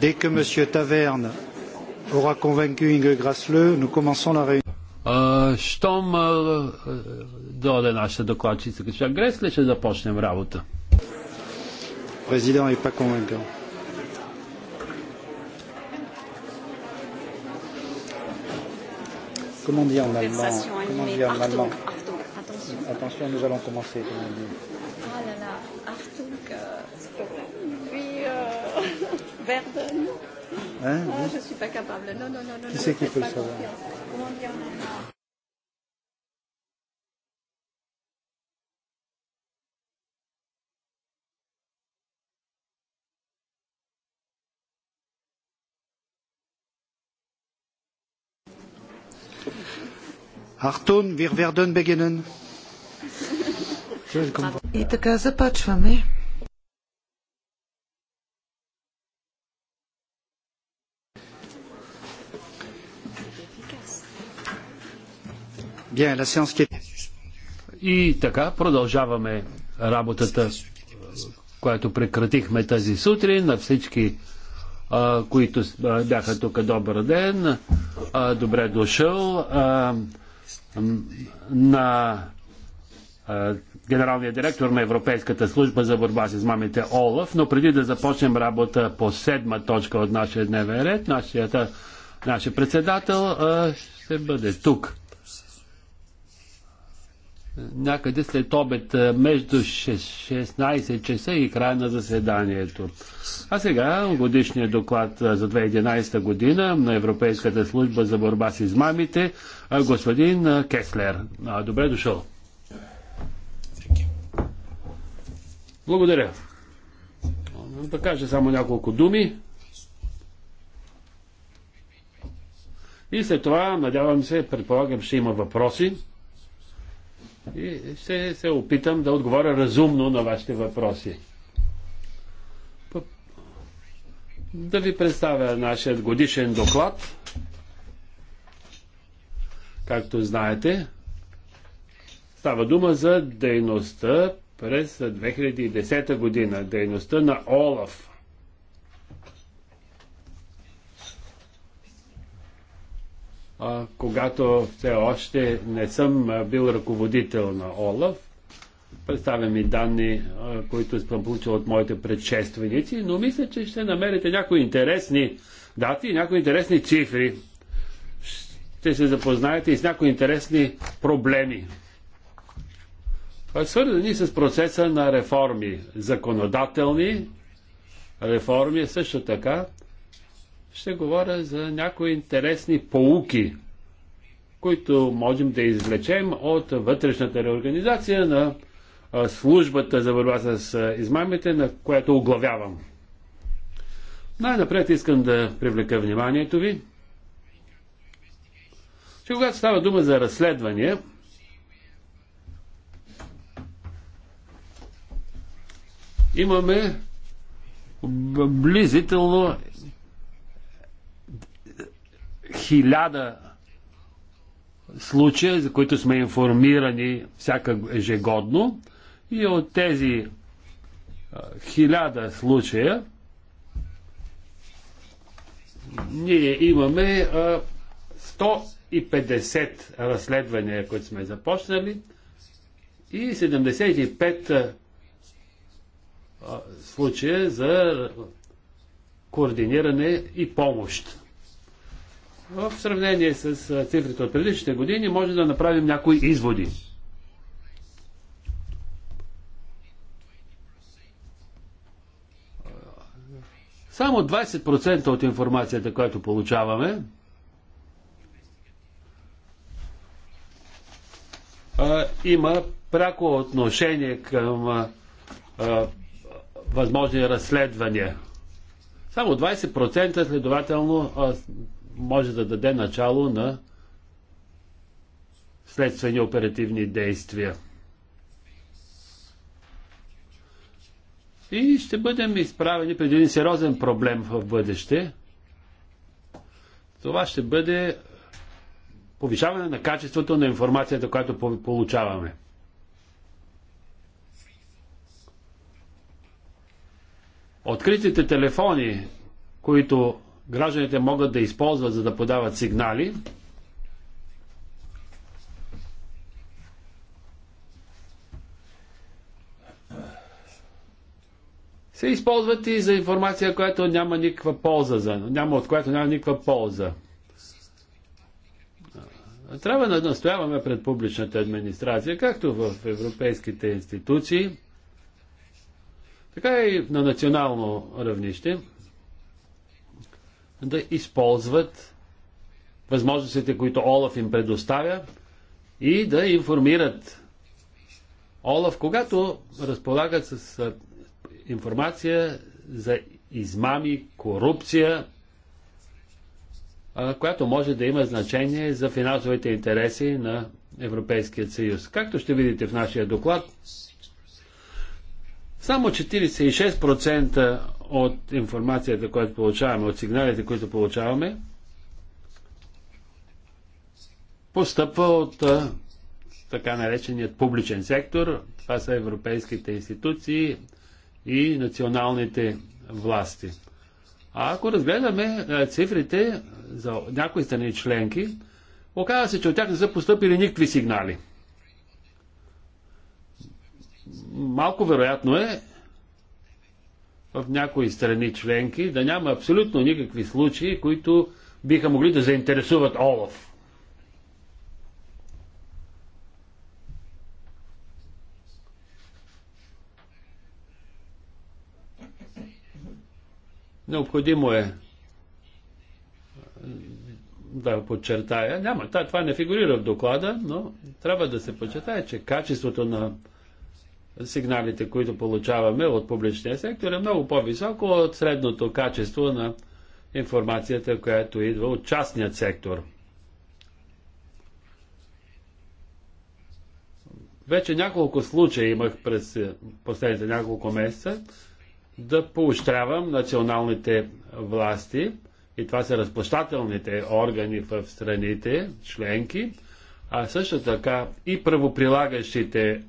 Dès que M. Taverne aura convaincu Inge Grasleux, nous commençons la réunion. Щом дойде нашата докладчица Каша ли ще започнем работа. Президент е па конвенкан. Comment dire en allemand Comment dire en allemand Attention, nous allons commencer. Comment dire? Hein Moi, je ne suis pas capable. Non, non, non, non. Qui c'est qui peut le savoir Comment dire Артун Вирверден Бегенен. И така започваме. И така продължаваме работата, която прекратихме тази сутрин на всички, които бяха тук. Добър ден, добре дошъл на генералния директор на Европейската служба за борба с измамите ОЛАФ, но преди да започнем работа по седма точка от нашия дневен ред, нашия, председател ще бъде тук някъде след обед между 16 часа и края на заседанието. А сега годишният доклад за 2011 година на Европейската служба за борба с измамите, господин Кеслер. Добре дошъл. Благодаря. Да кажа само няколко думи. И след това, надявам се, предполагам, ще има въпроси и ще се опитам да отговоря разумно на вашите въпроси. Да ви представя нашия годишен доклад. Както знаете, става дума за дейността през 2010 година, дейността на ОЛАФ, когато все още не съм бил ръководител на ОЛАФ. Представям и данни, които съм получил от моите предшественици, но мисля, че ще намерите някои интересни дати, някои интересни цифри. Ще се запознаете и с някои интересни проблеми, свързани с процеса на реформи, законодателни реформи, също така ще говоря за някои интересни поуки, които можем да извлечем от вътрешната реорганизация на службата за борба с измамите, на която оглавявам. Най-напред искам да привлека вниманието ви, че когато става дума за разследвания, имаме близително хиляда случая, за които сме информирани всяка ежегодно. И от тези хиляда случая ние имаме 150 разследвания, които сме започнали и 75 случая за координиране и помощ в сравнение с цифрите от предишните години може да направим някои изводи. Само 20% от информацията, която получаваме, има пряко отношение към възможни разследвания. Само 20% следователно може да даде начало на следствени оперативни действия. И ще бъдем изправени пред един сериозен проблем в бъдеще. Това ще бъде повишаване на качеството на информацията, която получаваме. Откритите телефони, които гражданите могат да използват, за да подават сигнали. се използват и за информация, която няма никаква полза, за, няма, от която няма никаква полза. Трябва да настояваме пред публичната администрация, както в европейските институции, така и на национално равнище да използват възможностите, които Олаф им предоставя и да информират Олаф, когато разполагат с информация за измами, корупция, която може да има значение за финансовите интереси на Европейския съюз. Както ще видите в нашия доклад, само 46% от информацията, която получаваме, от сигналите, които получаваме, постъпва от така нареченият публичен сектор. Това са европейските институции и националните власти. А ако разгледаме цифрите за някои страни членки, оказва се, че от тях не са поступили никакви сигнали. Малко вероятно е в някои страни членки да няма абсолютно никакви случаи, които биха могли да заинтересуват Олаф. Необходимо е да подчертая, няма, това не фигурира в доклада, но трябва да се подчертая, че качеството на сигналите, които получаваме от публичния сектор, е много по-високо от средното качество на информацията, която идва от частният сектор. Вече няколко случаи имах през е, последните няколко месеца да поощрявам националните власти, и това са разплащателните органи в страните, членки, а също така и правоприлагащите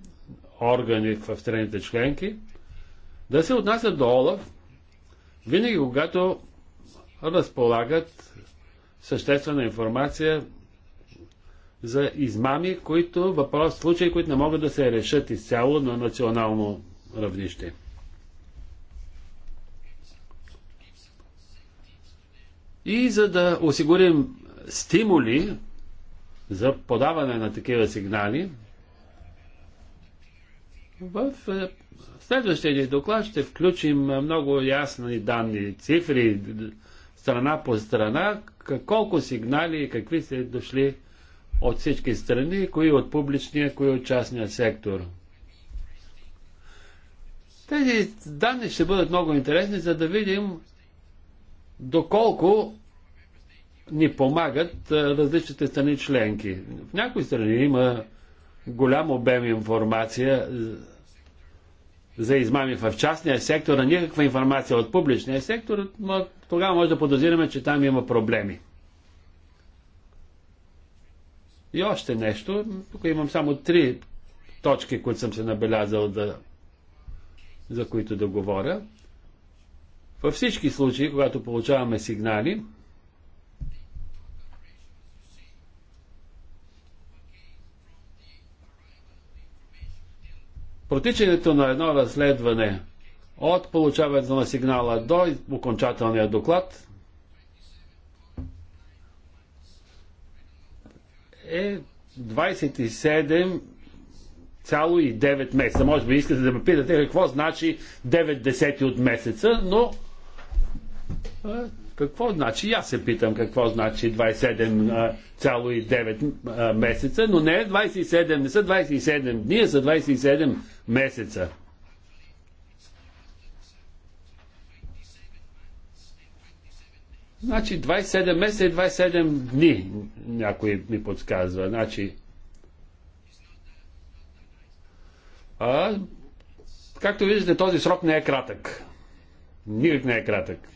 органи в страните членки, да се отнасят до Олаф винаги, когато разполагат съществена информация за измами, които въпрос, случаи, които не могат да се решат изцяло на национално равнище. И за да осигурим стимули за подаване на такива сигнали, в е, следващия ни доклад ще включим много ясни данни, цифри, страна по страна, колко сигнали и какви са дошли от всички страни, кои от публичния, кои от частния сектор. Тези данни ще бъдат много интересни, за да видим доколко ни помагат е, различните страни членки. В някои страни има голям обем информация е, за измами в частния сектор, а никаква информация от публичния сектор, но тогава може да подозираме, че там има проблеми. И още нещо, тук имам само три точки, които съм се набелязал да, за които да говоря. Във всички случаи, когато получаваме сигнали, протичането на едно разследване от получаването на сигнала до окончателния доклад е 27,9 месеца. Може би искате да ме питате какво значи 9 десети от месеца, но е, какво значи? Аз се питам какво значи 27,9 месеца, но не 27, е не са 27 дни, а са 27 месеца. Значи 27 месеца е и 27 дни, някой ми подсказва. Значи, а, както виждате, този срок не е кратък. Никак не е кратък.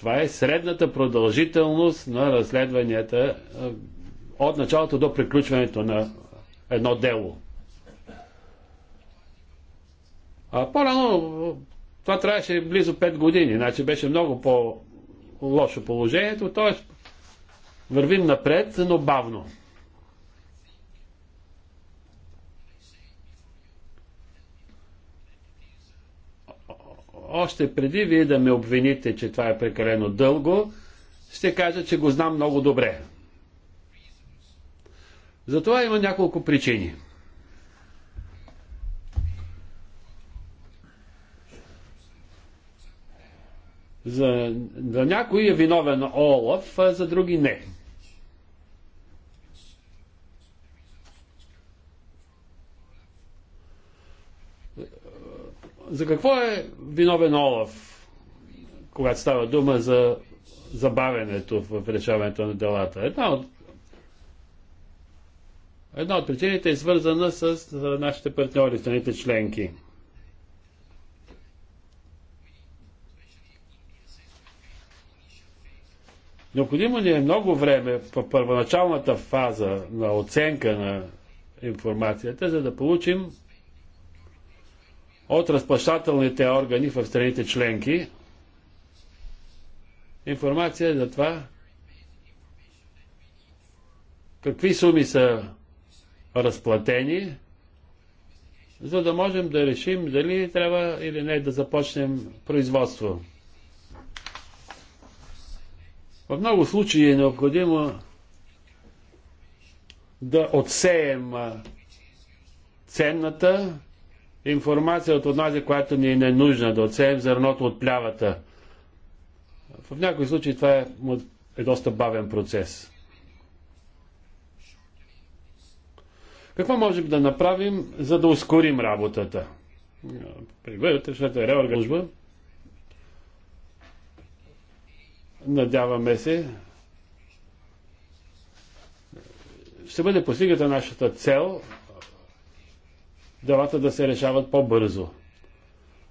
Това е средната продължителност на разследванията е, от началото до приключването на едно дело. А по-рано това трябваше близо 5 години, значи беше много по-лошо положението, т.е. вървим напред, но бавно. още преди вие да ме обвините, че това е прекалено дълго, ще кажа, че го знам много добре. Затова има няколко причини. За, за някои е виновен Олаф, а за други не. за какво е виновен Олаф, когато става дума за забавянето в решаването на делата? Една от, една от причините е свързана с нашите партньори, страните членки. Необходимо ни е много време в първоначалната фаза на оценка на информацията, за да получим от разплащателните органи в страните членки информация за това какви суми са разплатени, за да можем да решим дали трябва или не да започнем производство. В много случаи е необходимо да отсеем ценната информация от онази, която ни не е нужна, да отсеем зърното от плявата. В някои случаи това е, е доста бавен процес. Какво можем да направим, за да ускорим работата? При вътрешната е реорганизма надяваме се ще бъде постигната нашата цел делата да се решават по-бързо.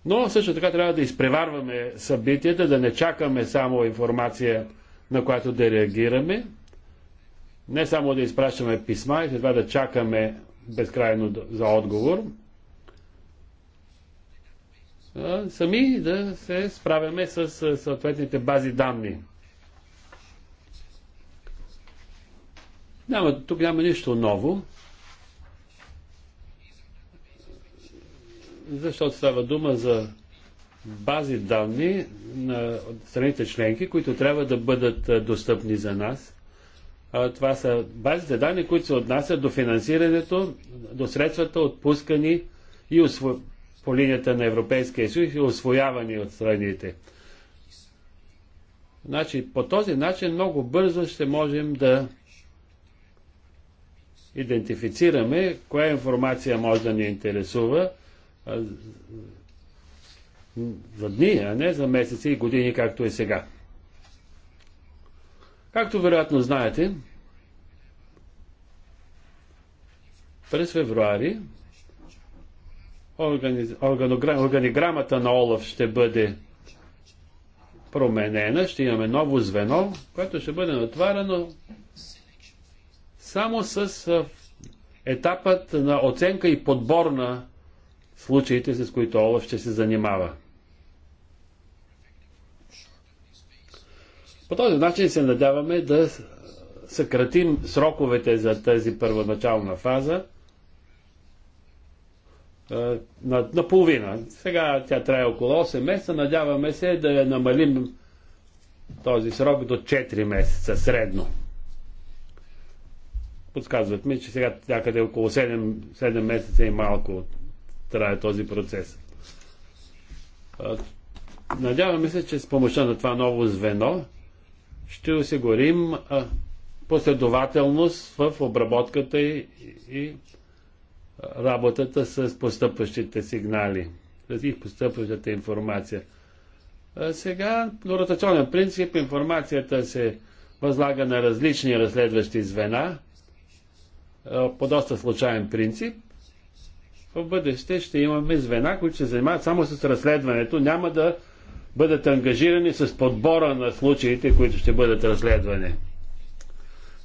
Но също така трябва да изпреварваме събитията, да не чакаме само информация, на която да реагираме, не само да изпращаме писма и след това да чакаме безкрайно за отговор, а сами да се справяме с съответните бази данни. Няма, тук няма нищо ново. защото става дума за бази данни на страните членки, които трябва да бъдат достъпни за нас. Това са базите данни, които се отнасят до финансирането, до средствата отпускани и усво... по линията на Европейския съюз и освоявани от страните. Значи, по този начин много бързо ще можем да идентифицираме коя информация може да ни интересува за дни, а не за месеци и години, както е сега. Както вероятно знаете, през февруари органиграмата на Олаф ще бъде променена, ще имаме ново звено, което ще бъде натварено само с етапът на оценка и подбор на случаите, с които Олаф ще се занимава. По този начин се надяваме да съкратим сроковете за тази първоначална фаза на, на половина. Сега тя трае около 8 месеца. Надяваме се да я намалим този срок до 4 месеца средно. Подсказват ми, че сега някъде около 7, 7 месеца и малко от трае този процес. Надяваме се, че с помощта на това ново звено ще осигурим последователност в обработката и, и работата с постъпващите сигнали и постъпващата информация. Сега, на ротационен принцип, информацията се възлага на различни разследващи звена по доста случайен принцип в бъдеще ще имаме звена, които се занимават само с разследването, няма да бъдат ангажирани с подбора на случаите, които ще бъдат разследвани.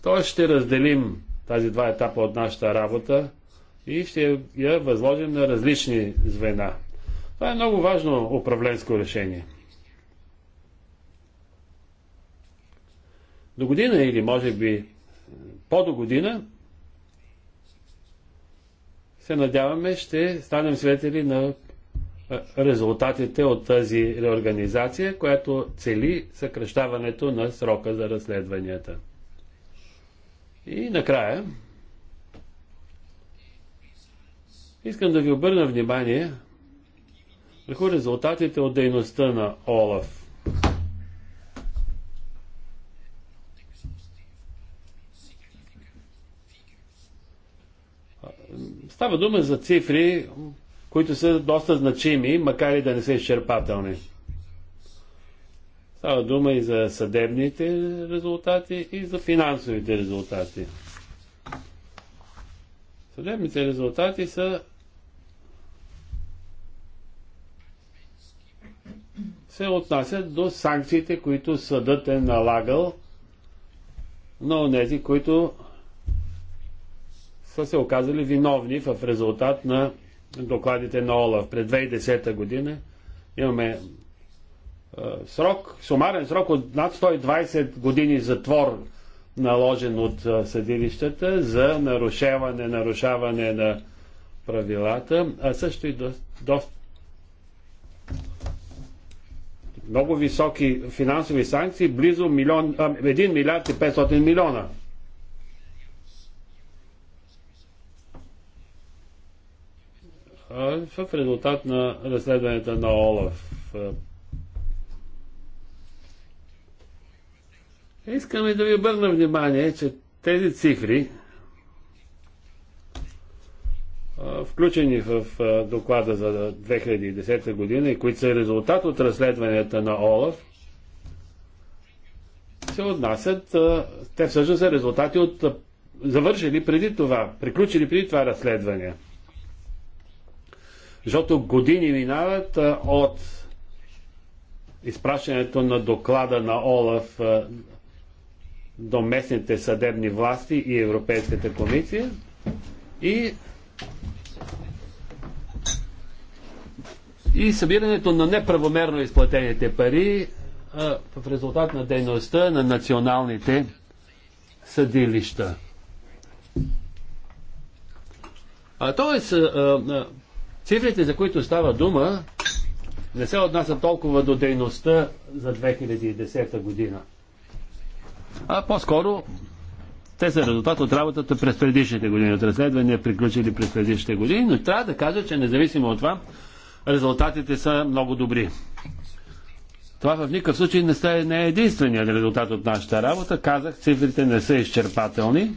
Тоест ще разделим тази два етапа от нашата работа и ще я възложим на различни звена. Това е много важно управленско решение. До година или може би по-до година се надяваме ще станем свидетели на резултатите от тази реорганизация, която цели съкръщаването на срока за разследванията. И накрая, искам да ви обърна внимание върху резултатите от дейността на ОЛАФ Става дума за цифри, които са доста значими, макар и да не са изчерпателни. Става дума и за съдебните резултати и за финансовите резултати. Съдебните резултати са се отнасят до санкциите, които съдът е налагал на тези, които са се оказали виновни в резултат на докладите на ОЛАВ. През 2010 година имаме е, срок, сумарен срок от над 120 години затвор, наложен от е, съдилищата за нарушаване, нарушаване на правилата, а също и доста до, много високи финансови санкции, близо милион, а, 1 милиард и 500 милиона. в резултат на разследването на Олаф. Искаме да ви обърна внимание, че тези цифри, включени в доклада за 2010 година и които са резултат от разследванията на Олаф, се отнасят, те всъщност са резултати от завършили преди това, приключили преди това разследвания. Защото години минават от изпращането на доклада на ОЛАФ до местните съдебни власти и Европейската комисия и и събирането на неправомерно изплатените пари а, в резултат на дейността на националните съдилища. А, тоест, а, а, Цифрите, за които става дума, не се отнасят толкова до дейността за 2010 година. А по-скоро те са резултат от работата през предишните години, от разследвания, приключили през предишните години, но трябва да кажа, че независимо от това, резултатите са много добри. Това в никакъв случай не е единственият резултат от нашата работа. Казах, цифрите не са изчерпателни.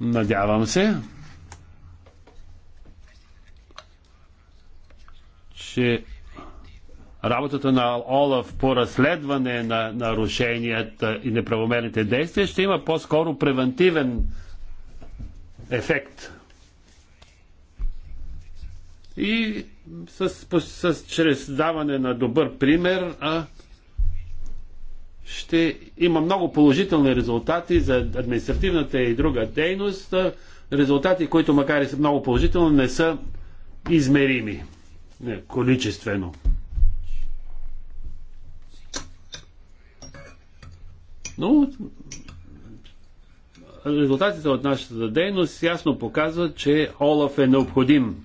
Надявам се, че работата на Олаф по разследване на нарушенията и неправомерните действия ще има по-скоро превентивен ефект. И с, с, с, чрез даване на добър пример а, ще има много положителни резултати за административната и друга дейност, резултати, които макар и са много положителни, не са измерими не, количествено. Но резултатите от нашата дейност ясно показват, че Олаф е необходим.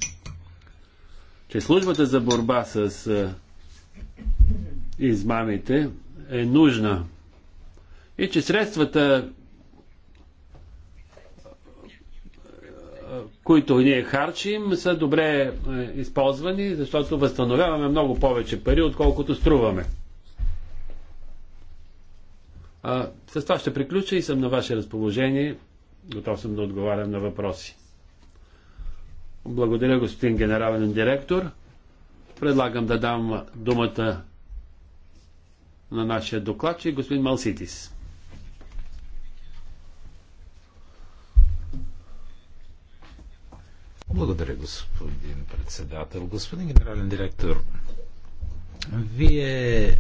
Че службата за борба с е, измамите е нужна и че средствата, които ние харчим, са добре е, използвани, защото възстановяваме много повече пари, отколкото струваме. А, с това ще приключа и съм на ваше разположение. Готов съм да отговарям на въпроси. Благодаря, господин генерален директор. Предлагам да дам думата на нашия докладчик, господин Малситис. Благодаря, господин председател. Господин генерален директор, вие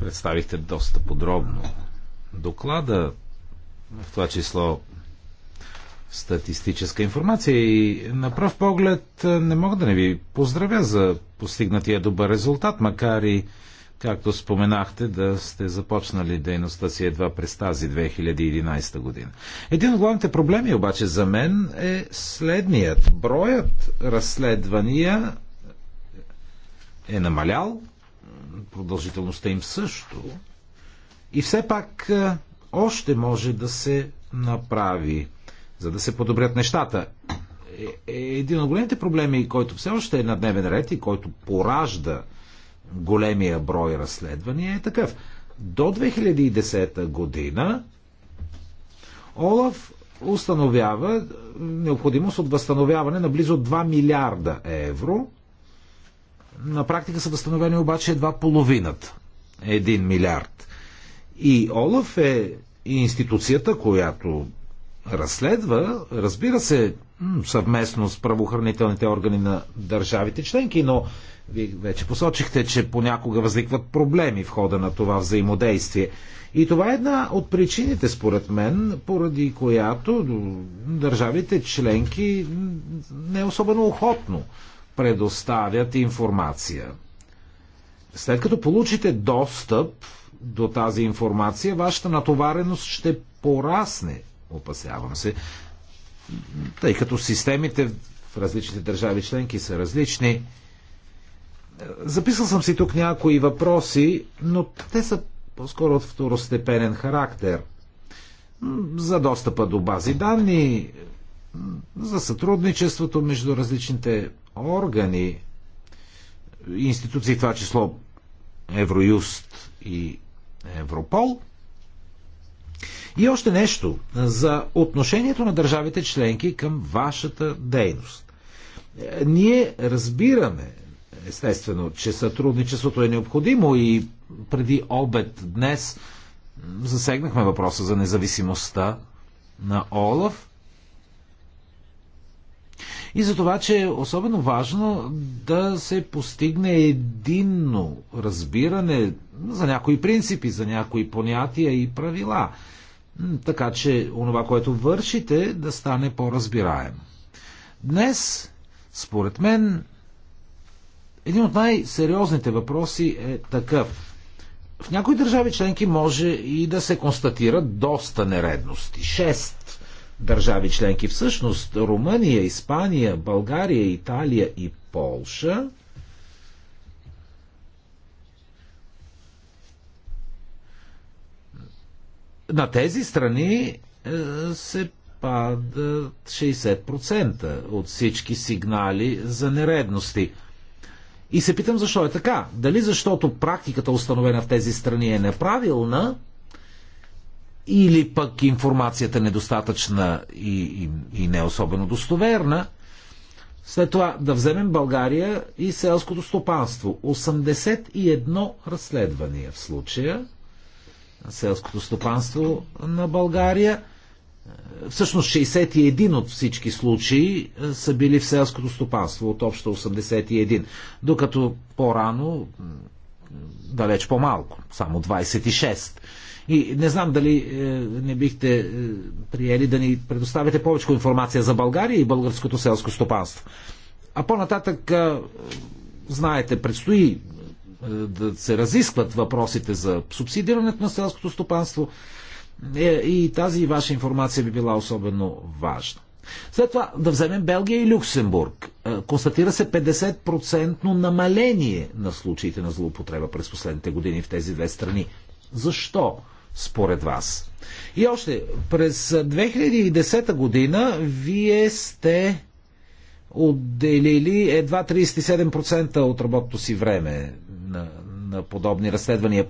представихте доста подробно доклада, в това число статистическа информация и на пръв поглед не мога да не ви поздравя за постигнатия добър резултат, макар и както споменахте, да сте започнали дейността си едва през тази 2011 година. Един от главните проблеми обаче за мен е следният. Броят разследвания е намалял, продължителността им също, и все пак е, още може да се направи, за да се подобрят нещата. Е, е един от големите проблеми, който все още е на дневен ред и който поражда големия брой разследвания е такъв. До 2010 година Олаф установява необходимост от възстановяване на близо 2 милиарда евро. На практика са възстановени обаче едва половината. 1 милиард. И Олаф е институцията, която разследва, разбира се, съвместно с правоохранителните органи на държавите членки, но вие вече посочихте, че понякога възникват проблеми в хода на това взаимодействие. И това е една от причините, според мен, поради която държавите членки не особено охотно предоставят информация. След като получите достъп до тази информация, вашата натовареност ще порасне, опасявам се тъй като системите в различните държави членки са различни. Записал съм си тук някои въпроси, но те са по-скоро от второстепенен характер. За достъпа до бази данни, за сътрудничеството между различните органи, институции, това число Евроюст и Европол – и още нещо за отношението на държавите членки към вашата дейност. Е, ние разбираме, естествено, че сътрудничеството е необходимо и преди обед днес засегнахме въпроса за независимостта на Олаф. И за това, че е особено важно да се постигне единно разбиране за някои принципи, за някои понятия и правила. Така че онова, което вършите, да стане по-разбираемо. Днес, според мен, един от най-сериозните въпроси е такъв. В някои държави членки може и да се констатират доста нередности. Шест държави членки. Всъщност Румъния, Испания, България, Италия и Полша на тези страни е, се падат 60% от всички сигнали за нередности. И се питам защо е така. Дали защото практиката, установена в тези страни, е неправилна, или пък информацията недостатъчна и, и, и не особено достоверна. След това да вземем България и селското стопанство. 81 разследвания в случая на селското стопанство на България. Всъщност 61 от всички случаи е, са били в селското стопанство, от общо 81, докато по-рано далеч по-малко, само 26. И не знам дали е, не бихте е, приели да ни предоставите повече информация за България и българското селско стопанство. А по-нататък, е, знаете, предстои да се разискват въпросите за субсидирането на селското стопанство и тази ваша информация би била особено важна. След това да вземем Белгия и Люксембург. Констатира се 50% намаление на случаите на злоупотреба през последните години в тези две страни. Защо? според вас? И още, през 2010 година вие сте отделили едва 37% от работното си време на, на подобни разследвания.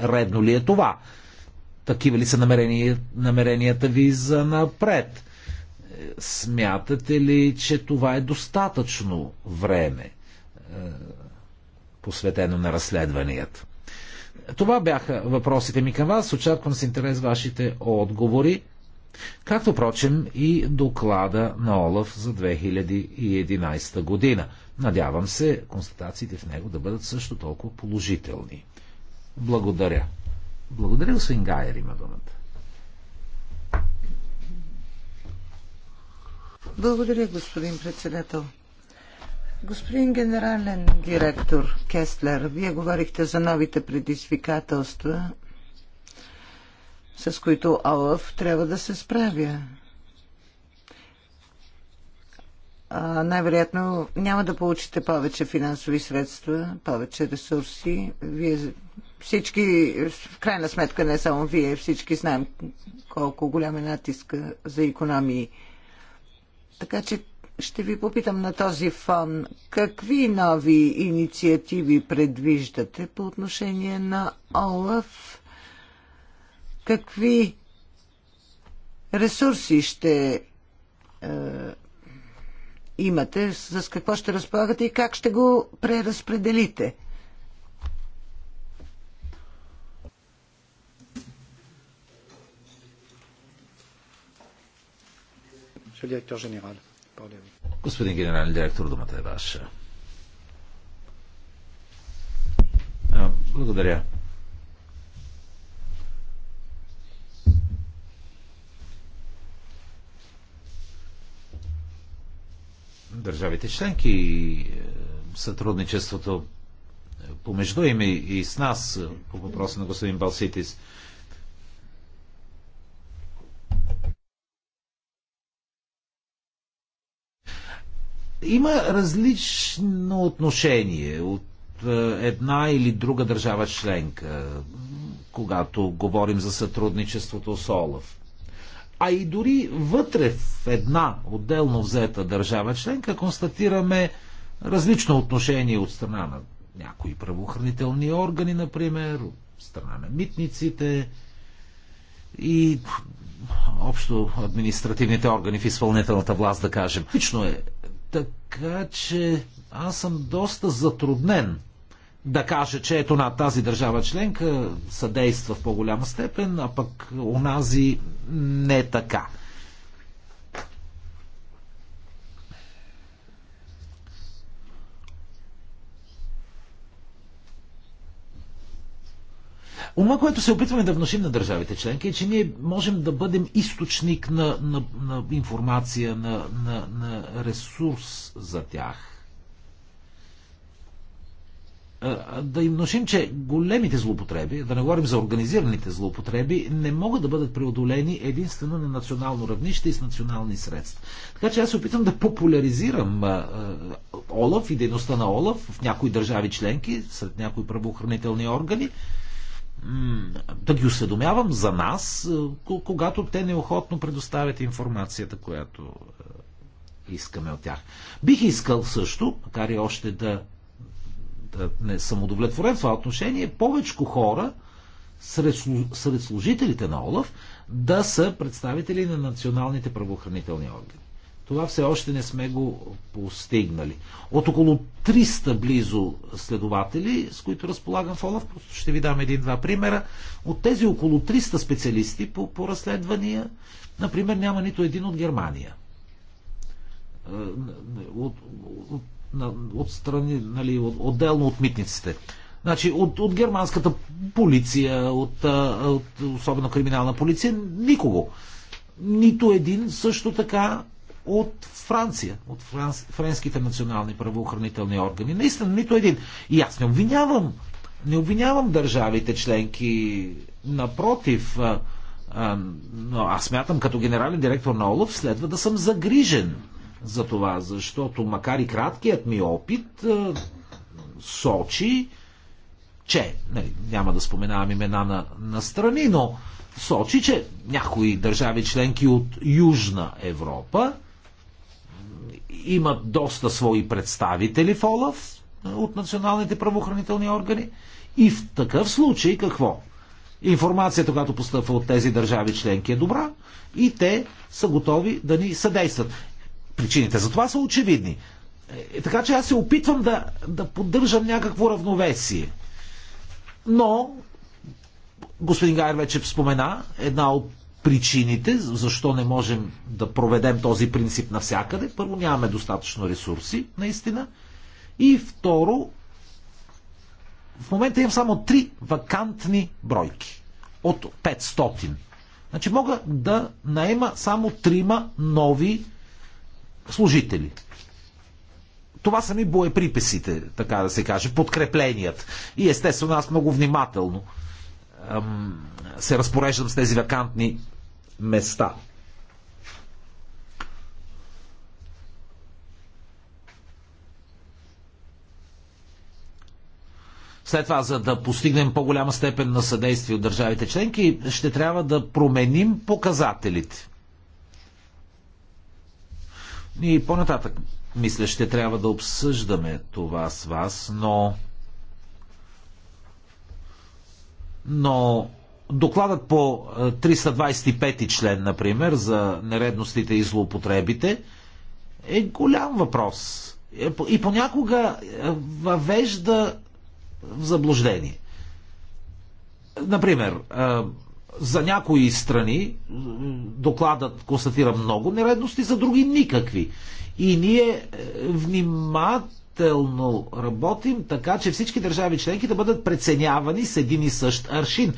Редно ли е това? Такива ли са намерения, намеренията ви за напред? Смятате ли, че това е достатъчно време, посветено на разследванията? Това бяха въпросите ми към вас. Очаквам с интерес вашите отговори, както прочим и доклада на Олаф за 2011 година. Надявам се констатациите в него да бъдат също толкова положителни. Благодаря. Благодаря, господин Гайер има думата. Благодаря, господин председател. Господин генерален директор Кестлер, вие говорихте за новите предизвикателства, с които ОЛАФ трябва да се справя. най-вероятно няма да получите повече финансови средства, повече ресурси. Вие всички, в крайна сметка не само вие, всички знаем колко голям е натиска за економии. Така че ще ви попитам на този фон. Какви нови инициативи предвиждате по отношение на ОЛАФ? Какви ресурси ще е, имате, с какво ще разполагате и как ще го преразпределите? Директор генерал. Господин генерален директор, думата е ваша. А, благодаря. Държавите членки и е, сътрудничеството е, помежду им и с нас е, по въпроса на господин Балситис – има различно отношение от е, една или друга държава членка, когато говорим за сътрудничеството с ОЛАФ. А и дори вътре в една отделно взета държава членка констатираме различно отношение от страна на някои правоохранителни органи, например, от страна на митниците и общо административните органи в изпълнителната власт, да кажем. Лично е така че аз съм доста затруднен да кажа, че ето на тази държава членка съдейства в по-голяма степен, а пък онази не така. Ума, което се опитваме да вношим на държавите членки е, че ние можем да бъдем източник на, на, на информация, на, на, на ресурс за тях. Да им вношим, че големите злоупотреби, да не говорим за организираните злоупотреби, не могат да бъдат преодолени единствено на национално равнище и с национални средства. Така че аз се опитам да популяризирам Олаф и дейността на Олаф в някои държави членки, сред някои правоохранителни органи, да ги осведомявам за нас, е, когато те неохотно предоставят информацията, която е, искаме от тях. Бих искал също, макар и още да, да не съм удовлетворен в това отношение, повече хора сред, сред служителите на ОЛАФ да са представители на националните правоохранителни органи. Това все още не сме го постигнали. От около 300 близо следователи, с които разполагам в Олаф, просто ще ви дам един-два примера, от тези около 300 специалисти по, по разследвания, например, няма нито един от Германия. Е, от, от, от страни, нали, от, отделно от митниците. Значи от, от германската полиция, от, е, от особено криминална полиция, никого. Нито един също така от Франция, от франс, френските национални правоохранителни органи. Наистина, нито един. И аз не обвинявам, не обвинявам държавите членки. Напротив, а, а, но аз мятам, като генерален директор на Олов, следва да съм загрижен за това, защото макар и краткият ми опит а, сочи, че, нали, няма да споменавам имена на, на страни, но сочи, че някои държави членки от Южна Европа имат доста свои представители в ОЛАФ е, от националните правоохранителни органи. И в такъв случай какво? Информацията, която постъпва от тези държави членки е добра и те са готови да ни съдействат. Причините за това са очевидни. Е, така че аз се опитвам да, да поддържам някакво равновесие. Но, господин Гайер вече спомена, една от причините, защо не можем да проведем този принцип навсякъде. Първо, нямаме достатъчно ресурси, наистина. И второ, в момента имам само три вакантни бройки от 500. Значи мога да наема само трима нови служители. Това са ми боеприписите, така да се каже, подкрепленият. И естествено аз много внимателно ам, се разпореждам с тези вакантни места. След това, за да постигнем по-голяма степен на съдействие от държавите членки, ще трябва да променим показателите. И по-нататък, мисля, ще трябва да обсъждаме това с вас, но. Но Докладът по 325 е, член, например, за нередностите и злоупотребите, е голям въпрос. Е, и понякога е, въвежда в заблуждение. Например, за някои страни докладът констатира много нередности, за други никакви. И ние внимателно работим така, че всички държави членки да бъдат преценявани с един и същ аршин.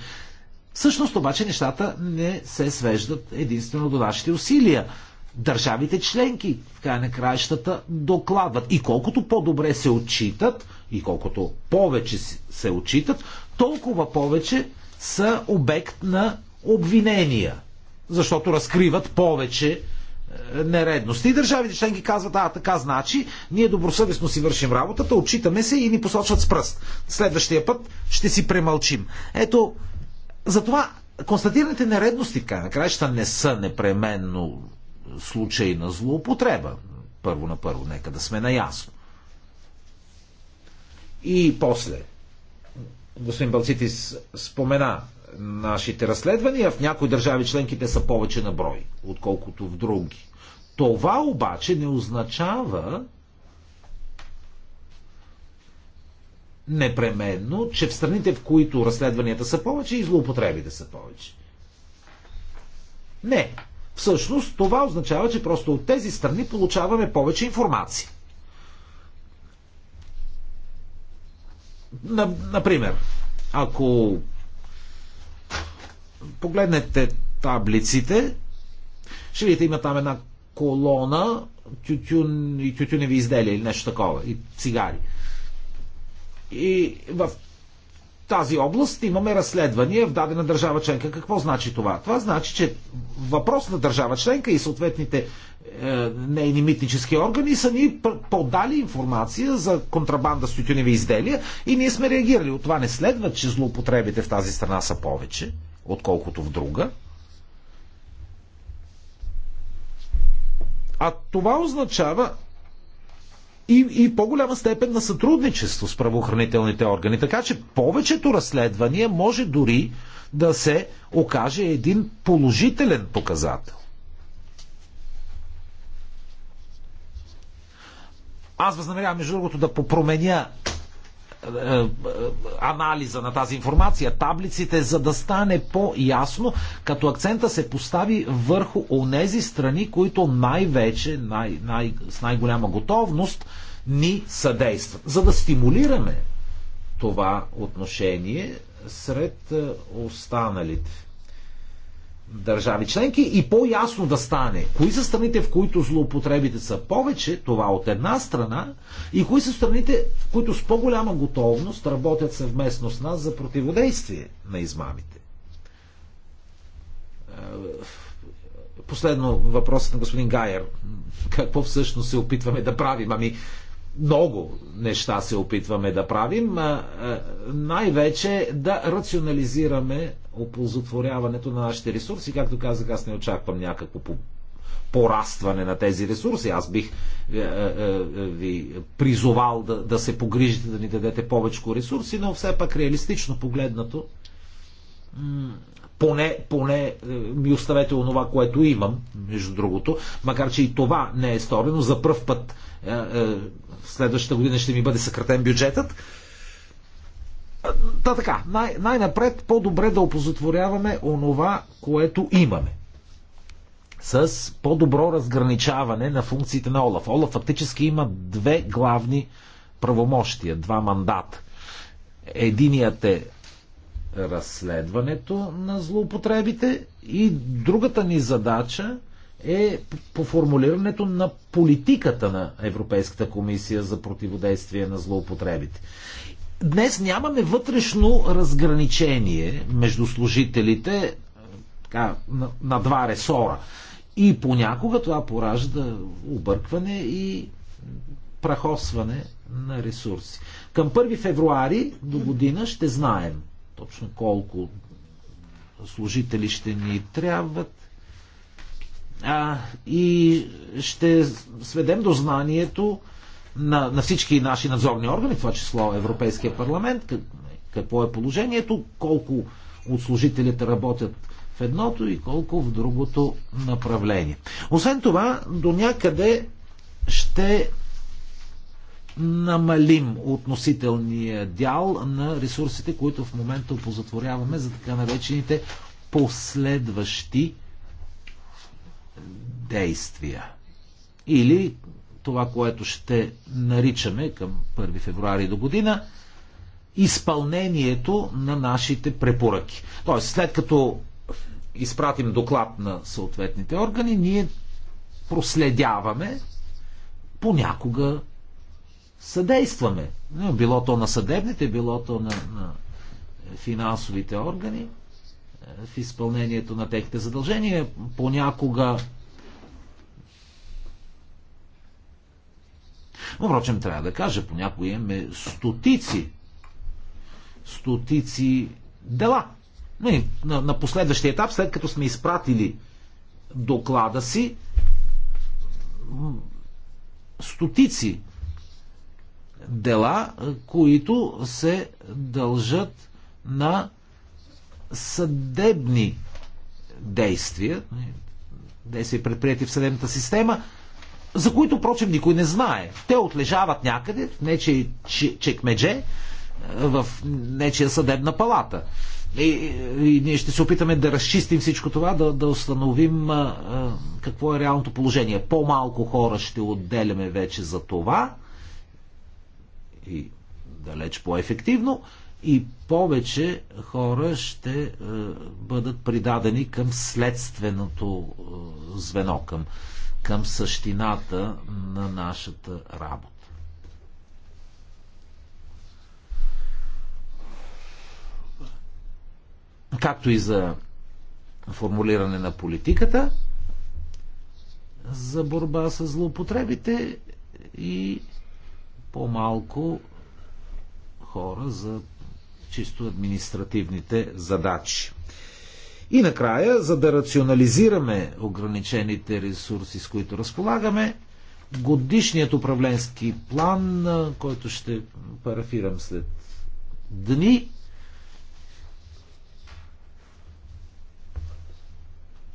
Всъщност обаче нещата не се свеждат единствено до нашите усилия. Държавите членки, в край на краищата, докладват. И колкото по-добре се отчитат, и колкото повече се отчитат, толкова повече са обект на обвинения. Защото разкриват повече е, нередности. И държавите членки казват, а така значи, ние добросъвестно си вършим работата, отчитаме се и ни посочват с пръст. Следващия път ще си премълчим. Ето, затова констатираните нередности, така на краища, не са непременно случаи на злоупотреба. Първо на първо, нека да сме наясно. И после, господин Балцитис спомена нашите разследвания, в някои държави членките са повече на брой, отколкото в други. Това обаче не означава, непременно, че в страните, в които разследванията са повече и злоупотребите са повече. Не. Всъщност това означава, че просто от тези страни получаваме повече информация. Например, ако погледнете таблиците, ще видите, има там една колона тютюн и тютюневи изделия или нещо такова, и цигари. И в тази област имаме разследвания в дадена държава членка. Какво значи това? Това значи, че въпрос на държава членка и съответните е, нейни митнически органи са ни подали информация за контрабанда с тютюневи изделия и ние сме реагирали. От това не следва, че злоупотребите в тази страна са повече, отколкото в друга. А това означава, и, и по-голяма степен на сътрудничество с правоохранителните органи. Така че повечето разследвания може дори да се окаже един положителен показател. Аз възнамерявам, между другото, да попроменя е, е, е, анализа на тази информация, таблиците, за да стане по-ясно, като акцента се постави върху онези страни, които най-вече, най- най- с най-голяма готовност ни съдействат. За да стимулираме това отношение сред останалите държави членки и по-ясно да стане кои са страните, в които злоупотребите са повече, това от една страна, и кои са страните, в които с по-голяма готовност работят съвместно с нас за противодействие на измамите. Е, последно въпросът на господин Гайер. Какво всъщност се опитваме да правим? Ами, много неща се опитваме да правим. Най-вече да рационализираме оползотворяването на нашите ресурси. Както казах, аз не очаквам някакво порастване на тези ресурси. Аз бих е, е, е, ви призовал да, да се погрижите, да ни дадете повече ресурси, но все пак реалистично погледнато, поне, поне ми оставете онова, което имам, между другото, макар че и това не е сторено. За първ път е, е, следващата година ще ми бъде съкратен бюджетът Та така, най- най-напред по-добре да опозотворяваме онова, което имаме. С по-добро разграничаване на функциите на Олаф. Олаф фактически има две главни правомощия, два мандата. Единият е разследването на злоупотребите и другата ни задача е по формулирането на политиката на Европейската комисия за противодействие на злоупотребите. Днес нямаме вътрешно разграничение между служителите е, така, на, на два ресора. И понякога това поражда объркване и прахосване на ресурси. Към 1 февруари до година ще знаем точно колко служители ще ни трябват. А, и ще сведем до знанието на, на всички наши надзорни органи, това число Европейския парламент, какво е положението, колко от служителите работят в едното и колко в другото направление. Освен това, до някъде ще намалим относителния дял на ресурсите, които в момента опозатворяваме за така наречените последващи действия. Или това, което ще наричаме към 1 февруари до година изпълнението на нашите препоръки. Тоест, след като изпратим доклад на съответните органи, ние проследяваме, понякога съдействаме. Било то на съдебните, било то на, на е, финансовите органи е, в изпълнението на техните задължения. Понякога Но, впрочем, трябва да кажа, понякога имаме стотици, стотици дела. Нали, на, на последващия етап, след като сме изпратили доклада си, стотици дела, които се дължат на съдебни действия, нали, действия предприяти в съдебната система, за които, впрочем, никой не знае. Те отлежават някъде в нечие чекмедже, е, в нечия съдебна палата. И, и ние ще се опитаме да разчистим всичко това, да, да установим а, е, а, е, какво е реалното положение. По-малко хора ще отделяме вече за това и далеч по-ефективно и повече хора ще а, бъдат придадени към следственото а, звено, към а, към същината на нашата работа. Както и за формулиране на политиката за борба с злоупотребите и по-малко хора за чисто административните задачи. И накрая, за да рационализираме ограничените ресурси, с които разполагаме, годишният управленски план, който ще парафирам след дни,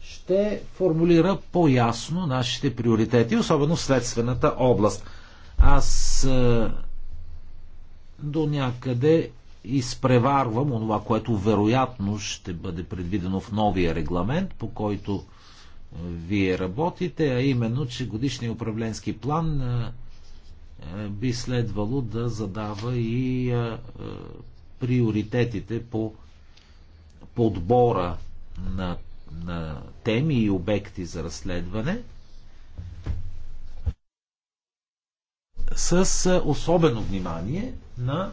ще формулира по-ясно нашите приоритети, особено в следствената област. Аз до някъде изпреварвам онова, което вероятно ще бъде предвидено в новия регламент, по който е, вие работите, а именно, че годишният управленски план е, е, би следвало да задава и приоритетите по подбора на, на теми и обекти за разследване с особено внимание на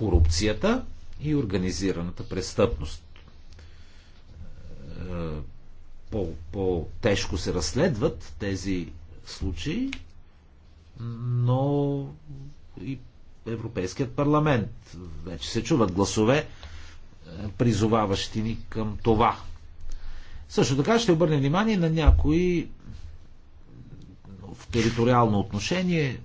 корупцията и организираната престъпност. Е, по-тежко -по се разследват тези случаи, но и Европейският парламент вече се чуват гласове, е, призоваващи ни към това. Също така ще обърнем внимание на някои в териториално отношение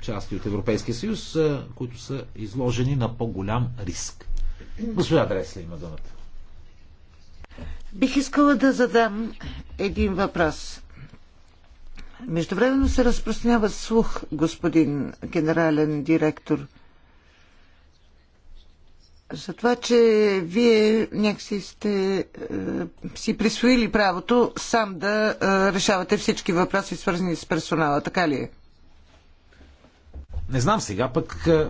части от Европейския съюз, които са изложени на по-голям риск. Господа Дресла има думата. Бих искала да задам един въпрос. Междувременно се разпространява слух, господин генерален директор, за това, че вие някакси сте е, си присвоили правото сам да е, решавате всички въпроси, свързани с персонала. Така ли е? Не знам сега, пък е,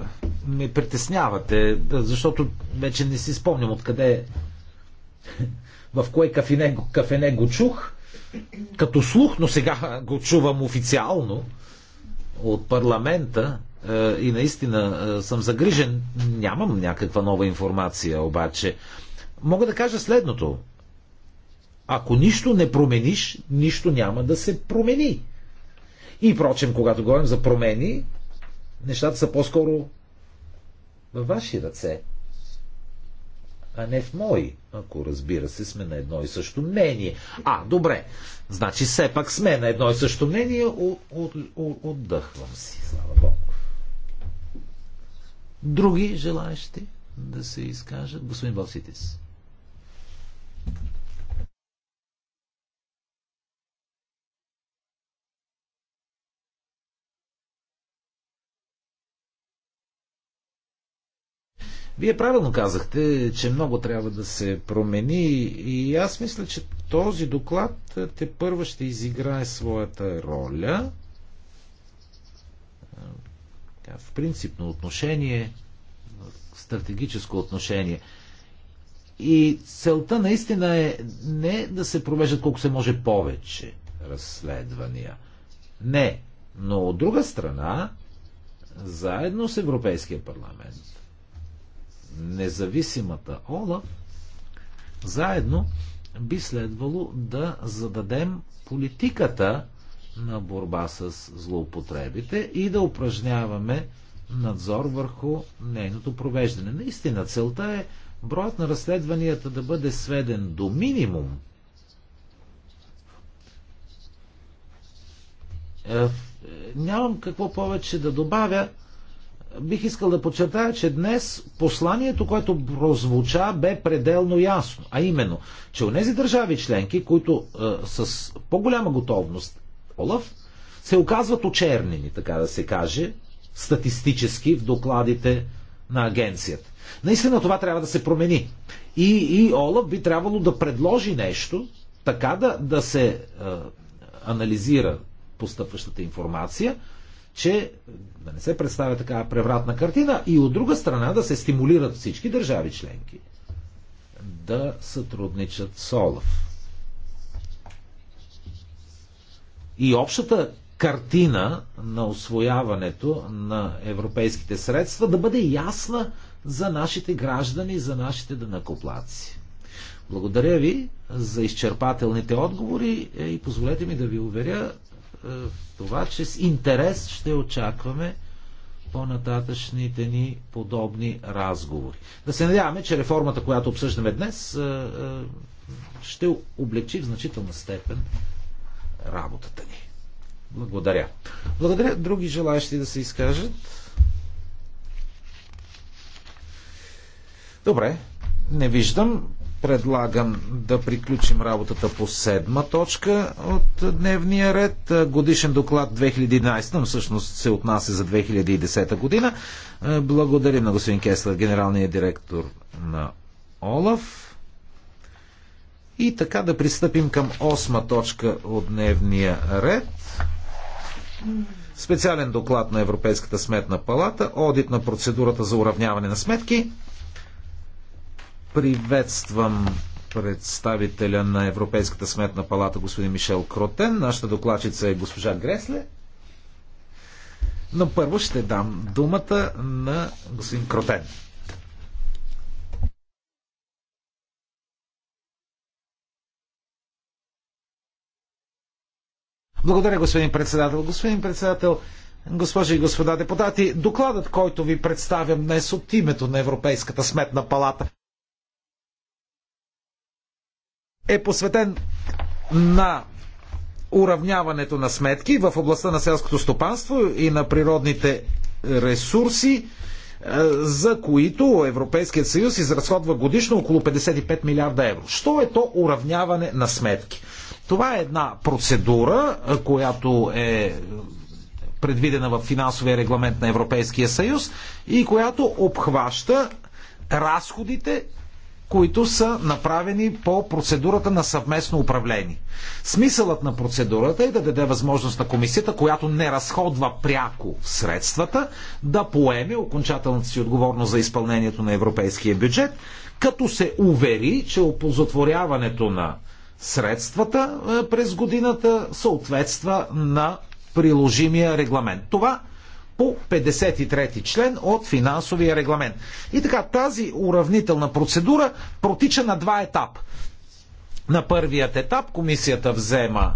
ме притеснявате, защото вече не си спомням откъде в кое кафене, кафене го чух, като слух, но сега го чувам официално от парламента е, и наистина е, съм загрижен. Нямам някаква нова информация, обаче. Мога да кажа следното. Ако нищо не промениш, нищо няма да се промени. И прочем, когато говорим за промени, нещата са по-скоро във ваши ръце, а не в мои, ако разбира се сме на едно и също мнение. А, добре, значи все пак сме на едно и също мнение, отдъхвам си, слава Богу. Други желаящи да се изкажат? Господин Боситис. Вие правилно казахте, че много трябва да се промени и аз мисля, че този доклад те първо ще изиграе своята роля в принципно отношение, в стратегическо отношение. И целта наистина е не да се провеждат колко се може повече разследвания. Не. Но от друга страна, заедно с Европейския парламент, независимата Олаф, заедно би следвало да зададем политиката на борба с злоупотребите и да упражняваме надзор върху нейното провеждане. Наистина, целта е броят на разследванията да бъде сведен до минимум. Е, е, нямам какво повече да добавя бих искал да подчертая, че днес посланието, което прозвуча, бе пределно ясно. А именно, че у нези държави членки, които е, с по-голяма готовност, Олаф, се оказват очернени, така да се каже, статистически в докладите на агенцията. Наистина това трябва да се промени. И, и Олаф би трябвало да предложи нещо, така да, да се е, анализира постъпващата информация, че да не се представя такава превратна картина и от друга страна да се стимулират всички държави членки да сътрудничат с Олаф. И общата картина на освояването на европейските средства да бъде ясна за нашите граждани, за нашите данакоплаци. Благодаря ви за изчерпателните отговори е, и позволете ми да ви уверя, е, това, че с интерес ще очакваме по-нататъчните ни подобни разговори. Да се надяваме, че реформата, която обсъждаме днес, е, е, ще облегчи в значителна степен работата ни. Благодаря. Благодаря. Други желаящи да се изкажат? Добре. Не виждам предлагам да приключим работата по седма точка от дневния ред. Е, годишен доклад 2011, но всъщност се отнася за 2010 година. Е, Благодарим на господин Кеслер, генералния директор на ОЛАФ. И така да пристъпим към осма точка от дневния ред. Специален доклад на Европейската сметна палата, одит на процедурата за уравняване на сметки. Приветствам представителя на Европейската сметна палата господин Мишел Кротен. Нашата докладчица е госпожа Гресле. Но първо ще дам думата на господин Кротен. Благодаря, господин председател. Господин председател, госпожи и господа депутати, докладът, който ви представям днес от името на Европейската сметна палата, е посветен на уравняването на сметки в областта на селското стопанство и на природните ресурси, е, за които Европейският съюз изразходва годишно около 55 милиарда евро. Що е то уравняване на сметки? Това е една процедура, е, която е предвидена в финансовия регламент на Европейския съюз и която обхваща разходите които са направени по процедурата на съвместно управление. Смисълът на процедурата е да даде възможност на комисията, която не разходва пряко средствата, да поеме окончателната си отговорност за изпълнението на европейския бюджет, като се увери, че опозотворяването на средствата е, през годината съответства на приложимия регламент. Това по 53 член от финансовия регламент. И така, тази уравнителна процедура протича на два етапа. На първият етап комисията взема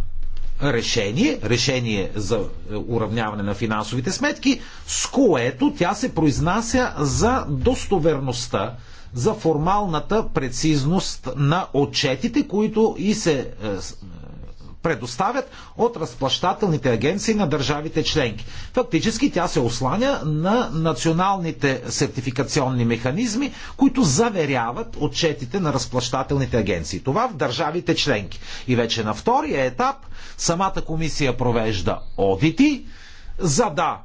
решение, решение за е, уравняване на финансовите сметки, с което тя се произнася за достоверността, за формалната прецизност на отчетите, които и се е, предоставят от разплащателните агенции на държавите членки. Фактически тя се осланя на националните сертификационни механизми, които заверяват отчетите на разплащателните агенции. Това в държавите членки. И вече на втория етап самата комисия провежда одити, за да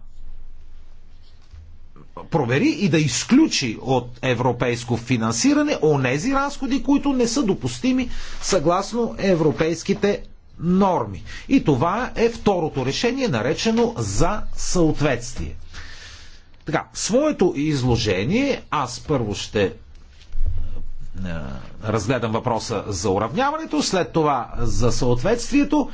провери и да изключи от европейско финансиране онези разходи, които не са допустими съгласно европейските норми. И това е второто решение, наречено за съответствие. Така, своето изложение аз първо ще е, разгледам въпроса за уравняването, след това за съответствието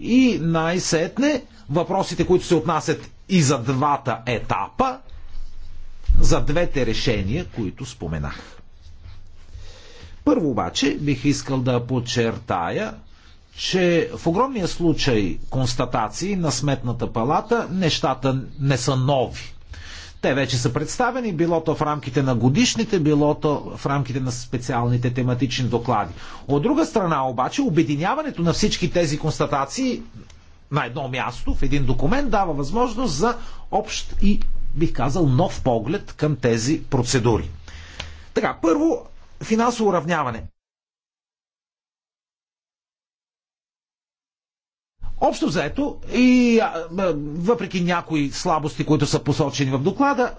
и най-сетне въпросите, които се отнасят и за двата етапа, за двете решения, които споменах. Първо обаче бих искал да подчертая че в огромния случай констатации на Сметната палата нещата не са нови. Те вече са представени, било то в рамките на годишните, било то в рамките на специалните тематични доклади. От друга страна обаче, обединяването на всички тези констатации на едно място, в един документ, дава възможност за общ и, бих казал, нов поглед към тези процедури. Така, първо, финансово уравняване. Общо взето, и въпреки някои слабости, които са посочени в доклада,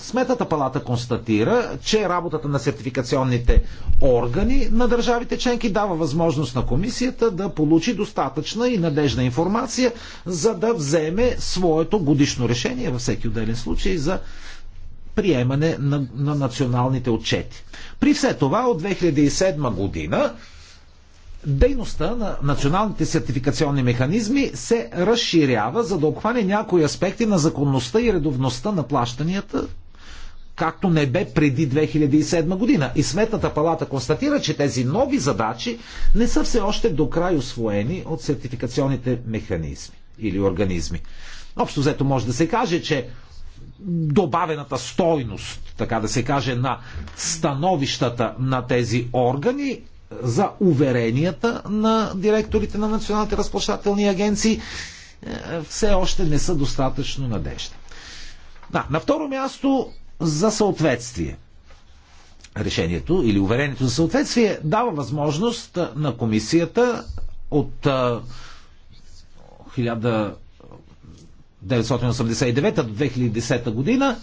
Сметата палата констатира, че работата на сертификационните органи на държавите членки дава възможност на комисията да получи достатъчна и надежна информация, за да вземе своето годишно решение във всеки отделен случай за приемане на, на националните отчети. При все това от 2007 година дейността на националните сертификационни механизми се разширява, за да обхване някои аспекти на законността и редовността на плащанията, както не бе преди 2007 година. И Сметната палата констатира, че тези нови задачи не са все още до край освоени от сертификационните механизми или организми. Общо взето може да се каже, че добавената стойност, така да се каже, на становищата на тези органи за уверенията на директорите на националните разплащателни агенции е, все още не са достатъчно надежни. Да, на второ място за съответствие. Решението или уверението за съответствие дава възможност на комисията от 1989 е, до 2010 година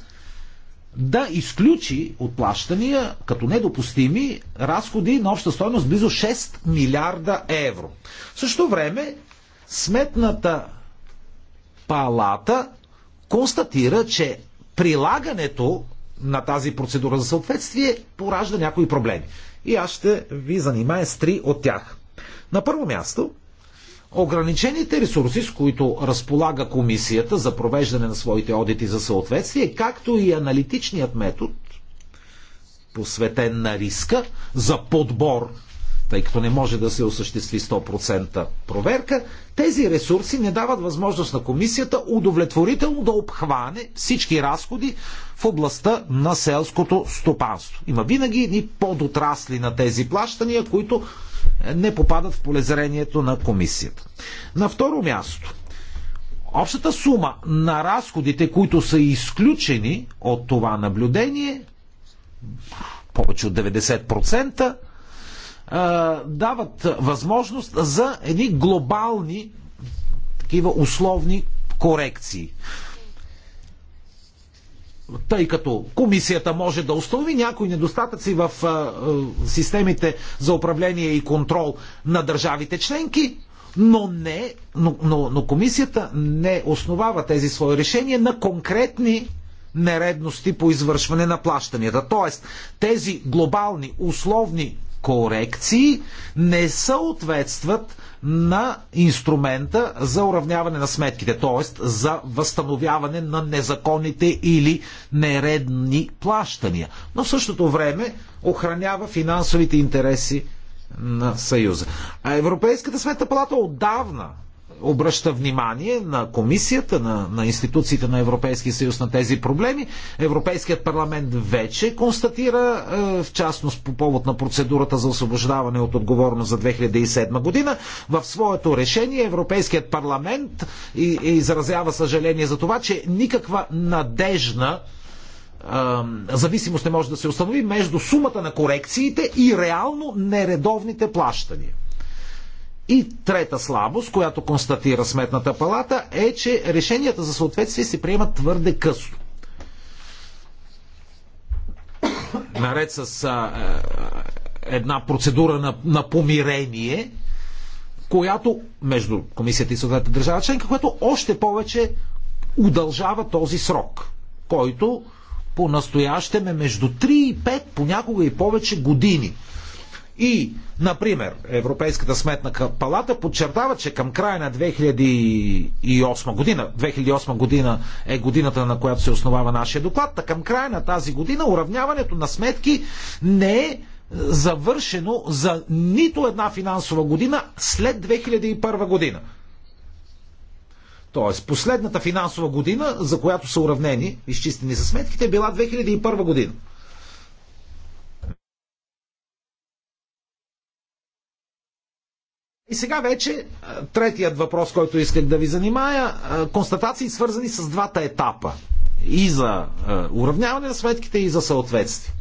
да изключи от плащания като недопустими разходи на обща стоеност близо 6 милиарда евро. В същото време Сметната палата констатира, че прилагането на тази процедура за съответствие поражда някои проблеми. И аз ще ви занимая с три от тях. На първо място, ограничените ресурси, с които разполага комисията за провеждане на своите одити за съответствие, както и аналитичният метод, посветен на риска за подбор, тъй като не може да се осъществи 100% проверка, тези ресурси не дават възможност на комисията удовлетворително да обхване всички разходи в областта на селското стопанство. Има винаги едни подотрасли на тези плащания, които не попадат в полезрението на комисията. На второ място, общата сума на разходите, които са изключени от това наблюдение, повече от 90%, дават възможност за едни глобални такива условни корекции тъй като комисията може да установи някои недостатъци в системите за управление и контрол на държавите членки, но, не, но, но, но комисията не основава тези свои решения на конкретни нередности по извършване на плащанията. Тоест, тези глобални, условни корекции не съответстват на инструмента за уравняване на сметките, т.е. за възстановяване на незаконните или нередни плащания. Но в същото време охранява финансовите интереси на Съюза. А Европейската сметна палата отдавна обръща внимание на комисията, на, на институциите на Европейския съюз на тези проблеми. Европейският парламент вече констатира, е, в частност по повод на процедурата за освобождаване от отговорност за 2007 година, в своето решение Европейският парламент и, и изразява съжаление за това, че никаква надежна е, зависимост не може да се установи между сумата на корекциите и реално нередовните плащания. И трета слабост, която констатира Сметната палата, е, че решенията за съответствие се приемат твърде късно. Наред с а, една процедура на, на помирение, която между комисията и съответната държава членка, която още повече удължава този срок, който по-настоящем е между 3 и 5, понякога и повече години и, например, Европейската сметна палата подчертава, че към края на 2008 година, 2008 година е годината, на която се основава нашия доклад, та към края на тази година уравняването на сметки не е завършено за нито една финансова година след 2001 година. Тоест, последната финансова година, за която са уравнени, изчистени са сметките, е била 2001 година. И сега вече е, третият въпрос, който исках да ви занимая, е, констатации свързани с двата етапа. И за е, уравняване на сметките, и за съответствие.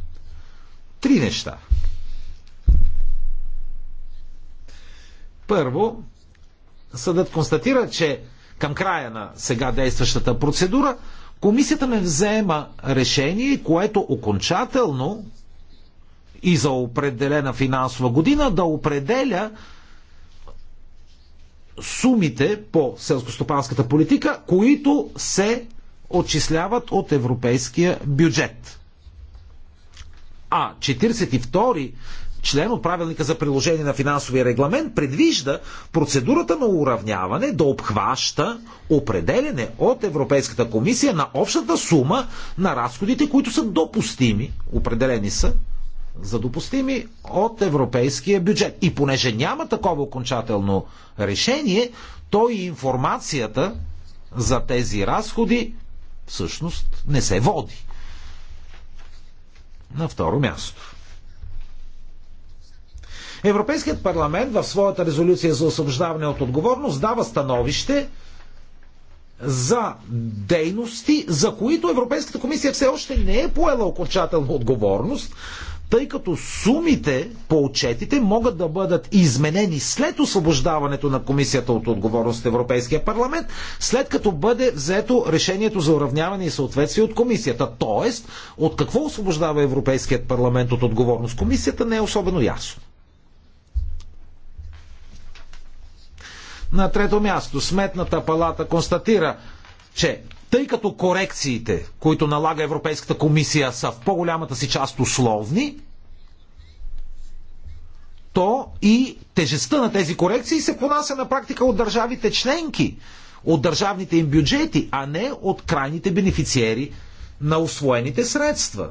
Три неща. Първо, съдът констатира, че към края на сега действащата процедура, комисията не взема решение, което окончателно и за определена финансова година да определя сумите по селскостопанската политика, които се отчисляват от европейския бюджет. А 42 член от правилника за приложение на финансовия регламент предвижда процедурата на уравняване да обхваща определене от Европейската комисия на общата сума на разходите, които са допустими, определени са за допустими от европейския бюджет. И понеже няма такова окончателно решение, то и информацията за тези разходи всъщност не се води. На второ място. Европейският парламент в своята резолюция за освобождаване от отговорност дава становище за дейности, за които Европейската комисия все още не е поела окончателна отговорност, тъй като сумите по отчетите могат да бъдат изменени след освобождаването на комисията от отговорност в Европейския парламент, след като бъде взето решението за уравняване и съответствие от комисията. Тоест, от какво освобождава Европейският парламент от отговорност комисията не е особено ясно. На трето място, Сметната палата констатира, че тъй като корекциите, които налага Европейската комисия, са в по-голямата си част условни, то и тежестта на тези корекции се понася на практика от държавите членки, от държавните им бюджети, а не от крайните бенефициери на освоените средства.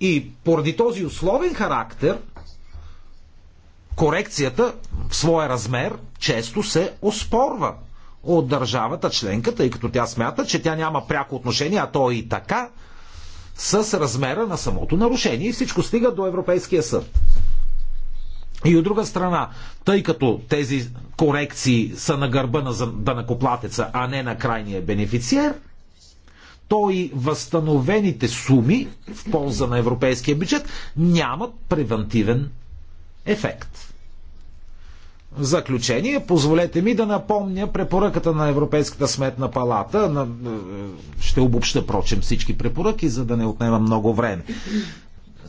И поради този условен характер, корекцията в своя размер често се оспорва от държавата членка, тъй като тя смята, че тя няма пряко отношение, а то и така, с размера на самото нарушение и всичко стига до Европейския съд. И от друга страна, тъй като тези корекции са на гърба на данакоплатеца, а не на крайния бенефициер, то и възстановените суми в полза на европейския бюджет нямат превентивен ефект заключение, позволете ми да напомня препоръката на Европейската сметна палата. На, е, ще обобща, прочем, всички препоръки, за да не отнема много време.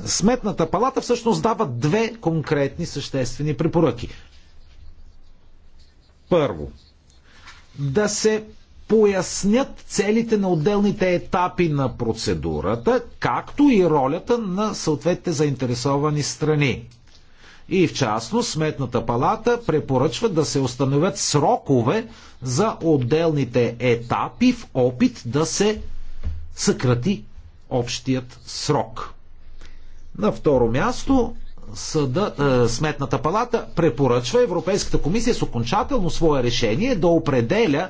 Сметната палата всъщност дава две конкретни съществени препоръки. Първо, да се пояснят целите на отделните етапи на процедурата, както и ролята на съответните заинтересовани страни и в частност Сметната палата препоръчва да се установят срокове за отделните етапи в опит да се съкрати общият срок. На второ място съда, е, Сметната палата препоръчва Европейската комисия с окончателно свое решение да определя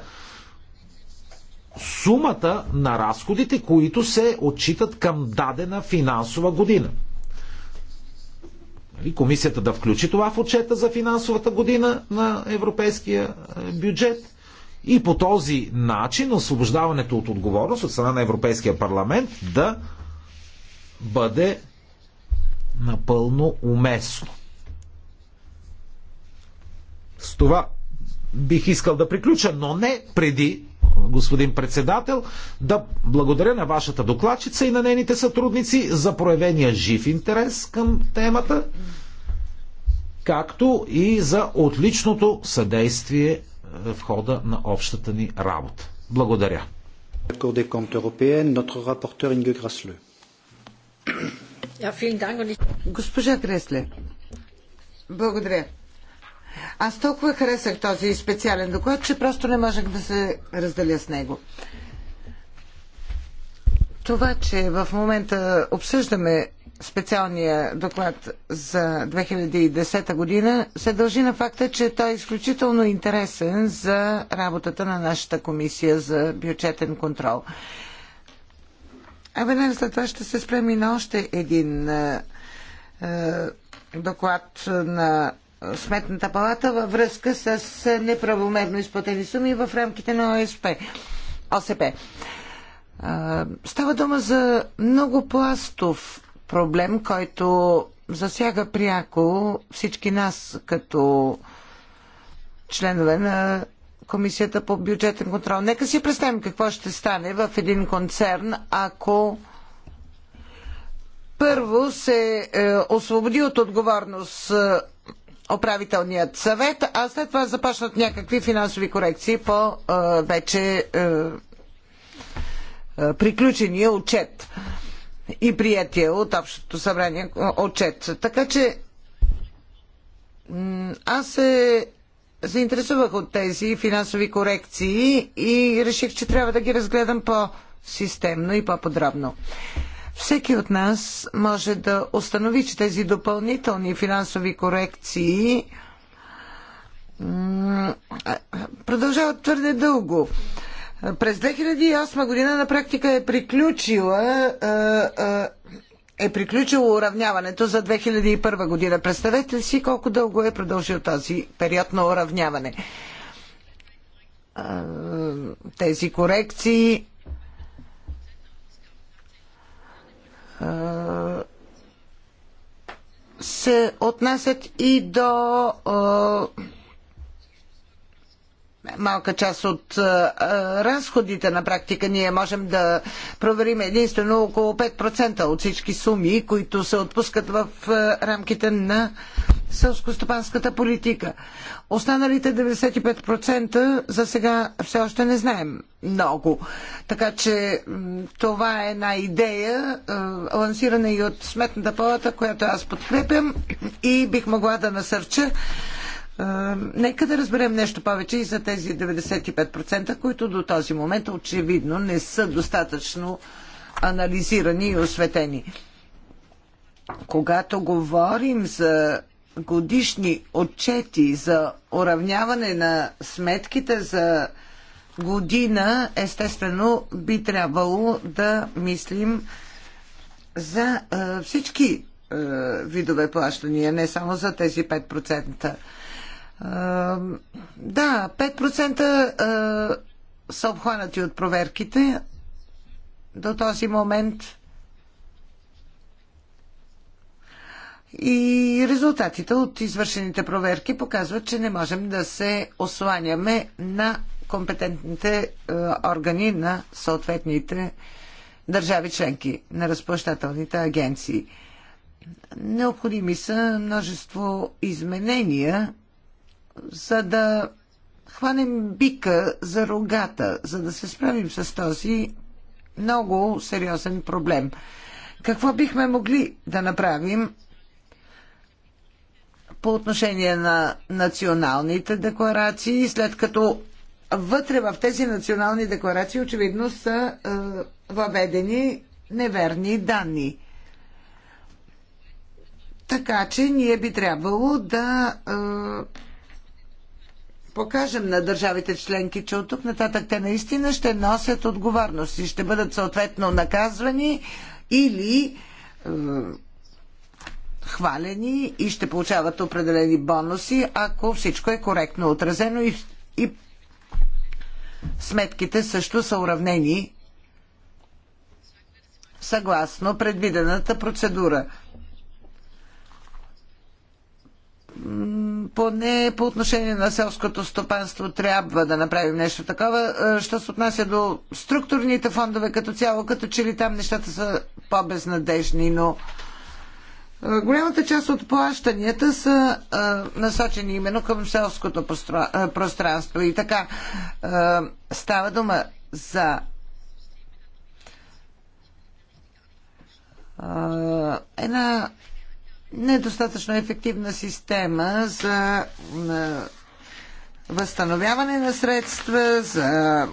сумата на разходите, които се отчитат към дадена финансова година и комисията да включи това в отчета за финансовата година на европейския е, бюджет и по този начин освобождаването от отговорност от страна на Европейския парламент да бъде напълно уместно. С това бих искал да приключа, но не преди господин председател, да благодаря на вашата докладчица и на нейните сътрудници за проявения жив интерес към темата, както и за отличното съдействие е, в хода на общата ни работа. Благодаря. Госпожа Гресле, благодаря. Аз толкова харесах този специален доклад, че просто не можех да се разделя с него. Това, че в момента обсъждаме специалния доклад за 2010 година, се дължи на факта, че той е изключително интересен за работата на нашата комисия за бюджетен контрол. А веднага нали, след това ще се спреми на още един е, е доклад на Сметната палата във връзка с е, неправомерно изплатени суми в рамките на ОСП. ОСП. Е, става дума за много пластов проблем, който засяга пряко всички нас като членове на Комисията по бюджетен контрол. Нека си представим какво ще стане в един концерн, ако първо се е, освободи от отговорност е, управителният съвет, а след това започнат някакви финансови корекции по вече приключения отчет и приятия от Общото събрание отчет. Така че аз се заинтересувах от тези финансови корекции и реших, че трябва да ги разгледам по-системно и по-подробно. Всеки от нас може да установи, че тези допълнителни финансови корекции продължават твърде дълго. През 2008 година на практика е приключила е, е, е приключило уравняването за 2001 година. Представете си колко дълго е продължил този период на уравняване. Е, тези корекции се отнасят и до малка част от разходите на практика ние можем да проверим единствено около 5% от всички суми, които се отпускат в рамките на селскостопанската политика. Останалите 95% за сега все още не знаем много. Така че това е една идея, лансирана и от Сметната палата, която аз подкрепям и бих могла да насърча Нека да разберем нещо повече и за тези 95%, които до този момент очевидно не са достатъчно анализирани и осветени. Когато говорим за годишни отчети за уравняване на сметките за година, естествено би трябвало да мислим за всички видове плащания, не само за тези 5%. Да, 5% са обхванати от проверките. До този момент И резултатите от извършените проверки показват, че не можем да се осланяме на компетентните органи на съответните държави членки, на разплащателните агенции. Необходими са множество изменения за да хванем бика за рогата, за да се справим с този много сериозен проблем. Какво бихме могли да направим по отношение на националните декларации, след като вътре в тези национални декларации очевидно са е, въведени неверни данни. Така че ние би трябвало да е, покажем на държавите членки, че от тук нататък те наистина ще носят отговорност и ще бъдат съответно наказвани или е, хвалени и ще получават определени бонуси, ако всичко е коректно отразено и, и сметките също са уравнени съгласно предвидената процедура. поне по отношение на селското стопанство трябва да направим нещо такова. Е, що се отнася до структурните фондове като цяло, като че ли там нещата са по-безнадежни, но е, голямата част от плащанията са е, насочени именно към селското пространство. И така става дума за една недостатъчно ефективна система за възстановяване на средства, за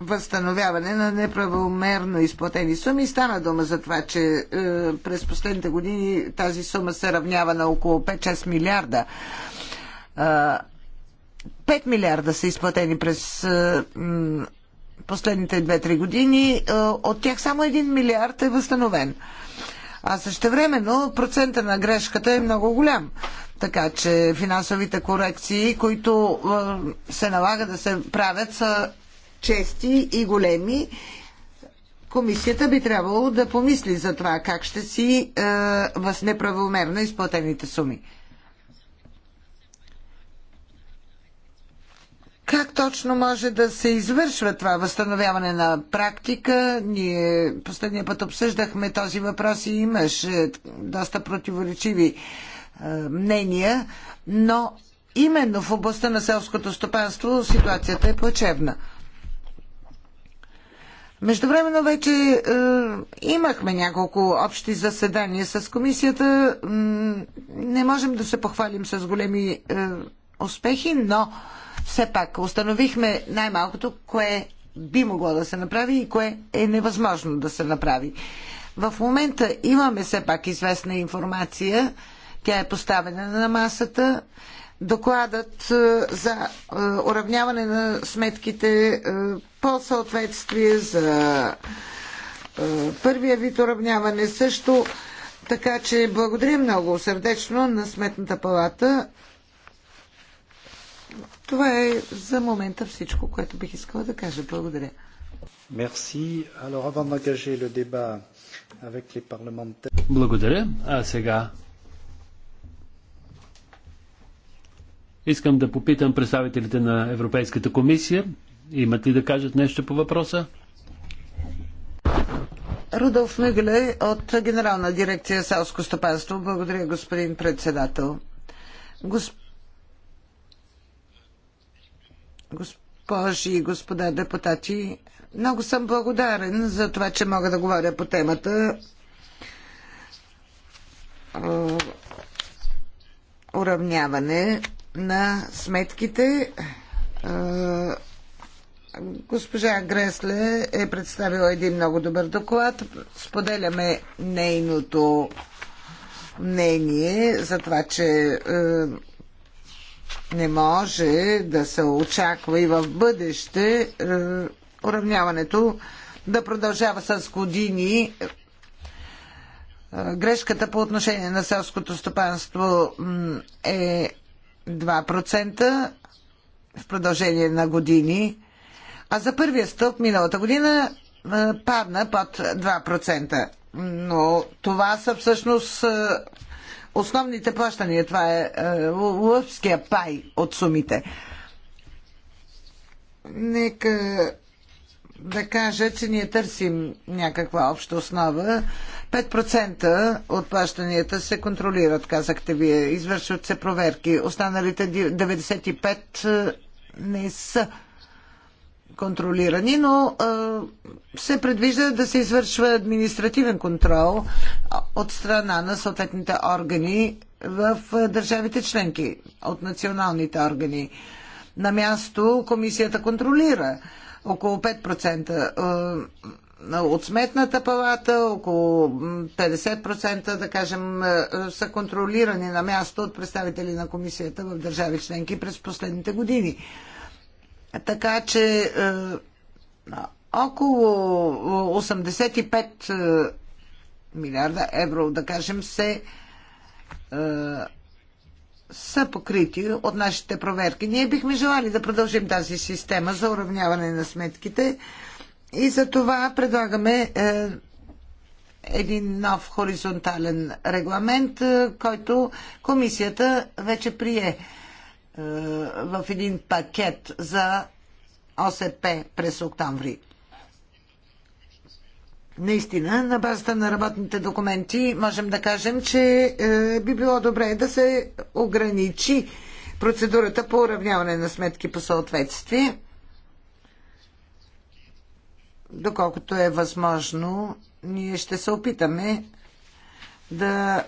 възстановяване на неправомерно изплатени суми. Стана дума за това, че е, през последните години тази сума се равнява на около 5-6 милиарда. Е, 5 милиарда са изплатени през е, последните 2-3 години, е, от тях само 1 милиард е възстановен. А същевременно процента на грешката е много голям. Така че финансовите корекции, които е, се налага да се правят, са чести и големи. Комисията би трябвало да помисли за това как ще си е, неправомерно изплатените суми. Как точно може да се извършва това възстановяване на практика? Ние последния път обсъждахме този въпрос и имаше доста противоречиви е, мнения, но именно в областта на селското стопанство ситуацията е плачевна. Междувременно вече е, имахме няколко общи заседания с комисията. Не можем да се похвалим с големи е, успехи, но е, все пак установихме най-малкото кое би могло да се направи и кое е невъзможно да се направи. В момента имаме все пак известна информация. Тя е поставена на масата. Докладът е, за е, уравняване на сметките е, по съответствие за първия вид уравняване също. Така че благодаря много сърдечно на Сметната палата това е за момента всичко, което бих искала да кажа. Благодаря. Merci. Alors, avant d'engager le débat avec les parlementaires... Благодаря. А сега искам да попитам представителите на Европейската комисия. Имат ли да кажат нещо по въпроса? Рудолф Мегле от Генерална дирекция Селско стопанство. Благодаря, господин председател. Госп... Госпожи и господа депутати, много съм благодарен за това, че мога да говоря по темата уравняване на сметките. Госпожа Гресле е представила един много добър доклад. Споделяме нейното мнение за това, че е, не може да се очаква и в бъдеще е, уравняването да продължава с години. Е, грешката по отношение на селското стопанство е 2% в продължение на години, а за първия стоп миналата година е, падна под 2%. Но това са всъщност основните плащания. Това е, е лъвския пай от сумите. Нека да кажа, че ние търсим някаква обща основа. 5% от плащанията се контролират, казахте вие. Извършват се проверки. Останалите 95% е, не са контролирани, но се предвижда да се извършва административен контрол от страна на съответните органи в държавите членки, от националните органи. На място комисията контролира около 5% от сметната палата, около 50% да кажем са контролирани на място от представители на комисията в държави членки през последните години. Така че е, около 85 е, милиарда евро, да кажем, се е, са покрити от нашите проверки. Ние бихме желали да продължим тази система за уравняване на сметките и за това предлагаме е, един нов хоризонтален регламент, който комисията вече прие в един пакет за ОСП през октомври. Наистина, на базата на работните документи можем да кажем, че е, би било добре да се ограничи процедурата по уравняване на сметки по съответствие, доколкото е възможно, ние ще се опитаме да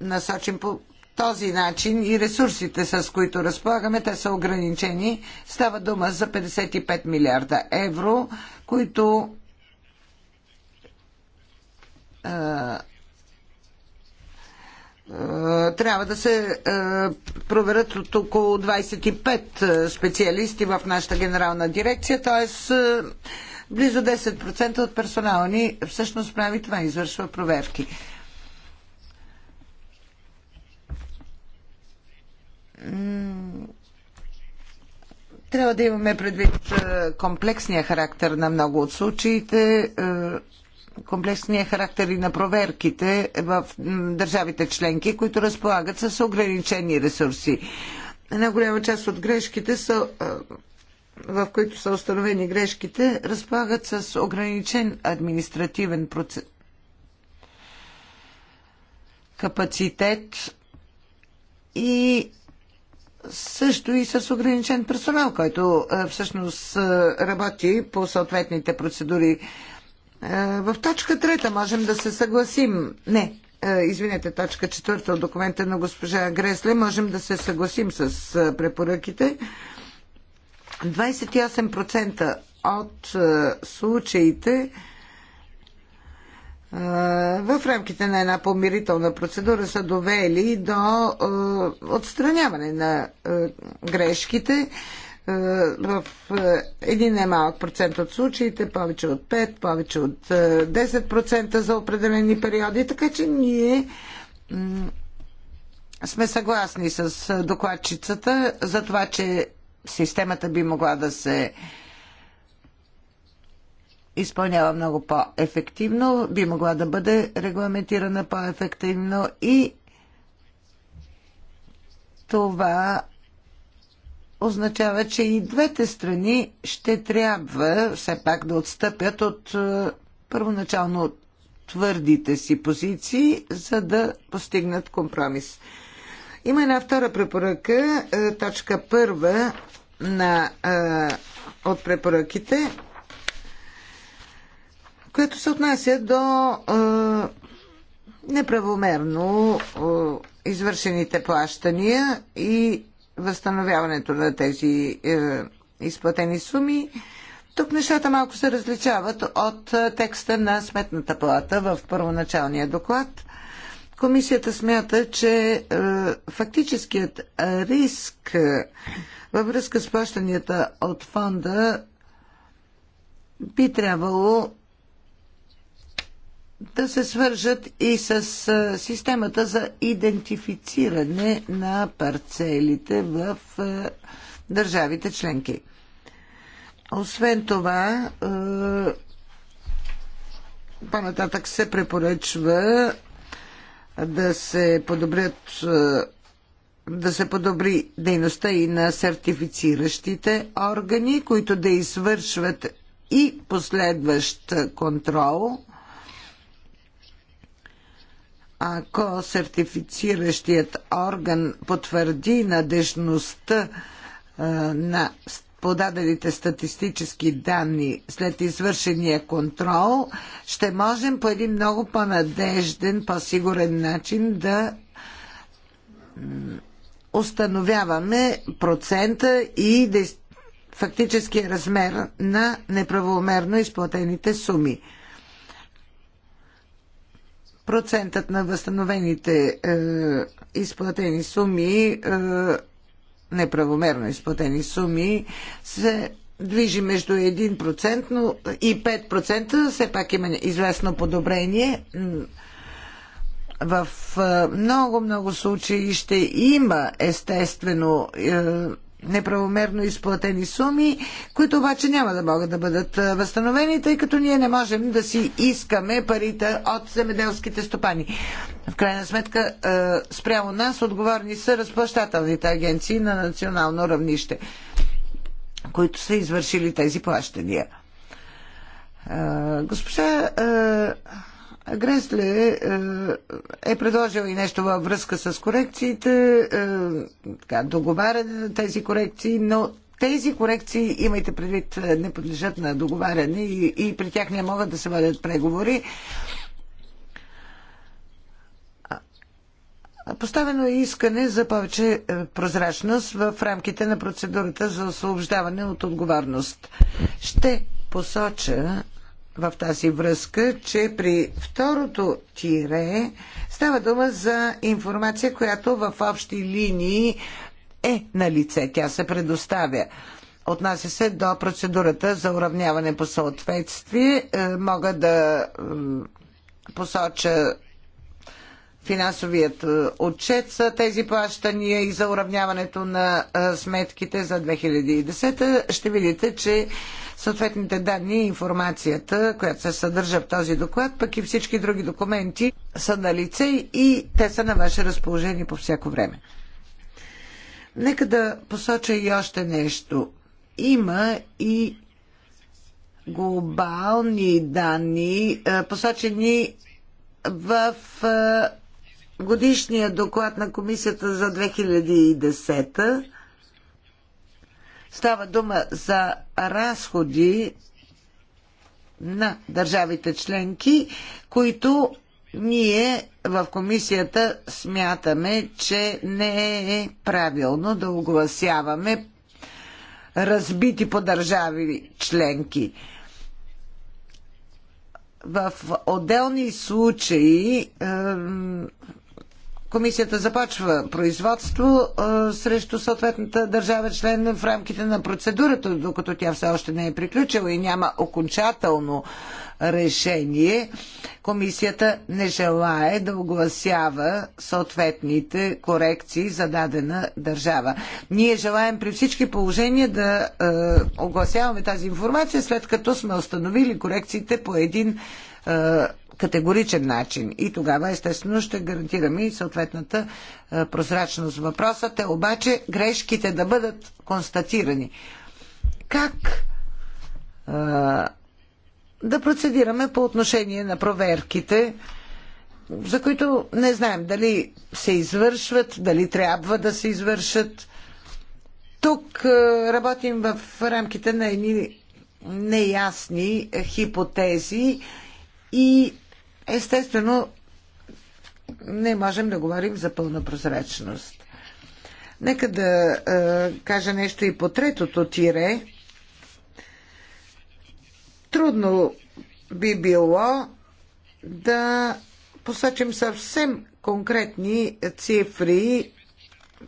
насочим по този начин и ресурсите, с които разполагаме, те са ограничени. Става дума за 55 милиарда евро, които е, е, трябва да се е, проверят от около 25 специалисти в нашата генерална дирекция, т.е. близо 10% от персонала ни всъщност прави това, извършва проверки. трябва да имаме предвид комплексния характер на много от случаите, комплексния характер и на проверките в държавите членки, които разполагат с ограничени ресурси. Една голяма част от грешките са в които са установени грешките, разполагат с ограничен административен процес. капацитет и също и с ограничен персонал, който е, всъщност е, работи по съответните процедури. Е, в точка трета можем да се съгласим. Не, извинете, точка четвърта от документа на госпожа Гресле. Можем да се съгласим с препоръките. 28% от случаите в рамките на една помирителна процедура са довели до отстраняване на грешките в един немалък процент от случаите, повече от 5, повече от 10% за определени периоди, така че ние сме съгласни с докладчицата за това, че системата би могла да се изпълнява много по-ефективно, би могла да бъде регламентирана по-ефективно и това означава, че и двете страни ще трябва все пак да отстъпят от е, първоначално твърдите си позиции, за да постигнат компромис. Има една втора препоръка, е, точка първа на, е, от препоръките което се отнася до неправомерно извършените плащания и възстановяването на тези изплатени суми. Тук нещата малко се различават от текста на Сметната палата в първоначалния доклад. Комисията смята, че е, фактическият риск е, във връзка с плащанията от фонда би трябвало да се свържат и с системата за идентифициране на парцелите в държавите членки. Освен това, по-нататък се препоръчва да се подобрят да се подобри дейността и на сертифициращите органи, които да извършват и последващ контрол ако сертифициращият орган потвърди надежността е, на подадените статистически данни след извършения контрол, ще можем по един много по-надежден, по-сигурен начин да установяваме процента и фактическия размер на неправомерно изплатените суми процентът на възстановените е, изплатени суми, е, неправомерно изплатени суми, се движи между 1% но и 5%. Все пак има известно подобрение. В много-много е, случаи ще има естествено е, неправомерно изплатени суми, които обаче няма да могат да бъдат възстановени, тъй като ние не можем да си искаме парите от земеделските стопани. В крайна сметка, спрямо нас отговорни са разплащателните агенции на национално равнище, които са извършили тези плащания. Госпожа Гресле е, е предложил и нещо във връзка с корекциите, е, така, договаряне на тези корекции, но тези корекции, имайте предвид, не подлежат на договаряне и, и при тях не могат да се водят преговори. Поставено е искане за повече е, прозрачност в рамките на процедурата за освобождаване от отговорност. Ще посоча, в тази връзка, че при второто тире става дума за информация, която в общи линии е на лице. Тя се предоставя. Отнася се до процедурата за уравняване по съответствие. Е, мога да посоча финансовият е, отчет за тези плащания и за уравняването на е, сметките за 2010, ще видите, че съответните данни и информацията, която се съдържа в този доклад, пък и всички други документи са на лице и те са на ваше разположение по всяко време. Нека да посоча и още нещо. Има и глобални данни, е, посочени в годишния доклад на комисията за 2010 става дума за разходи на държавите членки, които ние в комисията смятаме, че не е правилно да огласяваме разбити по държави членки. В отделни случаи комисията започва производство а, срещу съответната държава член в рамките на процедурата, докато тя все още не е приключила и няма окончателно решение, комисията не желае да огласява съответните корекции за дадена държава. Ние желаем при всички положения да е, огласяваме тази информация, след като сме установили корекциите по един категоричен начин. И тогава, естествено, ще гарантираме и съответната е, прозрачност. Въпросът е обаче грешките да бъдат констатирани. Как е, да процедираме по отношение на проверките, за които не знаем дали се извършват, дали трябва да се извършат. Тук е, работим в рамките на едни неясни хипотези и Естествено, не можем да говорим за пълна прозрачност. Нека да е, кажа нещо и по третото тире. Трудно би било да посочим съвсем конкретни цифри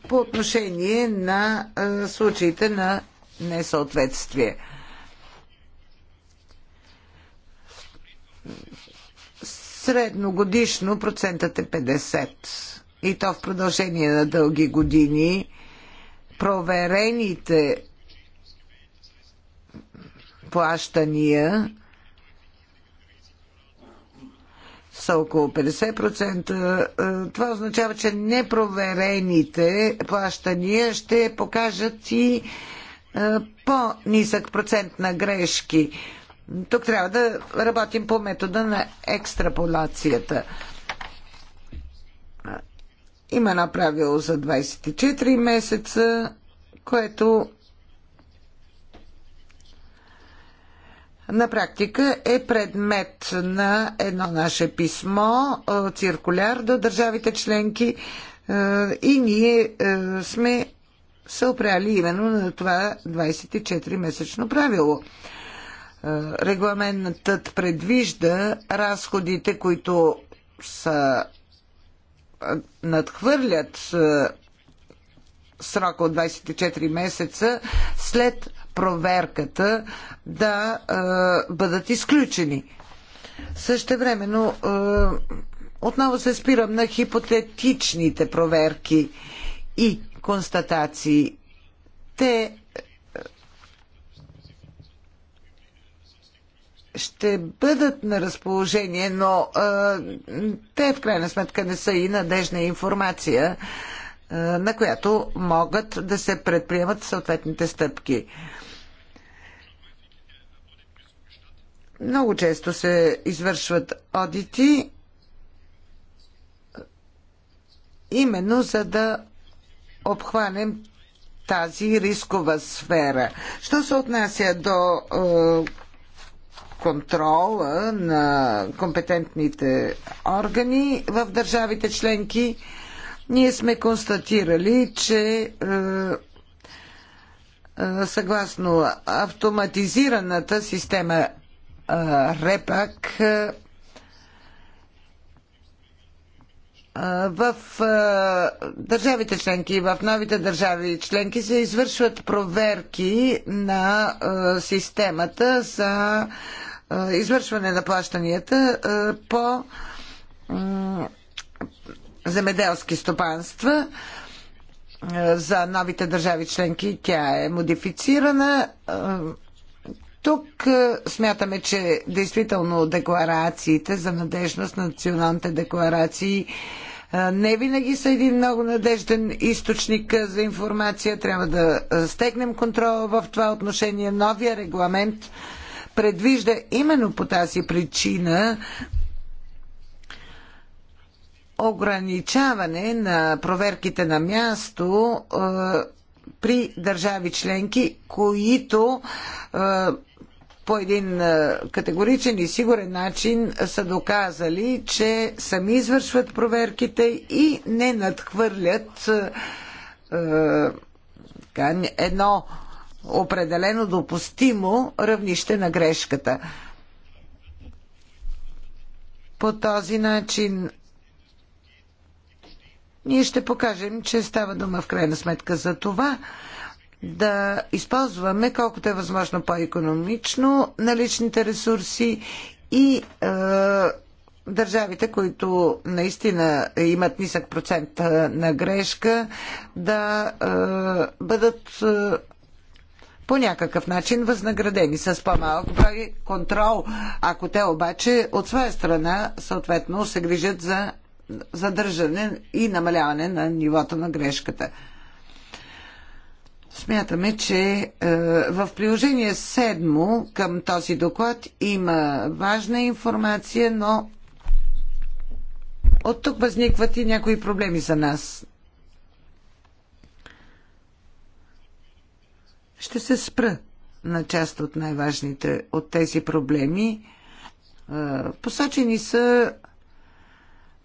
по отношение на е, случаите на несъответствие Средно годишно процентът е 50. И то в продължение на дълги години. Проверените плащания са около 50%. Това означава, че непроверените плащания ще покажат и по-нисък процент на грешки. Тук трябва да работим по метода на екстраполацията. Има едно правило за 24 месеца, което на практика е предмет на едно наше писмо, е, циркуляр до държавите членки е, и ние е, сме се опряли именно на това 24-месечно правило. Е, регламентът предвижда разходите, които са е, надхвърлят е, срока от 24 месеца след проверката да бъдат изключени. Също времено отново се спирам на хипотетичните проверки и констатации. Те ще бъдат на разположение, но а, те в крайна сметка не са и надежна информация, а, на която могат да се предприемат съответните стъпки. Много често се извършват одити, именно за да обхванем тази рискова сфера. Що се отнася до контрола на компетентните органи в държавите членки, ние сме констатирали, че е, е, съгласно автоматизираната система е, РЕПАК в държавите членки и в новите държави членки се извършват проверки на системата за извършване на плащанията по земеделски стопанства за новите държави членки. Тя е модифицирана. Тук смятаме, че действително декларациите за надежност, националните декларации не винаги са един много надежден източник за информация. Трябва да стегнем контрола в това отношение. Новия регламент предвижда именно по тази причина ограничаване на проверките на място е, при държави членки, които е, по един е, категоричен и сигурен начин са доказали, че сами извършват проверките и не надхвърлят е, е едно определено допустимо равнище на грешката. По този начин ние ще покажем, че става дума в крайна сметка за това да използваме колкото е възможно по-економично наличните ресурси и е, държавите, които наистина имат нисък процент е, на грешка, да е, бъдат е, по някакъв начин възнаградени с по-малък брой контрол, ако те обаче от своя страна съответно се грижат за задържане и намаляване на нивото на грешката. Смятаме, че е, в приложение 7 към този доклад има важна информация, но от тук възникват и някои проблеми за нас. Ще се спра на част от най-важните от тези проблеми. Посочени са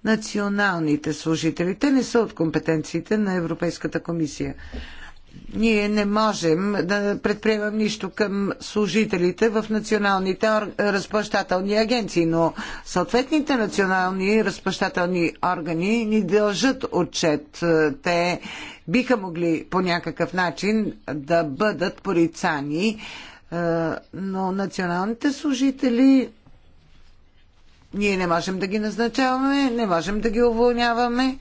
националните служители. Те не са от компетенциите на Европейската комисия ние не можем да предприемам нищо към служителите в националните разплащателни агенции, но съответните национални разплащателни органи ни дължат отчет. Те биха могли по някакъв начин да бъдат порицани, е, но националните служители ние не можем да ги назначаваме, не можем да ги уволняваме.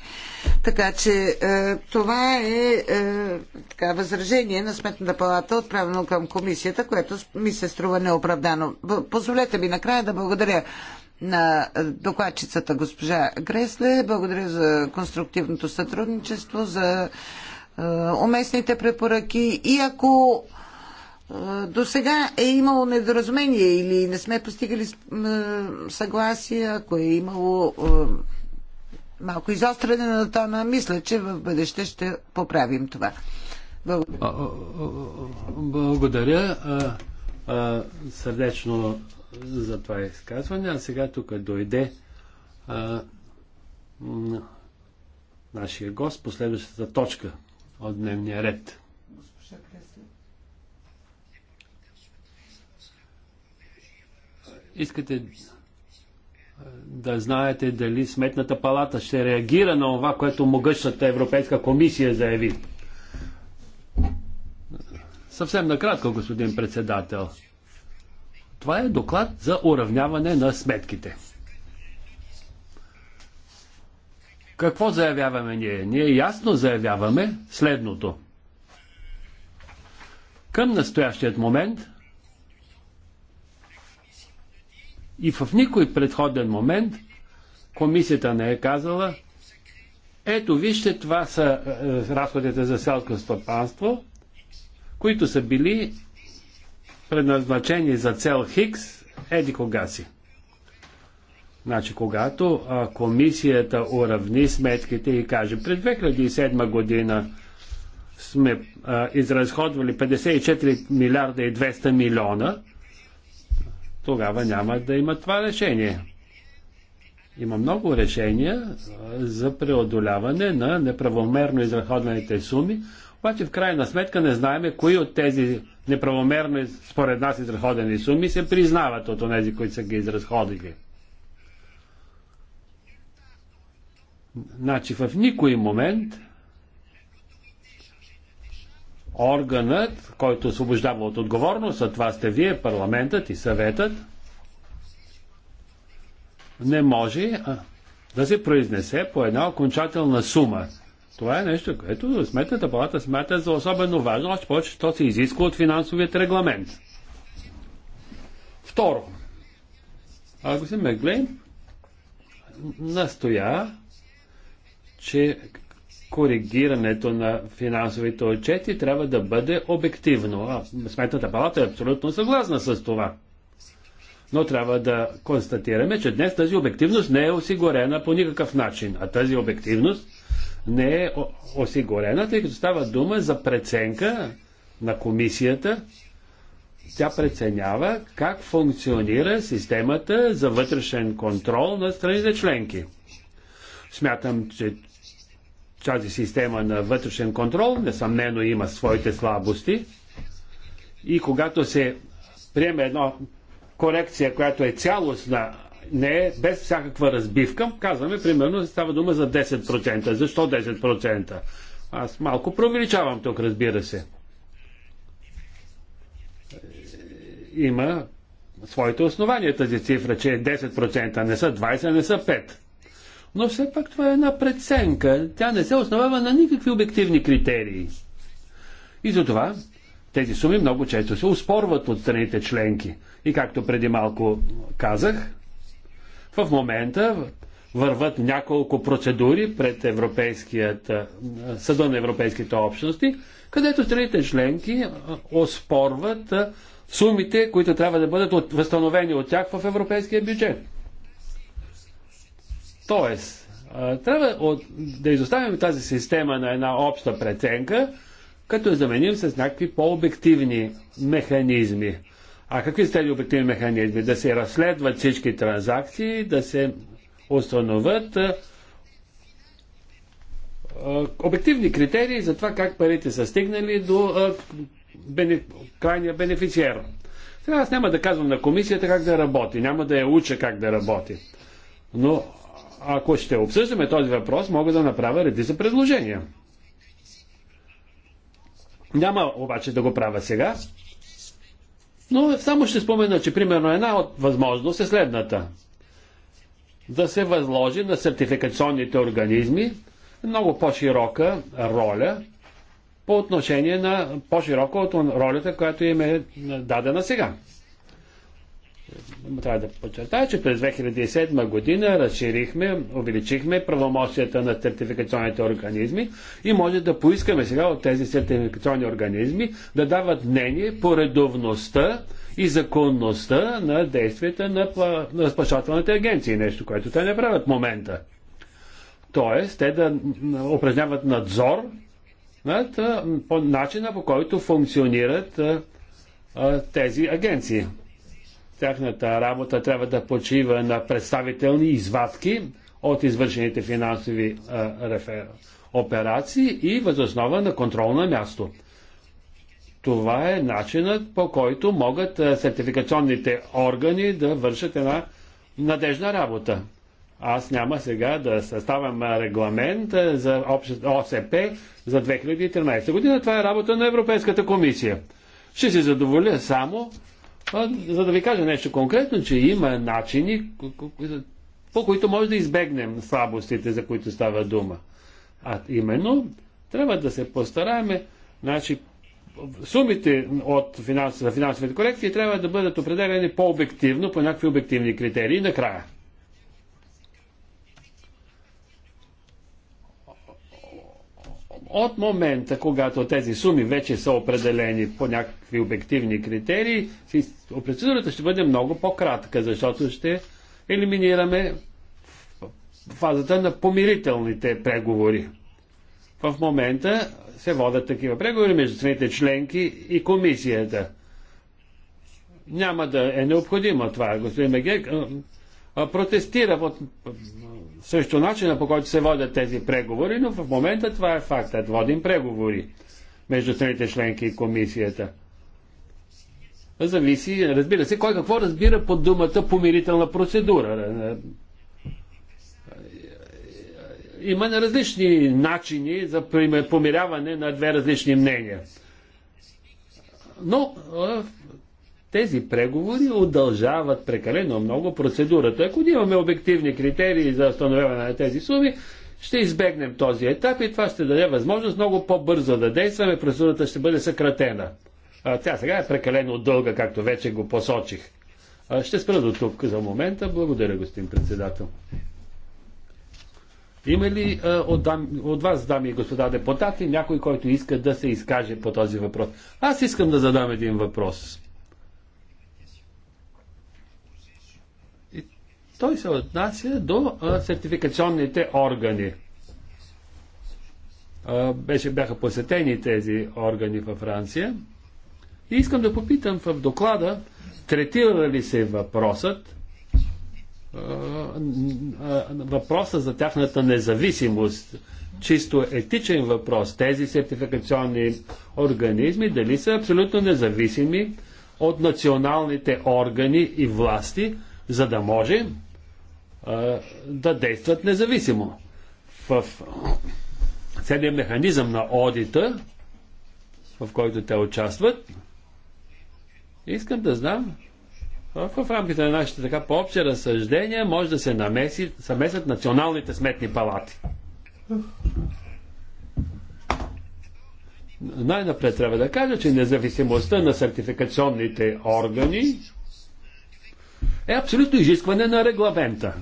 Така че е, това е, е така, възражение на Сметната палата, отправено към комисията, което ми се струва неоправдано. Позволете ми накрая да благодаря на е, докладчицата госпожа Гресле. Благодаря за конструктивното сътрудничество, за е, уместните препоръки и ако до сега е имало недоразумение или не сме постигали съгласие, ако е имало е, малко изостряне на тона, мисля, че в бъдеще ще поправим това. Благодаря. сърдечно за това изказване. А сега тук дойде нашия гост последващата точка от дневния ред. искате е, да знаете дали Сметната палата ще реагира на това, което могъщата Европейска комисия заяви. Съвсем накратко, господин председател. Това е доклад за уравняване на сметките. Какво заявяваме ние? Ние ясно заявяваме следното. Към настоящият момент И в никой предходен момент комисията не е казала, ето вижте, това са е, разходите за селско стопанство, които са били предназначени за цел Хикс, еди кога си. Значи, когато а, комисията уравни сметките и каже, през 2007 година сме а, изразходвали 54 милиарда и 200 милиона, тогава няма да има това решение. Има много решения за преодоляване на неправомерно изразходваните суми, обаче в крайна сметка не знаем кои от тези неправомерно според нас изразходени суми се признават от тези, които са ги изразходили. Значи в никой момент органът, който освобождава от отговорност, а това сте вие, парламентът и съветът, не може а, да се произнесе по една окончателна сума. Това е нещо, което сметната палата смята за особено важно, още повече, то се изисква от финансовият регламент. Второ, ако се Мегле настоя, че коригирането на финансовите отчети трябва да бъде обективно. А Сметната палата е абсолютно съгласна с това. Но трябва да констатираме, че днес тази обективност не е осигурена по никакъв начин. А тази обективност не е осигурена, тъй като става дума за преценка на комисията. Тя преценява как функционира системата за вътрешен контрол на страните членки. Смятам, че тази система на вътрешен контрол, несъмнено има своите слабости. И когато се приеме една корекция, която е цялостна, не е без всякаква разбивка, казваме примерно става дума за 10%. Защо 10%? Аз малко преувеличавам тук, разбира се. Има своите основания тази цифра, че е 10%, не са 20, не са 5. Но все пак това е една преценка. Тя не се основава на никакви обективни критерии. И затова тези суми много често се успорват от страните членки. И както преди малко казах, в момента върват няколко процедури пред Европейският, Съда на Европейските общности, където страните членки оспорват сумите, които трябва да бъдат възстановени от тях в европейския бюджет. Тоест, трябва да изоставим тази система на една обща преценка, като я заменим с някакви по-обективни механизми. А какви са тези обективни механизми? Да се разследват всички транзакции, да се установят обективни критерии за това как парите са стигнали до крайния бенефициер. Сега аз няма да казвам на комисията как да работи, няма да я уча как да работи. Но ако ще обсъждаме този въпрос, мога да направя редица предложения. Няма обаче да го правя сега. Но само ще спомена, че примерно една от възможност е следната. Да се възложи на сертификационните организми много по-широка роля по отношение на по-широка от ролята, която им е дадена сега трябва да подчертая, че през 2007 година разширихме, увеличихме правомощията на сертификационните организми и може да поискаме сега от тези сертификационни организми да дават мнение по редовността и законността на действията на, на спасателните агенции, нещо, което те не правят в момента. Тоест, те да упражняват надзор над по начина по който функционират тези агенции. Тяхната работа трябва да почива на представителни извадки от извършените финансови а, рефер... операции и възоснова на контрол на място. Това е начинът по който могат сертификационните органи да вършат една надежна работа. Аз няма сега да съставям регламент за ОСП за 2013 година. Това е работа на Европейската комисия. Ще се задоволя само за да ви кажа нещо конкретно, че има начини, по които може да избегнем слабостите, за които става дума. А именно, трябва да се постараем, значи, сумите от финанс, финансовите корекции трябва да бъдат определени по-обективно, по някакви обективни критерии накрая. от момента, когато тези суми вече са определени по някакви обективни критерии, процедурата ще бъде много по-кратка, защото ще елиминираме фазата на помирителните преговори. В момента се водят такива преговори между страните членки и комисията. Няма да е необходимо това. Господин Мегек протестира от срещу начина по който се водят тези преговори, но в момента това е фактът. Водим преговори между страните членки и комисията. Зависи, разбира се, кой какво разбира под думата помирителна процедура. Има на различни начини за помиряване на две различни мнения. Но тези преговори удължават прекалено много процедурата. Ако имаме обективни критерии за установяване на тези суми, ще избегнем този етап и това ще даде възможност много по-бързо да действаме. Процедурата ще бъде съкратена. А, тя сега е прекалено дълга, както вече го посочих. А, ще спра до тук за момента. Благодаря, господин председател. Има ли а, от, дам, от вас, дами и господа депутати, някой, който иска да се изкаже по този въпрос? Аз искам да задам един въпрос. Той се отнася до сертификационните органи. Беше, бяха посетени тези органи във Франция. И искам да попитам в доклада, третира ли се въпросът, въпроса за тяхната независимост, чисто етичен въпрос, тези сертификационни организми, дали са абсолютно независими от националните органи и власти, за да може да действат независимо. В целият механизъм на одита, в който те участват, искам да знам в рамките на нашите така по-общи разсъждения може да се намеси, съмесят националните сметни палати. Най-напред трябва да кажа, че независимостта на сертификационните органи е абсолютно изискване на регламента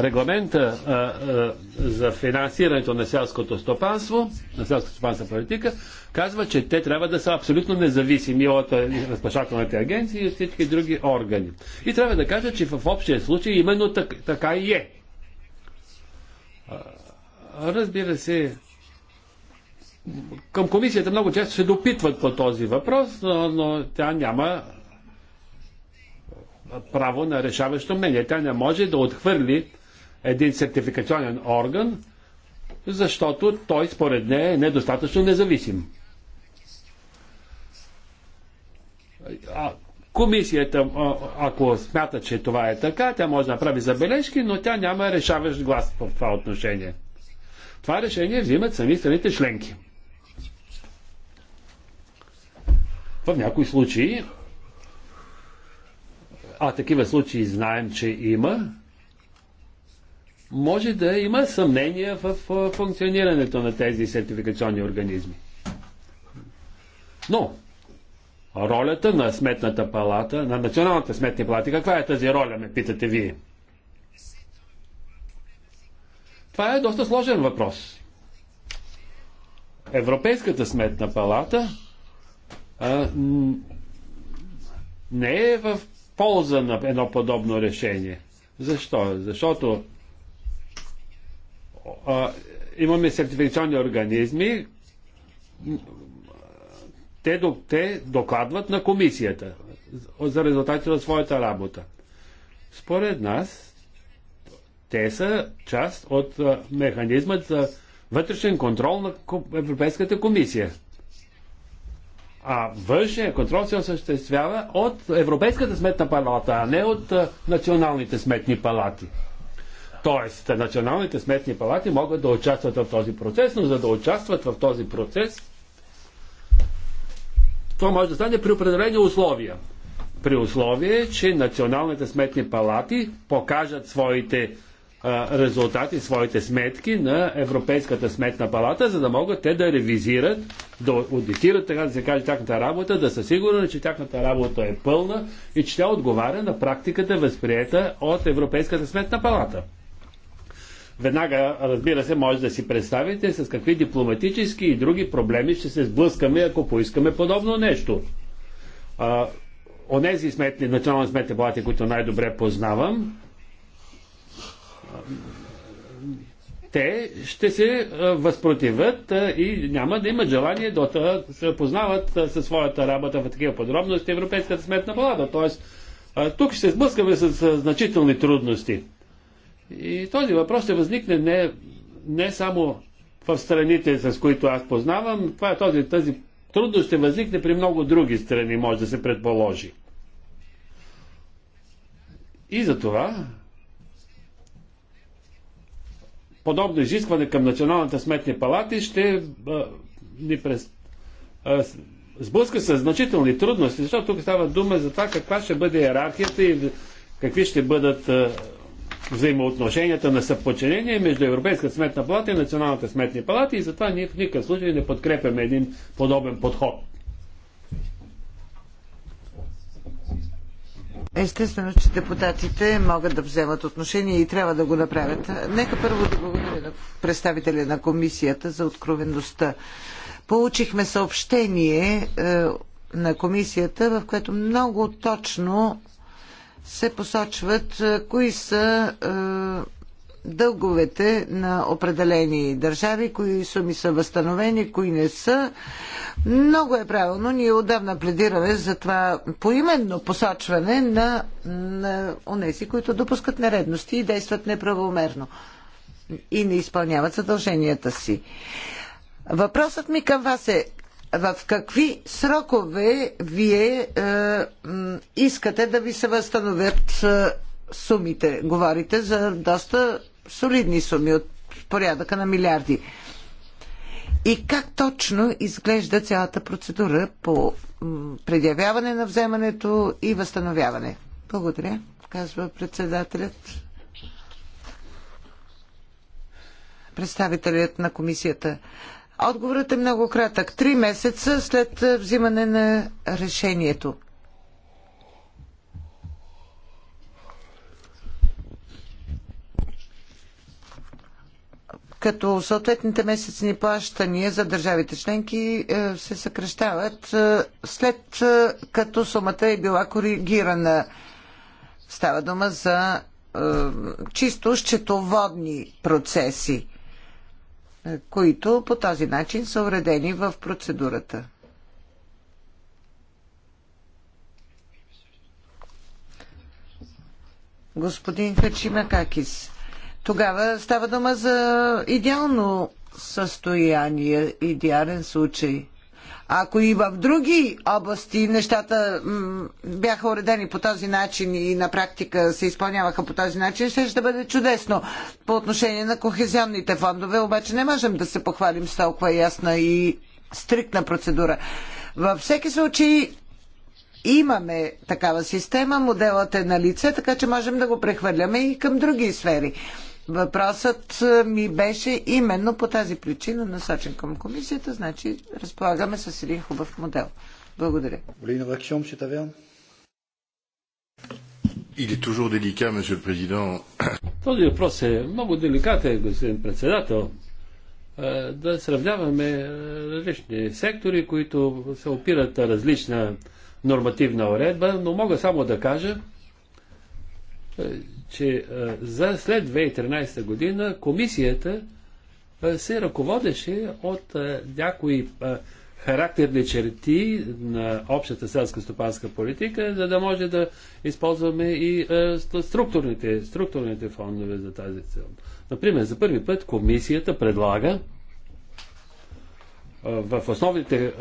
регламента а, а, за финансирането на селското стопанство, на селското стопанска политика, казва, че те трябва да са абсолютно независими от разплащателните агенции и всички други органи. И трябва да кажа, че в общия случай именно так, така и е. Разбира се, към комисията много често се допитват по този въпрос, но, но тя няма право на решаващо мнение. Тя не може да отхвърли един сертификационен орган, защото той според нея е недостатъчно независим. А, комисията, ако смята, че това е така, тя може да направи забележки, но тя няма решаващ глас в това отношение. Това решение взимат сами страните членки. В някои случаи, а такива случаи знаем, че има, може да има съмнение в функционирането на тези сертификационни организми. Но, ролята на сметната палата, на националната сметни палата, каква е тази роля, ме питате вие? Това е доста сложен въпрос. Европейската сметна палата а, не е в полза на едно подобно решение. Защо? Защото имаме сертификационни организми, те, те докладват на комисията за резултатите на своята работа. Според нас, те са част от механизма за вътрешен контрол на Европейската комисия. А външния контрол се осъществява от Европейската сметна палата, а не от националните сметни палати. Тоест, националните сметни палати могат да участват в този процес, но за да участват в този процес, това може да стане при определени условия. При условие, че националните сметни палати покажат своите а, резултати, своите сметки на Европейската сметна палата, за да могат те да ревизират, да аудитират, така да се каже, тяхната работа, да са сигурни, че тяхната работа е пълна и че тя отговаря на практиката, възприета от Европейската сметна палата. Веднага, разбира се, може да си представите с какви дипломатически и други проблеми ще се сблъскаме, ако поискаме подобно нещо. А, онези сметни, национални сметни палати, които най-добре познавам, те ще се възпротивят и няма да имат желание да се познават със своята работа в такива подробности Европейската сметна палата. Тоест, тук ще се сблъскаме с значителни трудности. И този въпрос ще възникне не, не само в страните, с които аз познавам, това е този, тази трудно ще възникне при много други страни, може да се предположи. И за това подобно изискване към Националната сметни палати ще а, ни през, а, сблъска с значителни трудности, защото тук става дума за това каква ще бъде иерархията и какви ще бъдат а, взаимоотношенията на съпочинение между Европейска сметна палата и Националната сметни палата и затова ние в никакъв случай не подкрепяме един подобен подход. Естествено, че депутатите могат да вземат отношение и трябва да го направят. Нека първо да благодаря на представителя на комисията за откровеността. Получихме съобщение е, на комисията, в което много точно се посочват е, кои са е, дълговете на определени държави, кои суми са възстановени, кои не са. Много е правилно. Ние отдавна пледираме за това поименно посочване на, на онези, които допускат нередности и действат неправомерно и не изпълняват задълженията си. Въпросът ми към вас е в какви срокове вие е, искате да ви се възстановят е, сумите? Говорите за доста солидни суми от порядъка на милиарди. И как точно изглежда цялата процедура по предявяване на вземането и възстановяване? Благодаря, казва председателят. Представителят на комисията. Отговорът е много кратък. Три месеца след е, взимане на решението. като съответните месечни плащания за държавите членки е, се съкръщават е, след като сумата е била коригирана. Става дума за чисто счетоводни процеси които по този начин са уредени в процедурата. Господин Хачимакакис, тогава става дума за идеално състояние, идеален случай. Ако и в други области нещата бяха уредени по този начин и на практика се изпълняваха по този начин, ще ще бъде чудесно. По отношение на кохезионните фондове, обаче не можем да се похвалим с толкова ясна и стриктна процедура. Във всеки случай имаме такава система, моделът е на лице, така че можем да го прехвърляме и към други сфери. Въпросът е, ми беше именно по тази причина насочен към комисията, значи разполагаме с един хубав модел. Благодаря. Този въпрос е много деликатен, господин председател. Е, да сравняваме е, различни сектори, които се опират различна нормативна уредба, но мога само да кажа, че за след 2013 година комисията се ръководеше от някои характерни черти на общата селско-стопанска политика, за да може да използваме и структурните, структурните фондове за тази цел. Например, за първи път комисията предлага в основните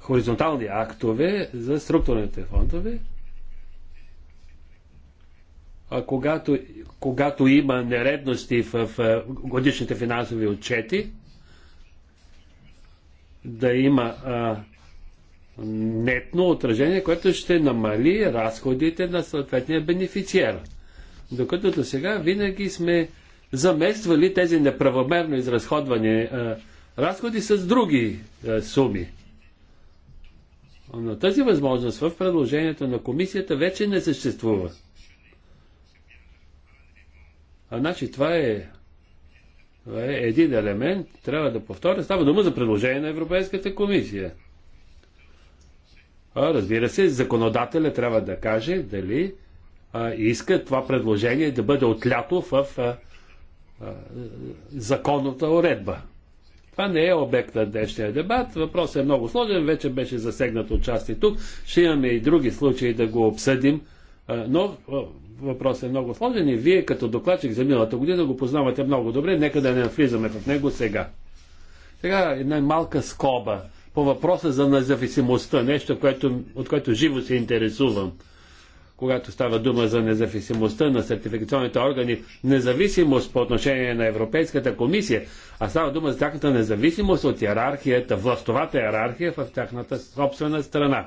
хоризонтални актове за структурните фондове когато, когато има нередности в е, годишните финансови отчети, да има нетно отражение, което ще намали разходите на съответния бенефициер. Докато до сега винаги сме замествали тези неправомерно изразходвани а, е, разходи с други а, е, суми. Но тази възможност в предложението на комисията вече не съществува. А, значи това е, е един елемент, трябва да повторя, става дума за предложение на Европейската комисия. А, разбира се, законодателя трябва да каже дали а, иска това предложение да бъде отлято в а, а, законната уредба. Това не е обект на днешния дебат. Въпросът е много сложен, вече беше засегнат части тук. Ще имаме и други случаи да го обсъдим. Но въпросът е много сложен и вие като докладчик за миналата година го познавате много добре. Нека да не влизаме в него сега. Сега една малка скоба по въпроса за независимостта, нещо, което, от което живо се интересувам. Когато става дума за независимостта на сертификационните органи, независимост по отношение на Европейската комисия, а става дума за тяхната независимост от иерархията, властовата иерархия в тяхната собствена страна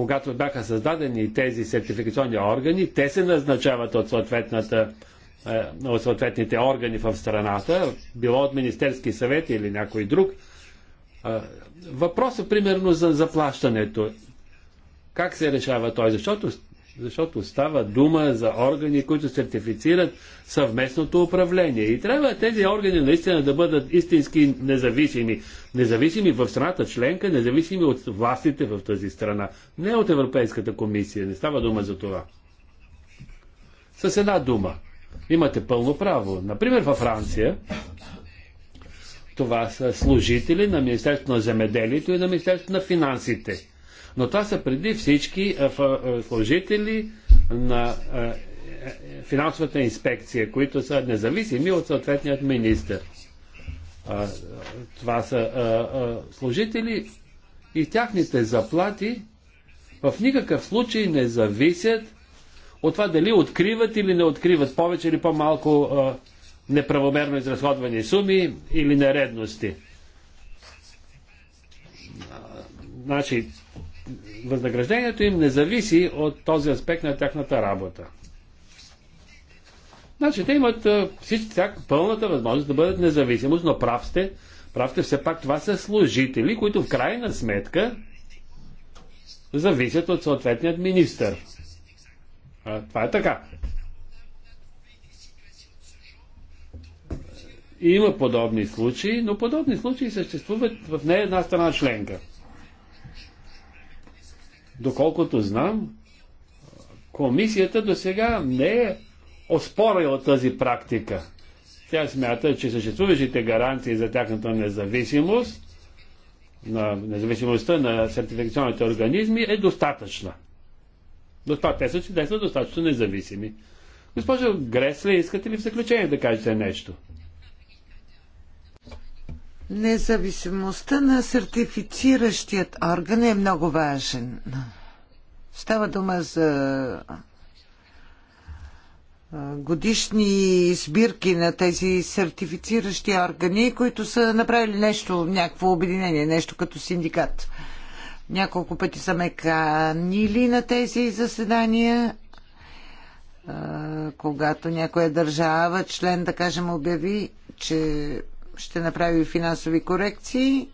когато бяха създадени тези сертификационни органи, те се назначават от, съответната, е, от съответните органи в страната, било от Министерски съвет или някой друг. Е, въпросът, примерно, за заплащането. Как се решава той? Защото защото става дума за органи, които сертифицират съвместното управление. И трябва тези органи наистина да бъдат истински независими. Независими в страната членка, независими от властите в тази страна. Не от Европейската комисия. Не става дума за това. С една дума. Имате пълно право. Например, във Франция това са служители на Министерството на земеделието и на Министерството на финансите – но това са преди всички служители на е, е, финансовата инспекция, които са независими от съответният министр. Това са служители и тяхните заплати в никакъв случай не зависят от това дали откриват или не откриват повече или по-малко неправомерно изразходвани суми или нередности. Значи, възнаграждението им не зависи от този аспект на тяхната работа. Значи те имат всички всяк, пълната възможност да бъдат независимост, но прав сте, прав сте все пак това са служители, които в крайна сметка зависят от съответният министър. А, това е така. Има подобни случаи, но подобни случаи съществуват в не една страна членка. Доколкото знам, комисията до сега не е оспорила тази практика. Тя смята, че съществуващите гаранции за тяхната независимост, на независимостта на сертификационните организми е достатъчна. До това те са, те са достатъчно независими. Госпожо Гресле, искате ли в заключение да кажете нещо? Независимостта на сертифициращият орган е много важен. Става дума за годишни сбирки на тези сертифициращи органи, които са направили нещо, някакво обединение, нещо като синдикат. Няколко пъти са ме канили на тези заседания, когато някоя държава, член, да кажем, обяви, че ще направи финансови корекции.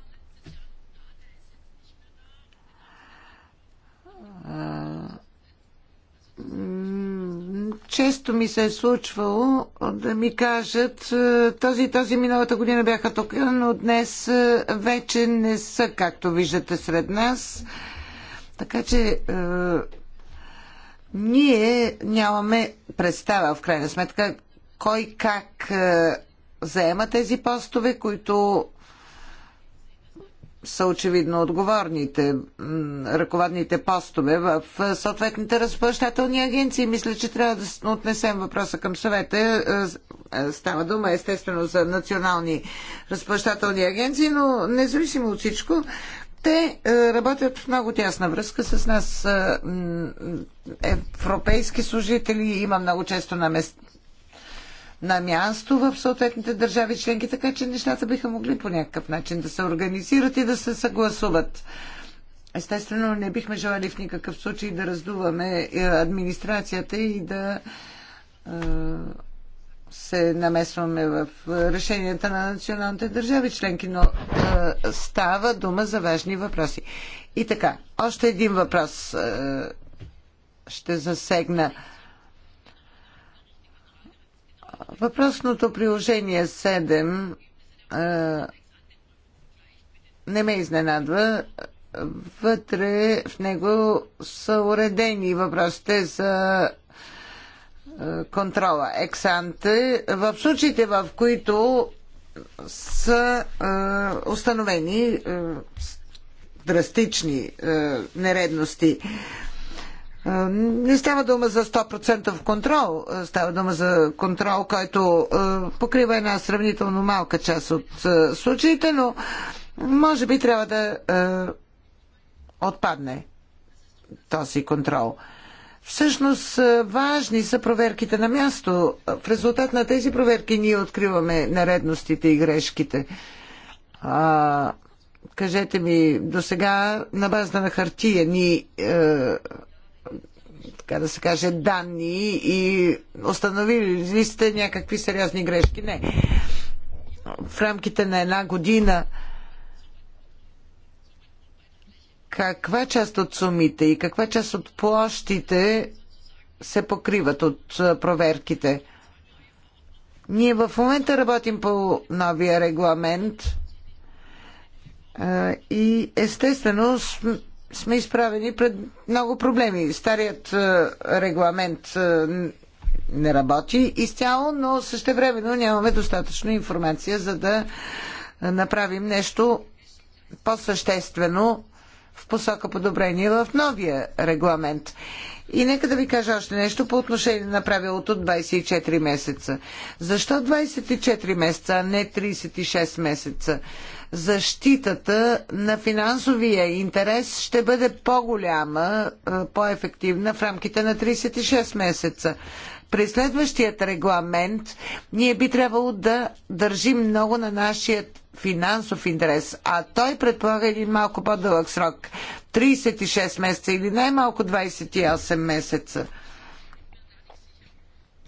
Често ми се е случвало да ми кажат, този и този миналата година бяха тук, но днес вече не са, както виждате, сред нас. Така че ние нямаме представа, в крайна сметка, кой как заема тези постове, които са очевидно отговорните ръководните постове в съответните разплащателни агенции. Мисля, че трябва да отнесем въпроса към съвета. Е, е, е, става дума естествено за национални разплащателни агенции, но независимо от всичко, те работят в много тясна връзка с нас. Европейски служители има много често на мест, на място в съответните държави членки, така че нещата биха могли по някакъв начин да се организират и да се съгласуват. Естествено, не бихме желали в никакъв случай да раздуваме е, администрацията и да е, се намесваме в е, решенията на националните държави членки, но е, става дума за важни въпроси. И така, още един въпрос е, ще засегна. Е, Въпросното приложение 7 а, не ме изненадва. Вътре в него са уредени въпросите за контрола, ексанте, в случаите в които са е, установени е, драстични е, нередности. Не става дума за 100% контрол, става дума за контрол, който покрива една сравнително малка част от случаите, но може би трябва да отпадне този контрол. Всъщност важни са проверките на място. В резултат на тези проверки ние откриваме наредностите и грешките. А, кажете ми, до сега на база на хартия ни е, така да се каже, данни и установили ли сте някакви сериозни грешки? Не. В рамките на една година каква част от сумите и каква част от площите се покриват от проверките? Ние в момента работим по новия регламент и естествено сме изправени пред много проблеми. Старият е, регламент е, не работи изцяло, но същевременно нямаме достатъчно информация, за да направим нещо по-съществено в посока подобрение в новия регламент. И нека да ви кажа още нещо по отношение на правилото 24 месеца. Защо 24 месеца, а не 36 месеца? защитата на финансовия интерес ще бъде по-голяма, е, по-ефективна в рамките на 36 месеца. При следващият регламент ние би трябвало да държим много на нашия финансов интерес, а той предполага един малко по-дълъг срок 36 месеца или най-малко 28 месеца.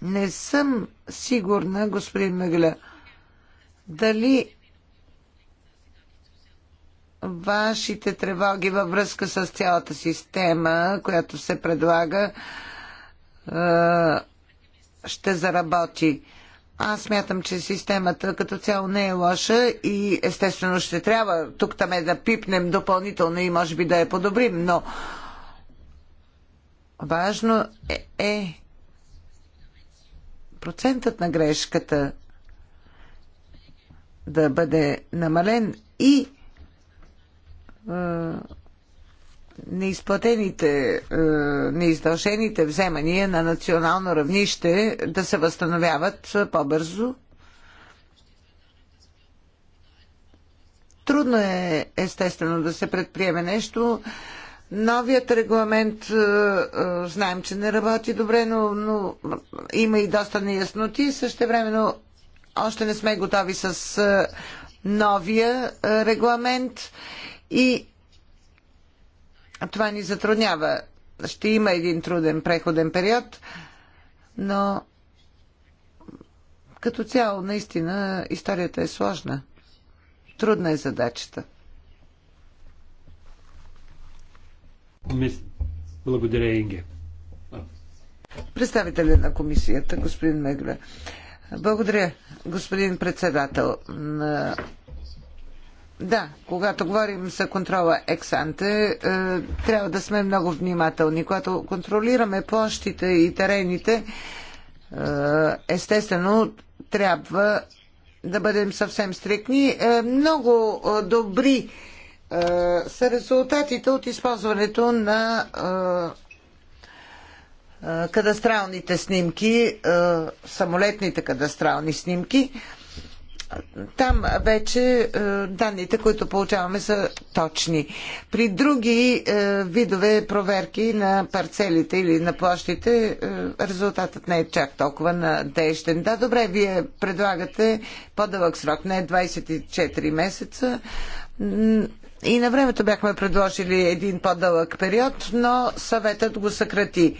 Не съм сигурна, господин Мегля, дали вашите тревоги във връзка с цялата система, която се предлага, ще заработи. Аз смятам, че системата като цяло не е лоша и естествено ще трябва тук там е да пипнем допълнително и може би да я подобрим, но важно е, е процентът на грешката да бъде намален и неизплатените, неиздължените вземания на национално равнище да се възстановяват по-бързо. Трудно е, естествено, да се предприеме нещо. Новият регламент знаем, че не работи добре, но, но има и доста неясноти. Също времено още не сме готови с новия регламент и това ни затруднява. Ще има един труден преходен период, но като цяло, наистина, историята е сложна. Трудна е задачата. Благодаря, Инге. Представителя на комисията, господин Мегле. Благодаря, господин председател. на да, когато говорим за контрола ексанте, трябва да сме много внимателни. Когато контролираме площите и терените, е, естествено, трябва да бъдем съвсем стрикни. Е, много е, добри са резултатите от използването на кадастралните снимки, самолетните кадастрални снимки. Там вече е, данните, които получаваме, са точни. При други е, видове проверки на парцелите или на площите, е, резултатът не е чак толкова надежден. Да, добре, вие предлагате по-дълъг срок, не 24 месеца. И на времето бяхме предложили един по-дълъг период, но съветът го съкрати.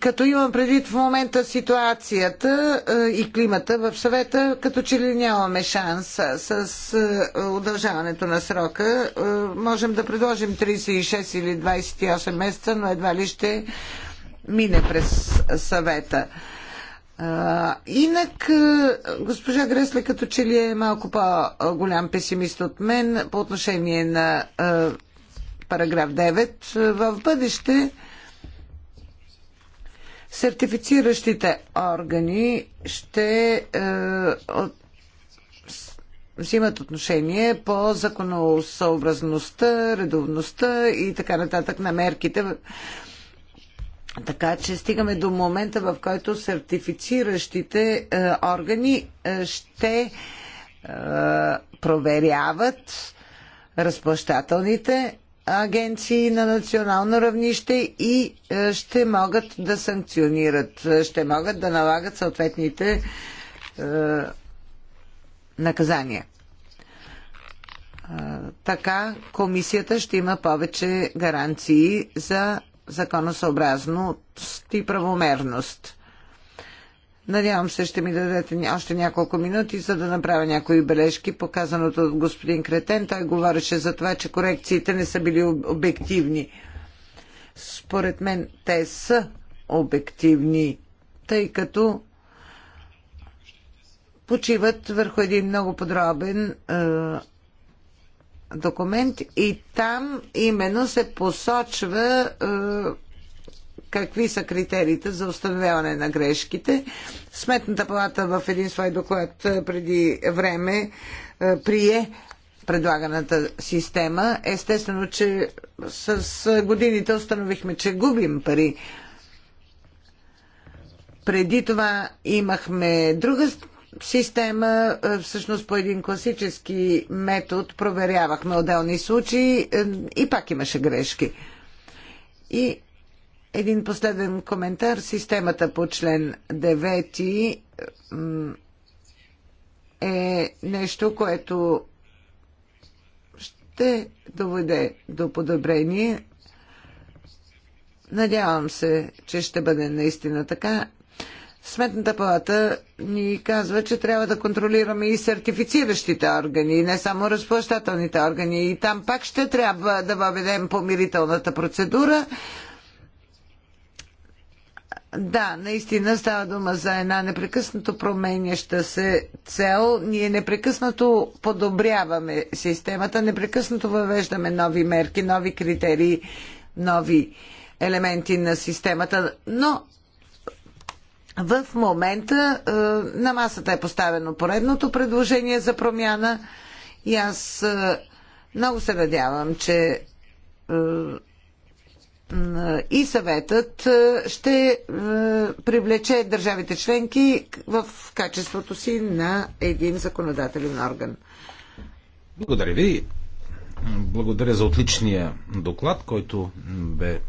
Като имам предвид в момента ситуацията и климата в съвета, като че ли нямаме шанс с удължаването на срока. Можем да предложим 36 или 28 месеца, но едва ли ще мине през съвета. инак, госпожа Гресле, като че ли е малко по-голям песимист от мен по отношение на параграф 9, в бъдеще сертифициращите органи ще е, взимат отношение по законосъобразността, редовността и така нататък на мерките. Така че стигаме до момента, в който сертифициращите е, органи е, ще е, проверяват разплащателните агенции на национално равнище и е, ще могат да санкционират, е, ще могат да налагат съответните е, наказания. Е, така комисията ще има повече гаранции за законосъобразност и правомерност. Надявам се, ще ми дадете още няколко минути, за да направя някои бележки. Показаното от господин Кретен, той говореше за това, че корекциите не са били обективни. Според мен те са обективни, тъй като почиват върху един много подробен е, документ и там именно се посочва е, какви са критериите за установяване на грешките. Сметната палата в един свой доклад преди време прие предлаганата система. Естествено, че с годините установихме, че губим пари. Преди това имахме друга система, всъщност по един класически метод проверявахме отделни случаи и пак имаше грешки. И един последен коментар. Системата по член 9 е нещо, което ще доведе до подобрение. Надявам се, че ще бъде наистина така. Сметната палата ни казва, че трябва да контролираме и сертифициращите органи, не само разплащателните органи. И там пак ще трябва да въведем помирителната процедура, да, наистина става дума за една непрекъснато променяща се цел. Ние непрекъснато подобряваме системата, непрекъснато въвеждаме нови мерки, нови критерии, нови елементи на системата, но в момента е, на масата е поставено поредното предложение за промяна и аз е, много се надявам, че е, и съветът е, ще е, привлече държавите членки в качеството си на един законодателен орган. Благодаря ви. Благодаря за отличния доклад, който бе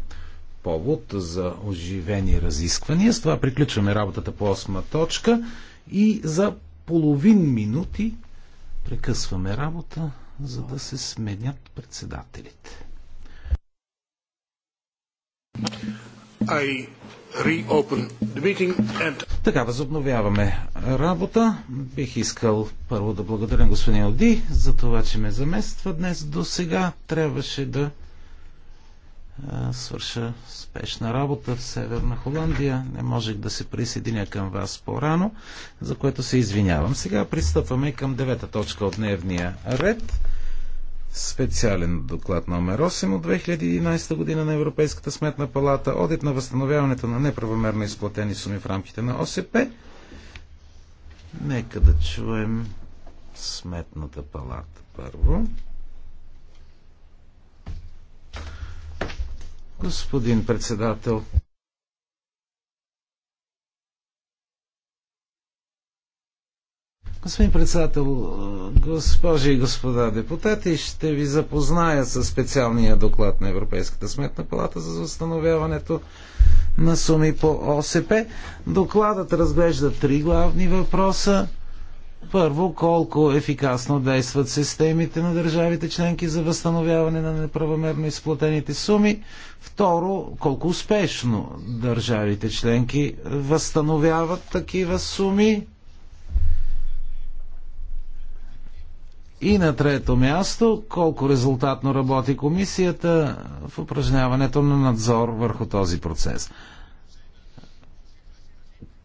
повод за оживени разисквания. С това приключваме работата по осма точка и за половин минути прекъсваме работа, за да се сменят председателите. Така, възобновяваме работа. Бих искал първо да благодаря господин Оди за това, че ме замества днес до сега. Трябваше да свърша спешна работа в Северна Холандия. Не можех да се присъединя към вас по-рано, за което се извинявам. Сега пристъпваме към девета точка от дневния ред специален доклад номер 8 от 2011 година на Европейската сметна палата, одит на възстановяването на неправомерно изплатени суми в рамките на ОСП. Нека да чуем сметната палата първо. Господин председател, Господин председател, госпожи и господа депутати, ще ви запозная с специалния доклад на Европейската сметна палата за възстановяването на суми по ОСП. Докладът разглежда три главни въпроса. Първо, колко ефикасно действат системите на държавите членки за възстановяване на неправомерно изплатените суми. Второ, колко успешно държавите членки възстановяват такива суми И на трето място, колко резултатно работи комисията в упражняването на надзор върху този процес.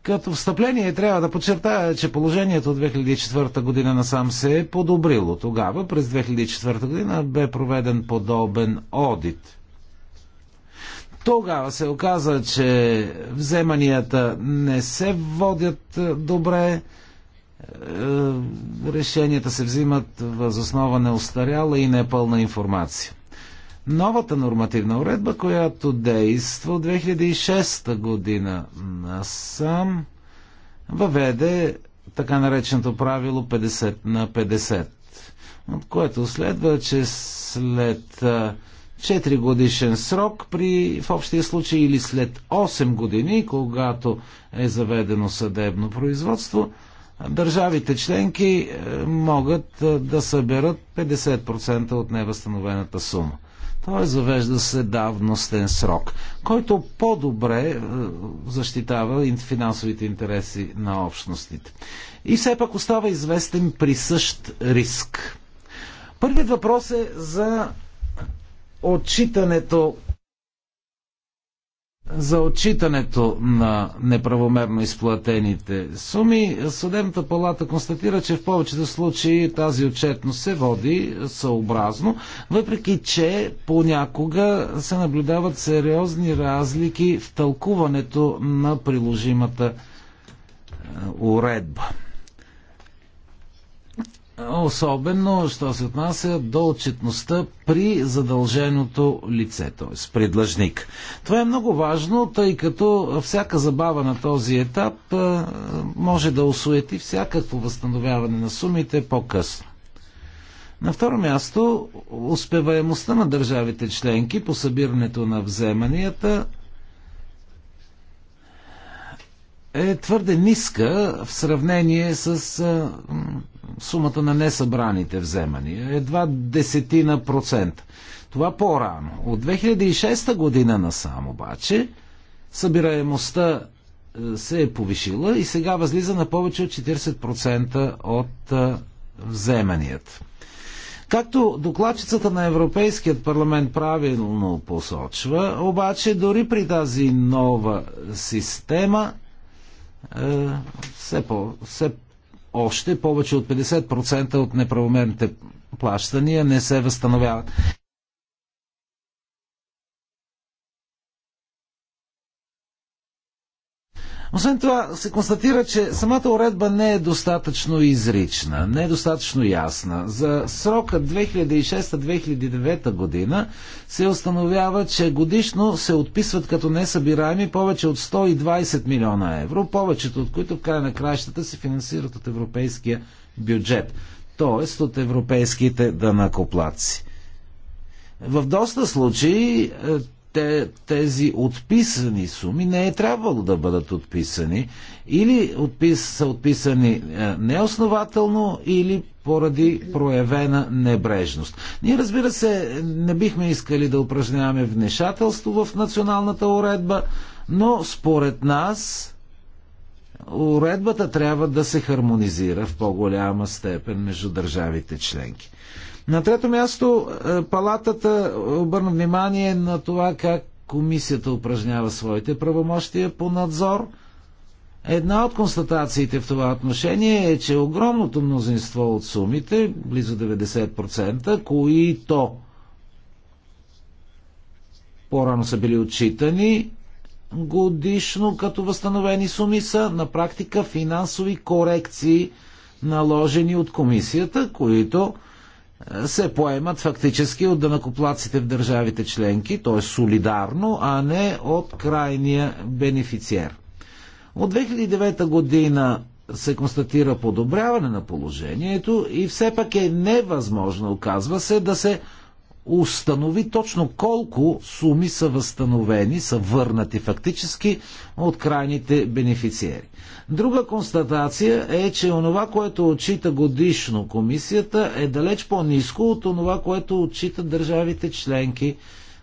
Като встъпление трябва да подчертая, че положението от 2004 година насам се е подобрило. Тогава, през 2004 година, бе проведен подобен одит. Тогава се оказа, че вземанията не се водят е, добре, е, решенията се взимат въз основа неустаряла и непълна информация. Новата нормативна уредба, която действа от 2006 година насам, въведе така нареченото правило 50 на 50, от което следва, че след 4 годишен срок при, в общия случай или след 8 години, когато е заведено съдебно производство, държавите членки е, могат е, да съберат 50% от невъзстановената сума. Той завежда се давностен срок, който по-добре е, защитава финансовите интереси на общностите. И все пак остава известен присъщ риск. Първият въпрос е за отчитането за отчитането на неправомерно изплатените суми, Съдебната палата констатира, че в повечето случаи тази отчетност се води съобразно, въпреки че понякога се наблюдават сериозни разлики в тълкуването на приложимата е, уредба особено, що се отнася до отчетността при задълженото лице, т.е. при длъжник. Това е много важно, тъй като всяка забава на този етап може да осуети всякакво възстановяване на сумите по-късно. На второ място, успеваемостта на държавите членки по събирането на вземанията е твърде ниска в сравнение с сумата на несъбраните вземания. Едва десетина процента. Това по-рано. От 2006 година насам обаче събираемостта се е повишила и сега възлиза на повече от 40% от вземанията. Както докладчицата на Европейският парламент правилно посочва, обаче дори при тази нова система е, все, по, все още повече от 50% от неправомерните плащания не се възстановяват. Освен това се констатира, че самата уредба не е достатъчно изрична, не е достатъчно ясна. За срока 2006-2009 година се установява, че годишно се отписват като несъбираеми повече от 120 милиона евро, повечето от които в край на краищата се финансират от европейския бюджет, т.е. от европейските данакоплаци. В доста случаи е, те, тези отписани суми не е трябвало да бъдат отписани или отпис, са отписани е, неоснователно или поради проявена небрежност. Ние, разбира се, не бихме искали да упражняваме внешателство в националната уредба, но според нас уредбата трябва да се хармонизира в по-голяма степен между държавите членки. На трето място, е, палатата обърна внимание на това как комисията упражнява своите правомощия по надзор. Една от констатациите в това отношение е, че огромното мнозинство от сумите, близо 90%, които по-рано са били отчитани, годишно като възстановени суми са на практика финансови корекции, наложени от комисията, които се поемат фактически от дънакоплаците в държавите членки, т.е. солидарно, а не от крайния бенефициер. От 2009 година се констатира подобряване на положението и все пак е невъзможно, оказва се, да се установи точно колко суми са възстановени, са върнати фактически от крайните бенефициери. Друга констатация е, че онова, което отчита годишно комисията е далеч по-низко от онова, което отчитат държавите членки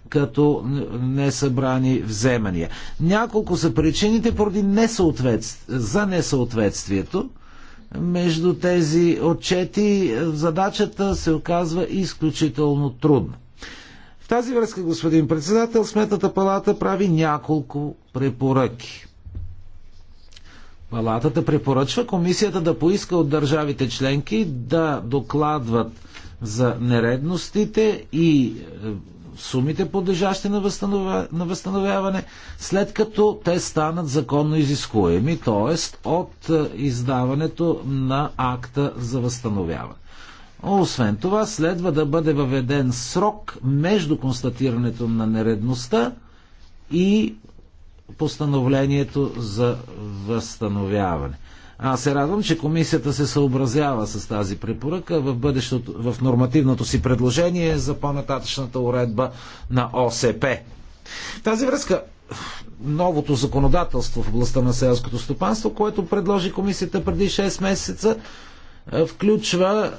като несъбрани вземания. Няколко са причините поради несъответствие, за несъответствието между тези отчети. Задачата се оказва изключително трудна. В тази връзка, господин председател, Сметната палата прави няколко препоръки. Палатата препоръчва комисията да поиска от държавите членки да докладват за нередностите и е, сумите подлежащи на, възстанова... на възстановяване, след като те станат законно изискуеми, т.е. от е, издаването на акта за възстановяване. Освен това, следва да бъде въведен срок между констатирането на нередността и постановлението за възстановяване. Аз се радвам, че комисията се съобразява с тази препоръка в, бъдещото, в нормативното си предложение за по-нататъчната уредба на ОСП. В тази връзка новото законодателство в областта на селското стопанство, което предложи комисията преди 6 месеца, е, включва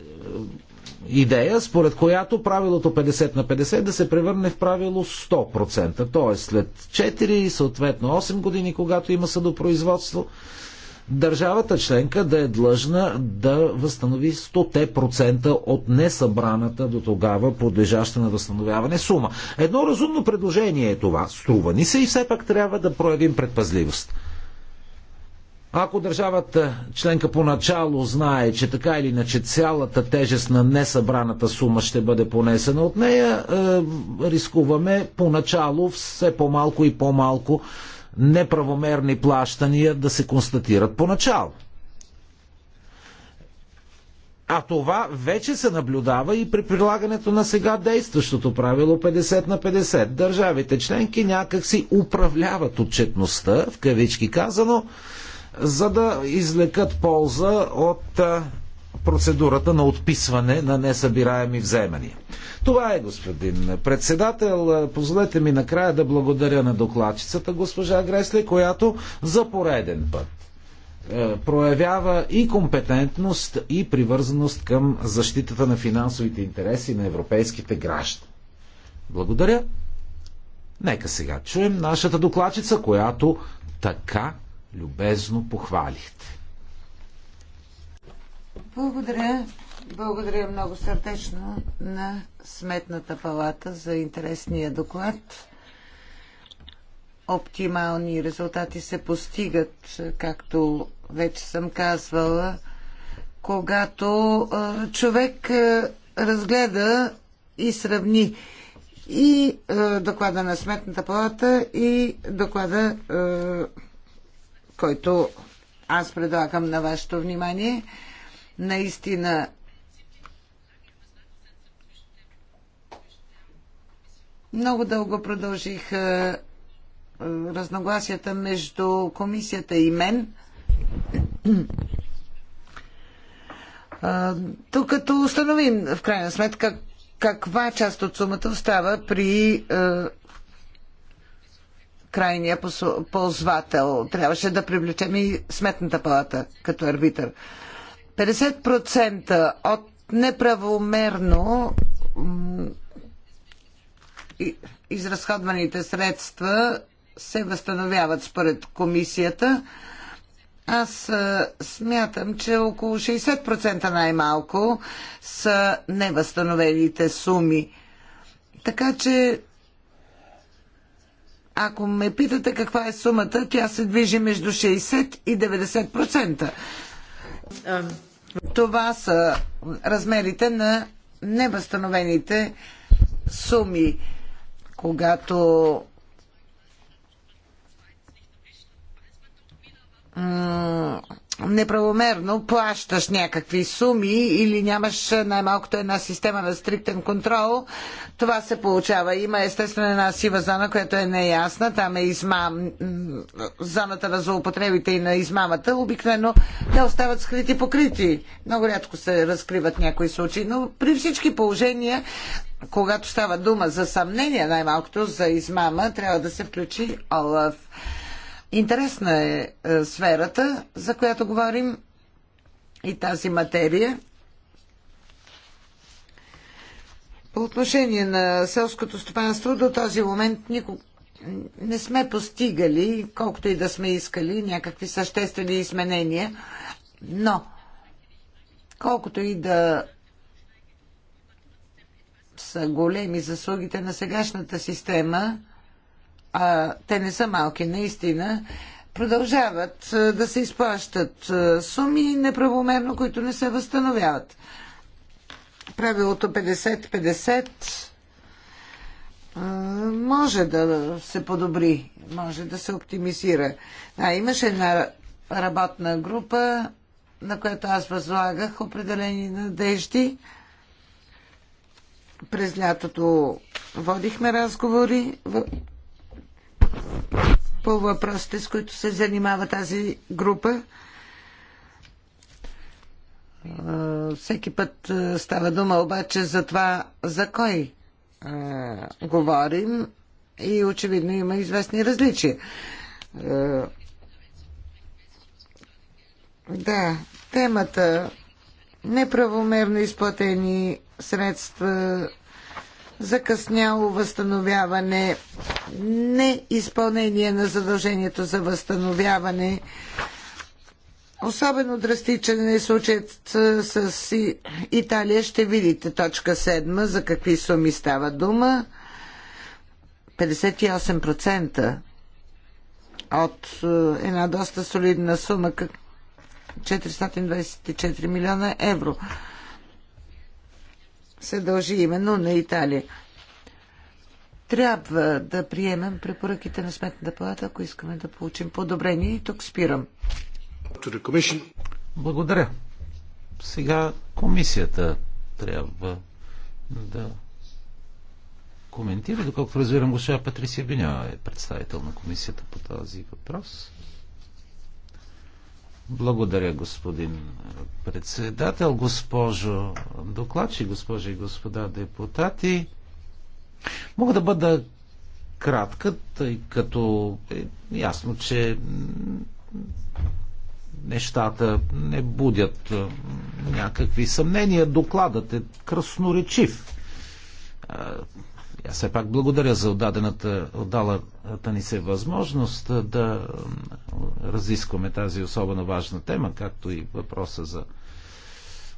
е, идея, според която правилото 50 на 50 да се превърне в правило 100%. Т.е. след 4 и съответно 8 години, когато има съдопроизводство, държавата членка да е длъжна да възстанови 100% от несъбраната до тогава подлежаща на възстановяване сума. Едно разумно предложение е това. Струва ни се и все пак трябва да проявим предпазливост. Ако държавата членка поначало знае, че така или иначе цялата тежест на несъбраната сума ще бъде понесена от нея, е, рискуваме поначало все по-малко и по-малко неправомерни плащания да се констатират поначало. А това вече се наблюдава и при прилагането на сега действащото правило 50 на 50. Държавите членки някак си управляват отчетността, в кавички казано, за да извлекат полза от процедурата на отписване на несъбираеми вземания. Това е, господин председател. Позволете ми накрая да благодаря на докладчицата госпожа Гресле, която за пореден път проявява и компетентност, и привързаност към защитата на финансовите интереси на европейските граждани. Благодаря. Нека сега чуем нашата докладчица, която така любезно похвалихте. Благодаря. Благодаря много сърдечно на Сметната палата за интересния доклад. Оптимални резултати се постигат, както вече съм казвала, когато човек разгледа и сравни и доклада на Сметната палата, и доклада който аз предлагам на вашето внимание. Наистина много дълго продължих е, разногласията между комисията и мен. Е, като установим в крайна сметка каква част от сумата остава при е, крайния ползвател. Трябваше да привлечем и сметната палата като арбитър. 50% от неправомерно изразходваните средства се възстановяват според комисията. Аз смятам, че около 60% най-малко са невъзстановените суми. Така че ако ме питате каква е сумата, тя се движи между 60 и 90%. Това са размерите на невъзстановените суми. Когато неправомерно плащаш някакви суми или нямаш най-малкото една система на стриктен контрол, това се получава. Има естествено една сива зона, която е неясна. Там е измам... зоната на злоупотребите и на измамата. Обикновено те остават скрити покрити. Много рядко се разкриват някои случаи. Но при всички положения, когато става дума за съмнение, най-малкото за измама, трябва да се включи ОЛАФ. Интересна е, е сферата, за която говорим и тази материя. По отношение на селското стопанство до този момент никога не сме постигали, колкото и да сме искали, някакви съществени изменения, но колкото и да са големи заслугите на сегашната система, а те не са малки наистина, продължават да се изплащат суми неправомерно, които не се възстановяват. Правилото 50-50 може да се подобри, може да се оптимизира. А, имаше една работна група, на която аз възлагах определени надежди. През лятото водихме разговори по въпросите, с които се занимава тази група. Всеки път става дума обаче за това, за кой говорим и очевидно има известни различия. Да, темата неправомерно изплатени средства закъсняло възстановяване, неизпълнение на задължението за възстановяване. Особено драстичен е случаят с Италия. Ще видите точка 7 за какви суми става дума. 58% от е, една доста солидна сума, 424 милиона евро се дължи именно на Италия. Трябва да приемем препоръките на Сметната палата, ако искаме да получим подобрение. И тук спирам. Благодаря. Сега комисията трябва да коментира, доколкото разбирам, госпожа Патрисия Биня е представител на комисията по този въпрос. Благодаря, господин председател. Госпожо докладчи, госпожи и господа депутати. Мога да бъда кратка, тъй като е ясно, че нещата не будят някакви съмнения. Докладът е красноречив. Аз все пак благодаря за отдадената, отдалата ни се възможност да разискваме тази особено важна тема, както и въпроса за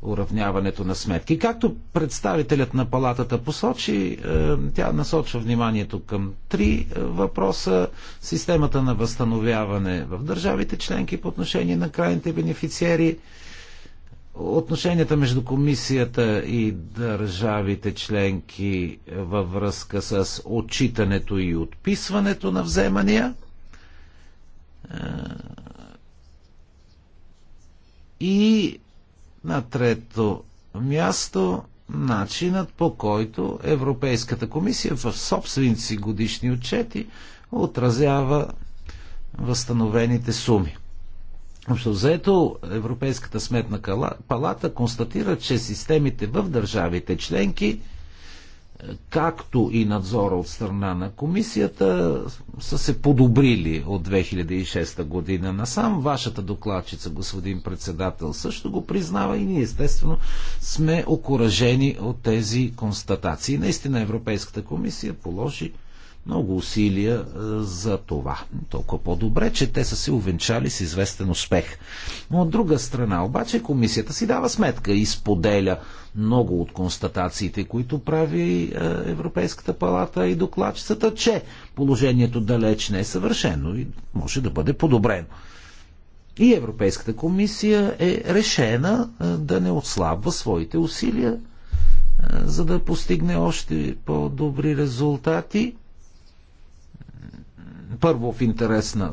уравняването на сметки. Както представителят на палатата посочи, е, тя насочва вниманието към три е, въпроса. Системата на възстановяване в държавите членки по отношение на крайните бенефициери, отношенията между комисията и държавите членки във връзка с отчитането и отписването на вземания, е, и на трето място начинът по който Европейската комисия в собствените си годишни отчети отразява възстановените суми. Общо взето Европейската сметна палата констатира, че системите в държавите членки както и надзора от страна на комисията са се подобрили от 2006 година насам. Вашата докладчица, господин председател, също го признава и ние естествено сме окоръжени от тези констатации. Наистина Европейската комисия положи много усилия е, за това. Толкова по-добре, че те са се увенчали с известен успех. Но от друга страна, обаче, комисията си дава сметка и споделя много от констатациите, които прави е, Европейската палата и докладчицата, че положението далеч не е съвършено и може да бъде подобрено. И Европейската комисия е решена е, да не отслабва своите усилия, за да постигне още по-добри резултати първо в интерес на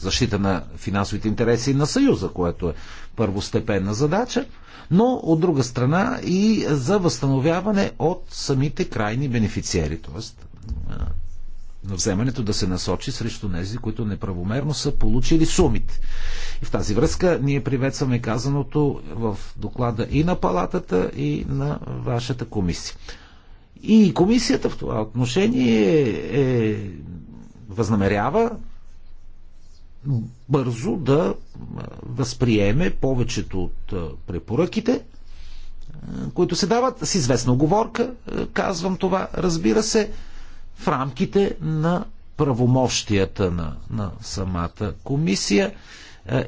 защита на финансовите интереси на Съюза, което е първостепенна задача, но от друга страна и за възстановяване от самите крайни бенефициери, т.е. на вземането да се насочи срещу тези, които неправомерно са получили сумите. И в тази връзка ние приветстваме казаното в доклада и на палатата, и на вашата комисия. И комисията в това отношение е възнамерява бързо да възприеме повечето от препоръките, които се дават с известна оговорка, казвам това, разбира се, в рамките на правомощията на, на самата комисия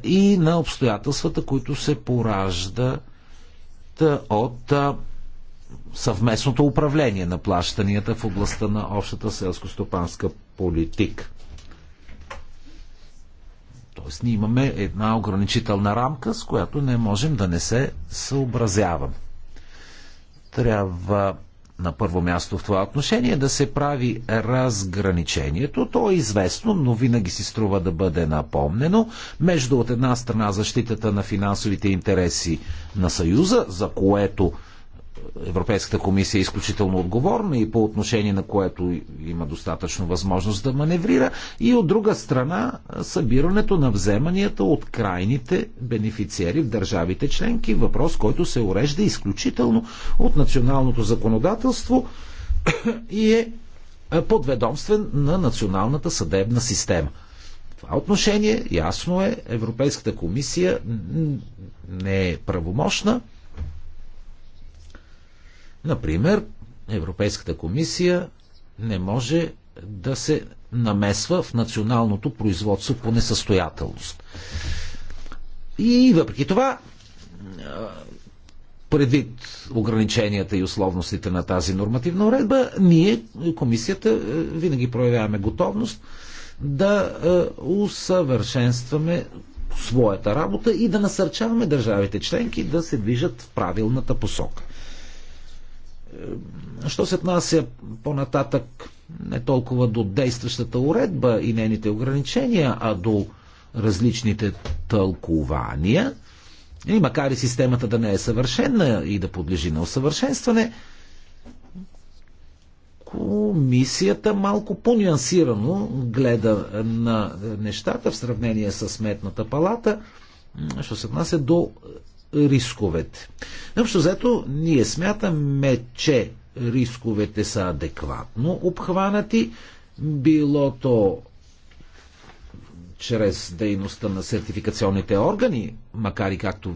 и на обстоятелствата, които се пораждат от съвместното управление на плащанията в областта на общата селско-стопанска политика. Тоест, ние имаме една ограничителна рамка, с която не можем да не се съобразявам. Трябва на първо място в това отношение да се прави разграничението. То е известно, но винаги си струва да бъде напомнено. Между от една страна защитата на финансовите интереси на Съюза, за което Европейската комисия е изключително отговорна и по отношение на което има достатъчно възможност да маневрира, и от друга страна събирането на вземанията от крайните бенефициери в държавите членки, въпрос, който се урежда изключително от националното законодателство и е подведомствен на националната съдебна система. това отношение, ясно е, Европейската комисия не е правомощна Например, Европейската комисия не може да се намесва в националното производство по несъстоятелност. И въпреки това, предвид ограниченията и условностите на тази нормативна уредба, ние, комисията, винаги проявяваме готовност да усъвършенстваме своята работа и да насърчаваме държавите членки да се движат в правилната посока. Е, що се отнася по-нататък не толкова до действащата уредба и нейните ограничения, а до различните тълкования, и макар и системата да не е съвършена и да подлежи на усъвършенстване, комисията малко по-нюансирано гледа на нещата в сравнение с Сметната палата, що се отнася до рисковете. Общо заето, ние смятаме, че рисковете са адекватно обхванати, било то чрез дейността на сертификационните органи, макар и както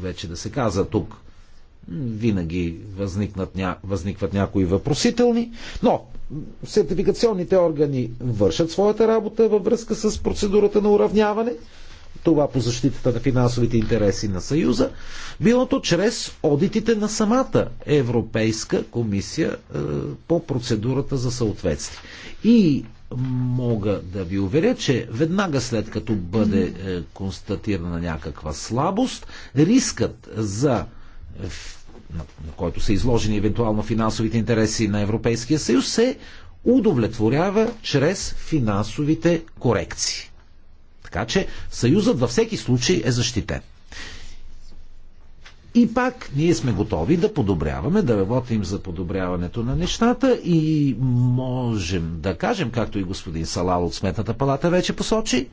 вече да се каза тук, винаги възникнат, ня... възникват някои въпросителни, но сертификационните органи вършат своята работа във връзка с процедурата на уравняване това по защитата на финансовите интереси на Съюза, било то чрез одитите на самата Европейска комисия е, по процедурата за съответствие. И мога да ви уверя, че веднага след като бъде е, констатирана някаква слабост, рискът за е, на, на който са изложени евентуално финансовите интереси на Европейския съюз, се удовлетворява чрез финансовите корекции. Така че съюзът във всеки случай е защитен. И пак ние сме готови да подобряваме, да работим за подобряването на нещата и можем да кажем, както и господин Салал от Сметната палата вече посочи,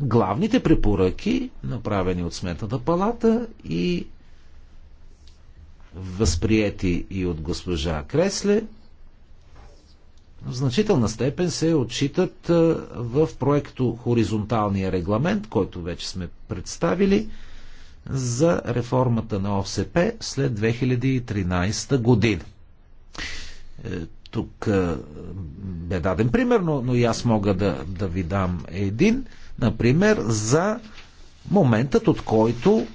главните препоръки, направени от Сметната палата и възприети и от госпожа Кресле, в значителна степен се отчитат в проекто хоризонталния регламент, който вече сме представили за реформата на ОСП след 2013 година. Е, тук бе даден пример, но, но и аз мога да, да ви дам един. Например, за моментът, от който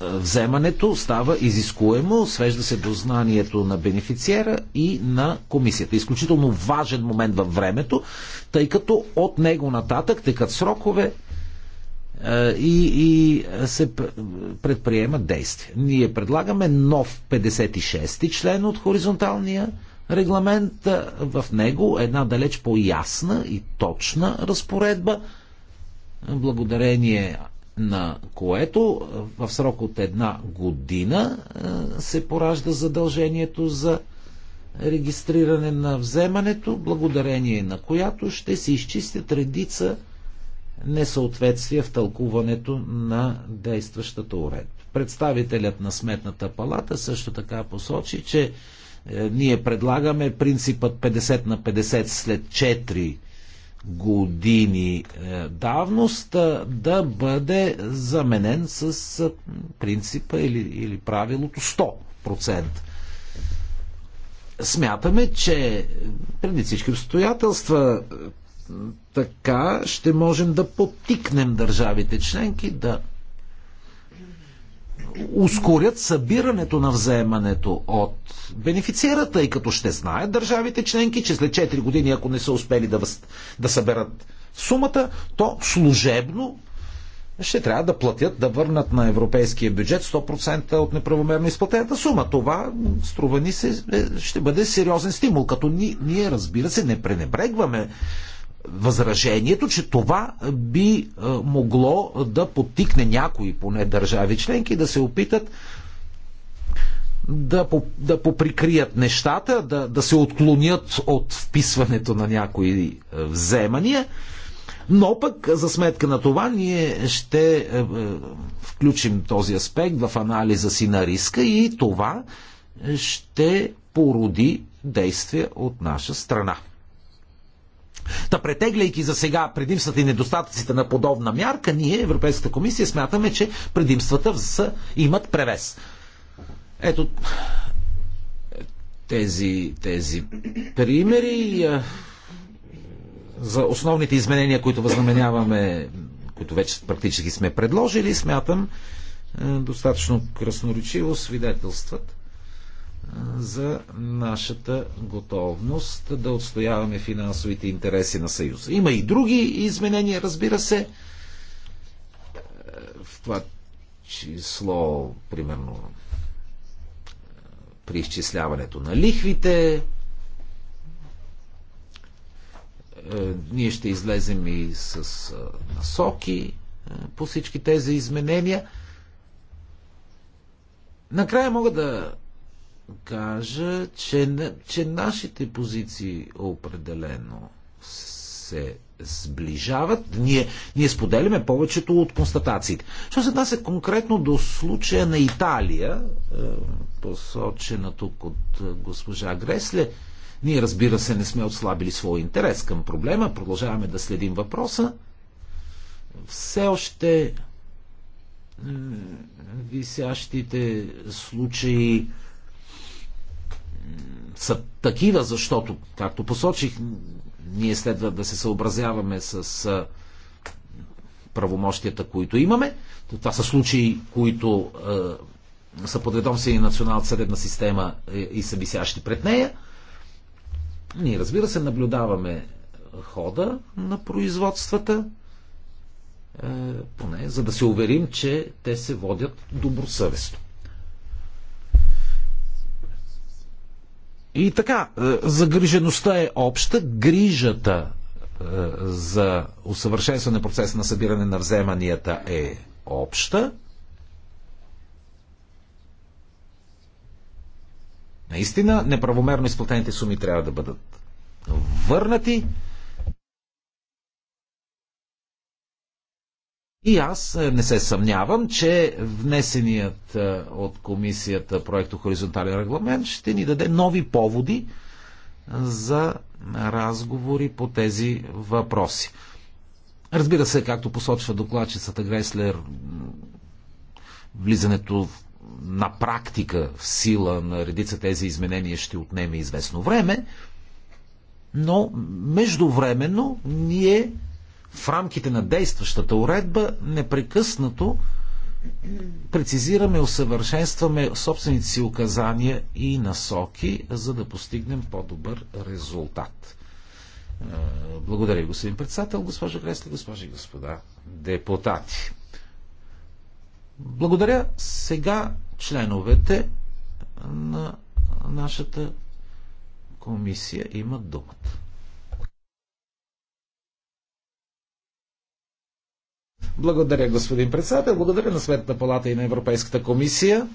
вземането става изискуемо, свежда се до знанието на бенефициера и на комисията. Изключително важен момент във времето, тъй като от него нататък текат срокове е, и, и се предприемат действия. Ние предлагаме нов 56-ти член от хоризонталния регламент. В него една далеч по-ясна и точна разпоредба, благодарение на което в срок от една година се поражда задължението за регистриране на вземането, благодарение на която ще се изчистят редица несъответствия в тълкуването на действащата уред. Представителят на Сметната палата също така посочи, че е, ние предлагаме принципът 50 на 50 след 4 години е, давност да бъде заменен с принципа или, или правилото 100%. Смятаме, че преди всички обстоятелства е, така ще можем да потикнем държавите членки да ускорят събирането на вземането от бенефицирата, и като ще знаят държавите членки, че след 4 години, ако не са успели да, въз... да съберат сумата, то служебно ще трябва да платят, да върнат на европейския бюджет 100% от неправомерно изплатената сума. Това, струва ни се, е, ще бъде сериозен стимул, като ни, ние, разбира се, не пренебрегваме възражението, че това би е, могло да потикне някои поне държави членки да се опитат да, да поприкрият нещата, да, да се отклонят от вписването на някои е, вземания. Но пък за сметка на това ние ще е, е, включим този аспект в анализа си на риска и това ще породи действия от наша страна. Та претегляйки за сега предимствата и недостатъците на подобна мярка, ние, Европейската комисия, смятаме, че предимствата са, имат превес. Ето тези, тези примери за основните изменения, които възнаменяваме, които вече практически сме предложили, смятам, достатъчно красноречиво свидетелстват за нашата готовност да отстояваме финансовите интереси на Съюза. Има и други изменения, разбира се, е, в това число, примерно, е, при изчисляването на лихвите. Е, ние ще излезем и с насоки по всички тези изменения. Накрая мога да кажа, че, че нашите позиции определено се сближават. Ние, ние споделяме повечето от констатациите. Що се отнася конкретно до случая на Италия, е, посочена тук от е, госпожа Гресле, ние разбира се не сме отслабили своя интерес към проблема, продължаваме да следим въпроса. Все още висящите случаи са такива, защото, както посочих, ние следва да се съобразяваме с правомощията, които имаме. Това са случаи, които е, са подведомствени на националната съдебна система и са висящи пред нея. Ние, разбира се, наблюдаваме хода на производствата, е, поне за да се уверим, че те се водят добросъвестно. И така, е, загрижеността е обща, грижата е, за усъвършенстване процеса на събиране на вземанията е обща. Наистина, неправомерно изплатените суми трябва да бъдат върнати. И аз не се съмнявам, че внесеният е, от комисията проекто Хоризонтален регламент ще ни даде нови поводи е, за разговори по тези въпроси. Разбира се, както посочва докладчицата Греслер, влизането на практика в сила на редица тези изменения ще отнеме известно време, но междувременно ние в рамките на действащата уредба непрекъснато прецизираме, усъвършенстваме собствените си указания и насоки, за да постигнем по-добър резултат. Е, благодаря, господин председател, госпожа Гресли, госпожи и господа депутати. Благодаря сега членовете на нашата комисия имат думата. Благодаря, господин председател. Благодаря на Светната палата и на Европейската комисия.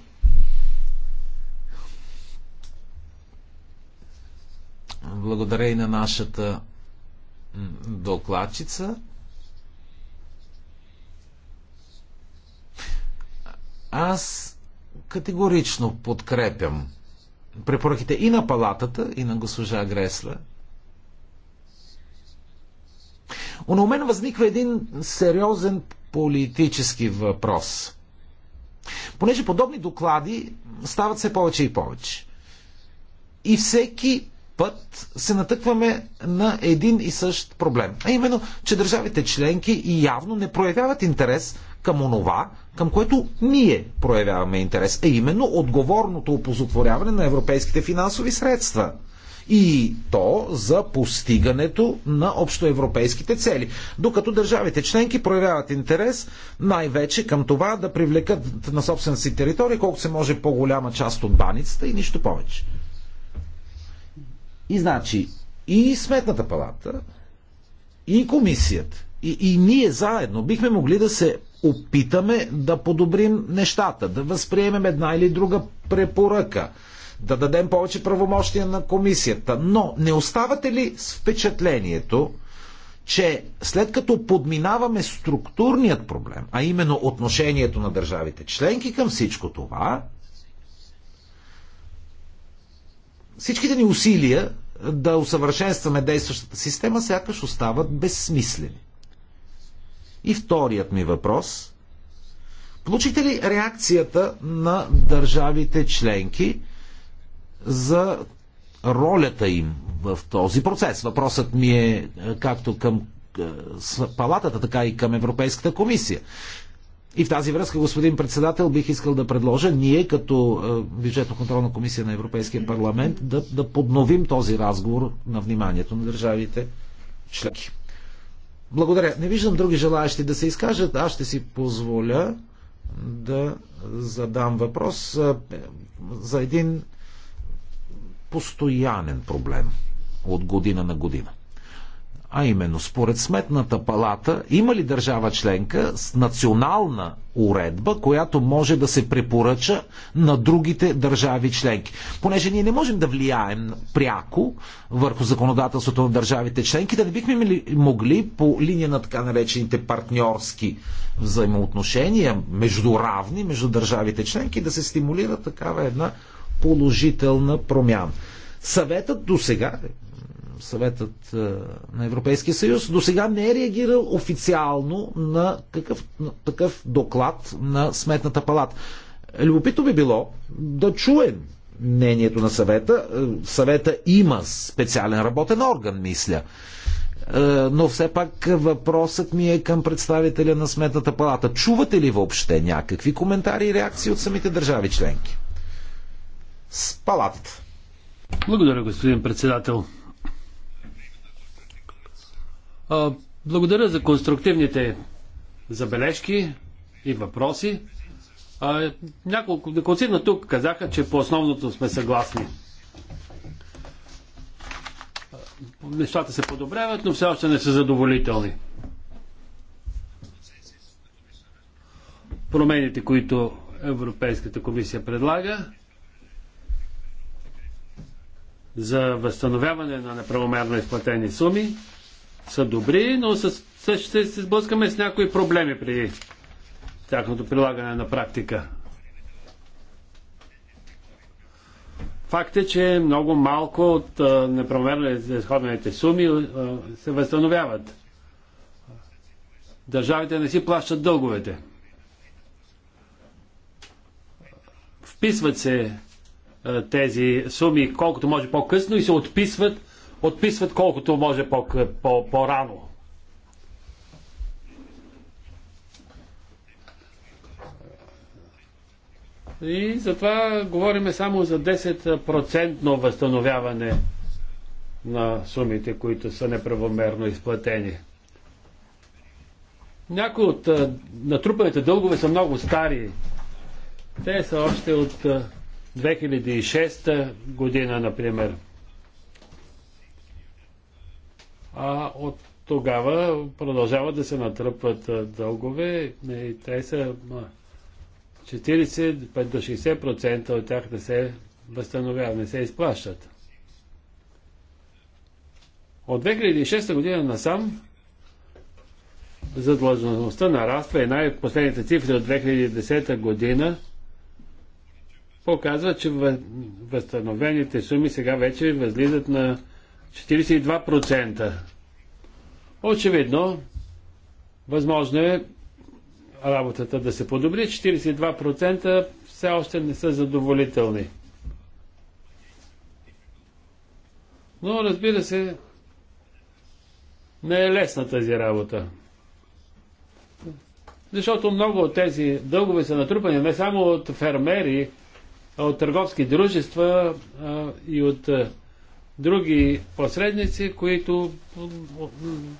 Благодаря и на нашата докладчица. Аз категорично подкрепям препоръките и на палатата, и на госпожа Гресла – Но у мен възниква един сериозен политически въпрос. Понеже подобни доклади стават все повече и повече. И всеки път се натъкваме на един и същ проблем. А именно, че държавите членки явно не проявяват интерес към онова, към което ние проявяваме интерес, а именно отговорното опозотворяване на европейските финансови средства и то за постигането на общоевропейските цели. Докато държавите членки проявяват интерес най-вече към това да привлекат на собствената си територия колкото се може по-голяма част от баницата и нищо повече. И значи и Сметната палата, и комисията, и, и ние заедно бихме могли да се опитаме да подобрим нещата, да възприемем една или друга препоръка да дадем повече правомощия на комисията. Но не оставате ли с впечатлението, че след като подминаваме структурният проблем, а именно отношението на държавите членки към всичко това, всичките ни усилия да усъвършенстваме действащата система сякаш остават безсмислени. И вторият ми въпрос. Получите ли реакцията на държавите членки за ролята им в този процес. Въпросът ми е, е както към е, палатата, така и към Европейската комисия. И в тази връзка, господин председател, бих искал да предложа ние, като е, бюджетно-контролна комисия на Европейския парламент, да, да подновим този разговор на вниманието на държавите членки. Благодаря. Не виждам други желаящи да се изкажат. Аз ще си позволя да задам въпрос за един постоянен проблем от година на година. А именно, според Сметната палата, има ли държава членка с национална уредба, която може да се препоръча на другите държави членки? Понеже ние не можем да влияем пряко върху законодателството на държавите членки, да не бихме могли по линия на така наречените партньорски взаимоотношения между равни, между държавите членки, да се стимулира такава една положителна промяна. Съветът до сега, съветът е, на Европейския съюз, до сега не е реагирал официално на какъв, на такъв доклад на Сметната палата. Любопитно би било да чуем мнението на съвета. Е, съвета има специален работен орган, мисля. Е, но все пак въпросът ми е към представителя на Сметната палата. Чувате ли въобще някакви коментари и реакции от самите държави членки? с палатата. Благодаря, господин председател. Благодаря за конструктивните забележки и въпроси. Няколко на тук казаха, че по основното сме съгласни. Нещата се подобряват, но все още не са задоволителни. Промените, които Европейската комисия предлага, за възстановяване на неправомерно изплатени суми са добри, но ще се сблъскаме с някои проблеми при тяхното прилагане на практика. Факт е, че много малко от неправомерно изходените суми се възстановяват. Държавите не си плащат дълговете. Вписват се е, тези суми колкото може по-късно и се отписват, отписват колкото може по-рано. И затова говорим само за 10% възстановяване на сумите, които са неправомерно изплатени. Някои от е, натрупаните дългове са много стари. Те са още от е, 2006 година, например. А от тогава продължават да се натръпват дългове и те са 40 до 60% от тях не се възстановяват, не се изплащат. От 2006 година насам задлъжността нараства и най-последните цифри от 2010 година – показва, че възстановените суми сега вече възлизат на 42%. Очевидно, възможно е работата да се подобри. 42% все още не са задоволителни. Но разбира се, не е лесна тази работа. Защото много от тези дългове са натрупани не само от фермери, от търговски дружества и от други посредници, които,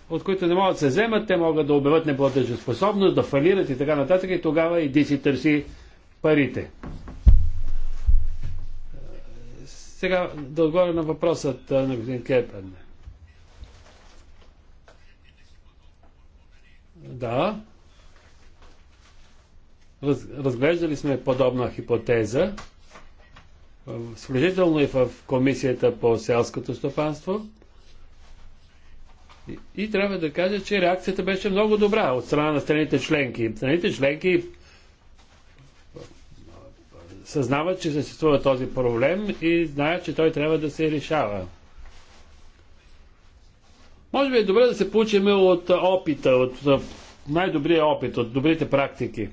от които не могат да се вземат, те могат да обявят неплатежоспособност, да фалират и така нататък и тогава иди си търси парите. Сега да отговоря на въпросът на господин Кепен. Да. разглеждали сме подобна хипотеза. Сключително и в Комисията по селското стопанство. И, и трябва да кажа, че реакцията беше много добра от страна на страните членки. Страните членки съзнават, че съществува този проблем и знаят, че той трябва да се решава. Може би е добре да се получим от опита, от най-добрия опит, от добрите практики.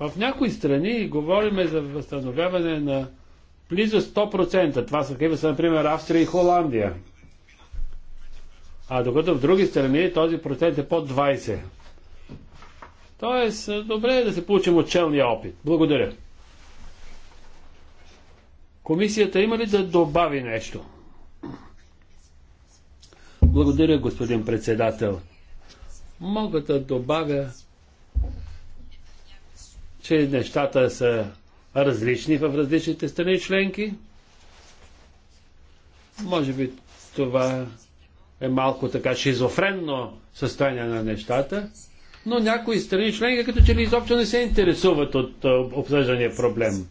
В някои страни говориме за възстановяване на близо 100%. Това са такива са, например, Австрия и Холандия. А докато в други страни този процент е под 20%. Тоест, добре е да се получим от челния опит. Благодаря. Комисията има ли да добави нещо? Благодаря, господин председател. Мога да добавя че нещата са различни в различните страни членки. Може би това е малко така шизофренно състояние на нещата, но някои страни членки като че ли изобщо не се интересуват от обсъждания проблем.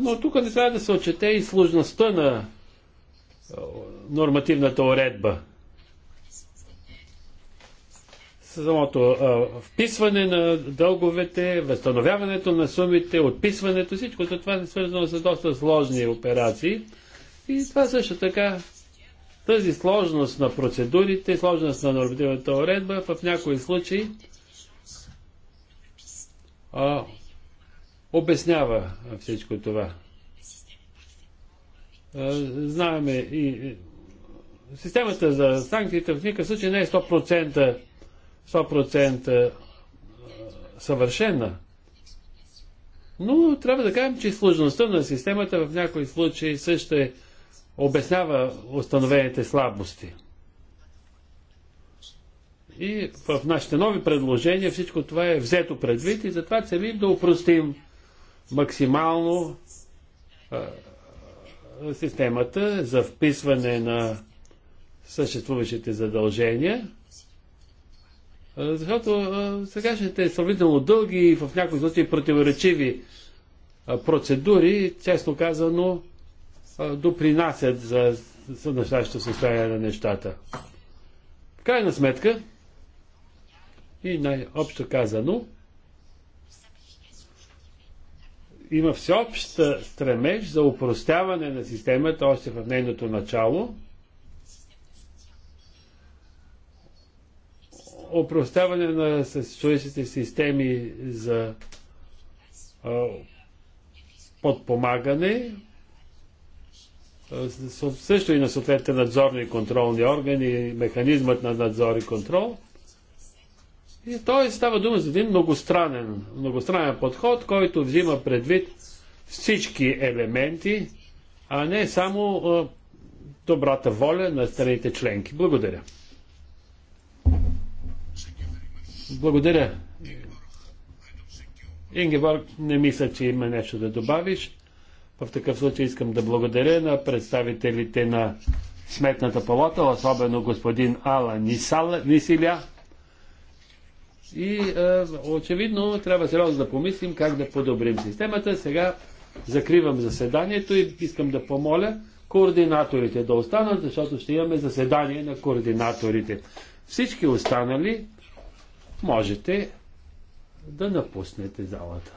но тук не трябва да се отчете и сложността на нормативната уредба. Самото а, вписване на дълговете, възстановяването на сумите, отписването, всичко това е свързано с доста сложни операции. И това също така, тази сложност на процедурите, сложност на нормативната уредба, в някои случаи а, обяснява всичко това. Знаеме и системата за санкциите в никакъв случай не е 100%, 100% съвършена. Но трябва да кажем, че сложността на системата в някои случаи също е, обяснява установените слабости. И в нашите нови предложения всичко това е взето предвид и затова целим да упростим максимално а, системата за вписване на съществуващите задължения, защото сегашните сравнително дълги и в някои случаи противоречиви процедури, честно казано, допринасят за, за състояние на нещата. В крайна сметка, и най-общо казано, има всеобща стремеж за упростяване на системата още в нейното начало. Упростяване на съществуващите системи за а, подпомагане, също и на съответните надзорни и контролни органи, механизмът на надзор и контрол – и т.е. става дума за един многостранен, многостранен подход, който взима предвид всички елементи, а не само а, добрата воля на страните членки. Благодаря. Благодаря. Ингеборг, не мисля, че има нещо да добавиш. В такъв случай искам да благодаря на представителите на Сметната палата, особено господин Ала Нисала, Нисиля и е, очевидно трябва сериозно да помислим как да подобрим системата. Сега закривам заседанието и искам да помоля координаторите да останат, защото ще имаме заседание на координаторите. Всички останали можете да напуснете залата.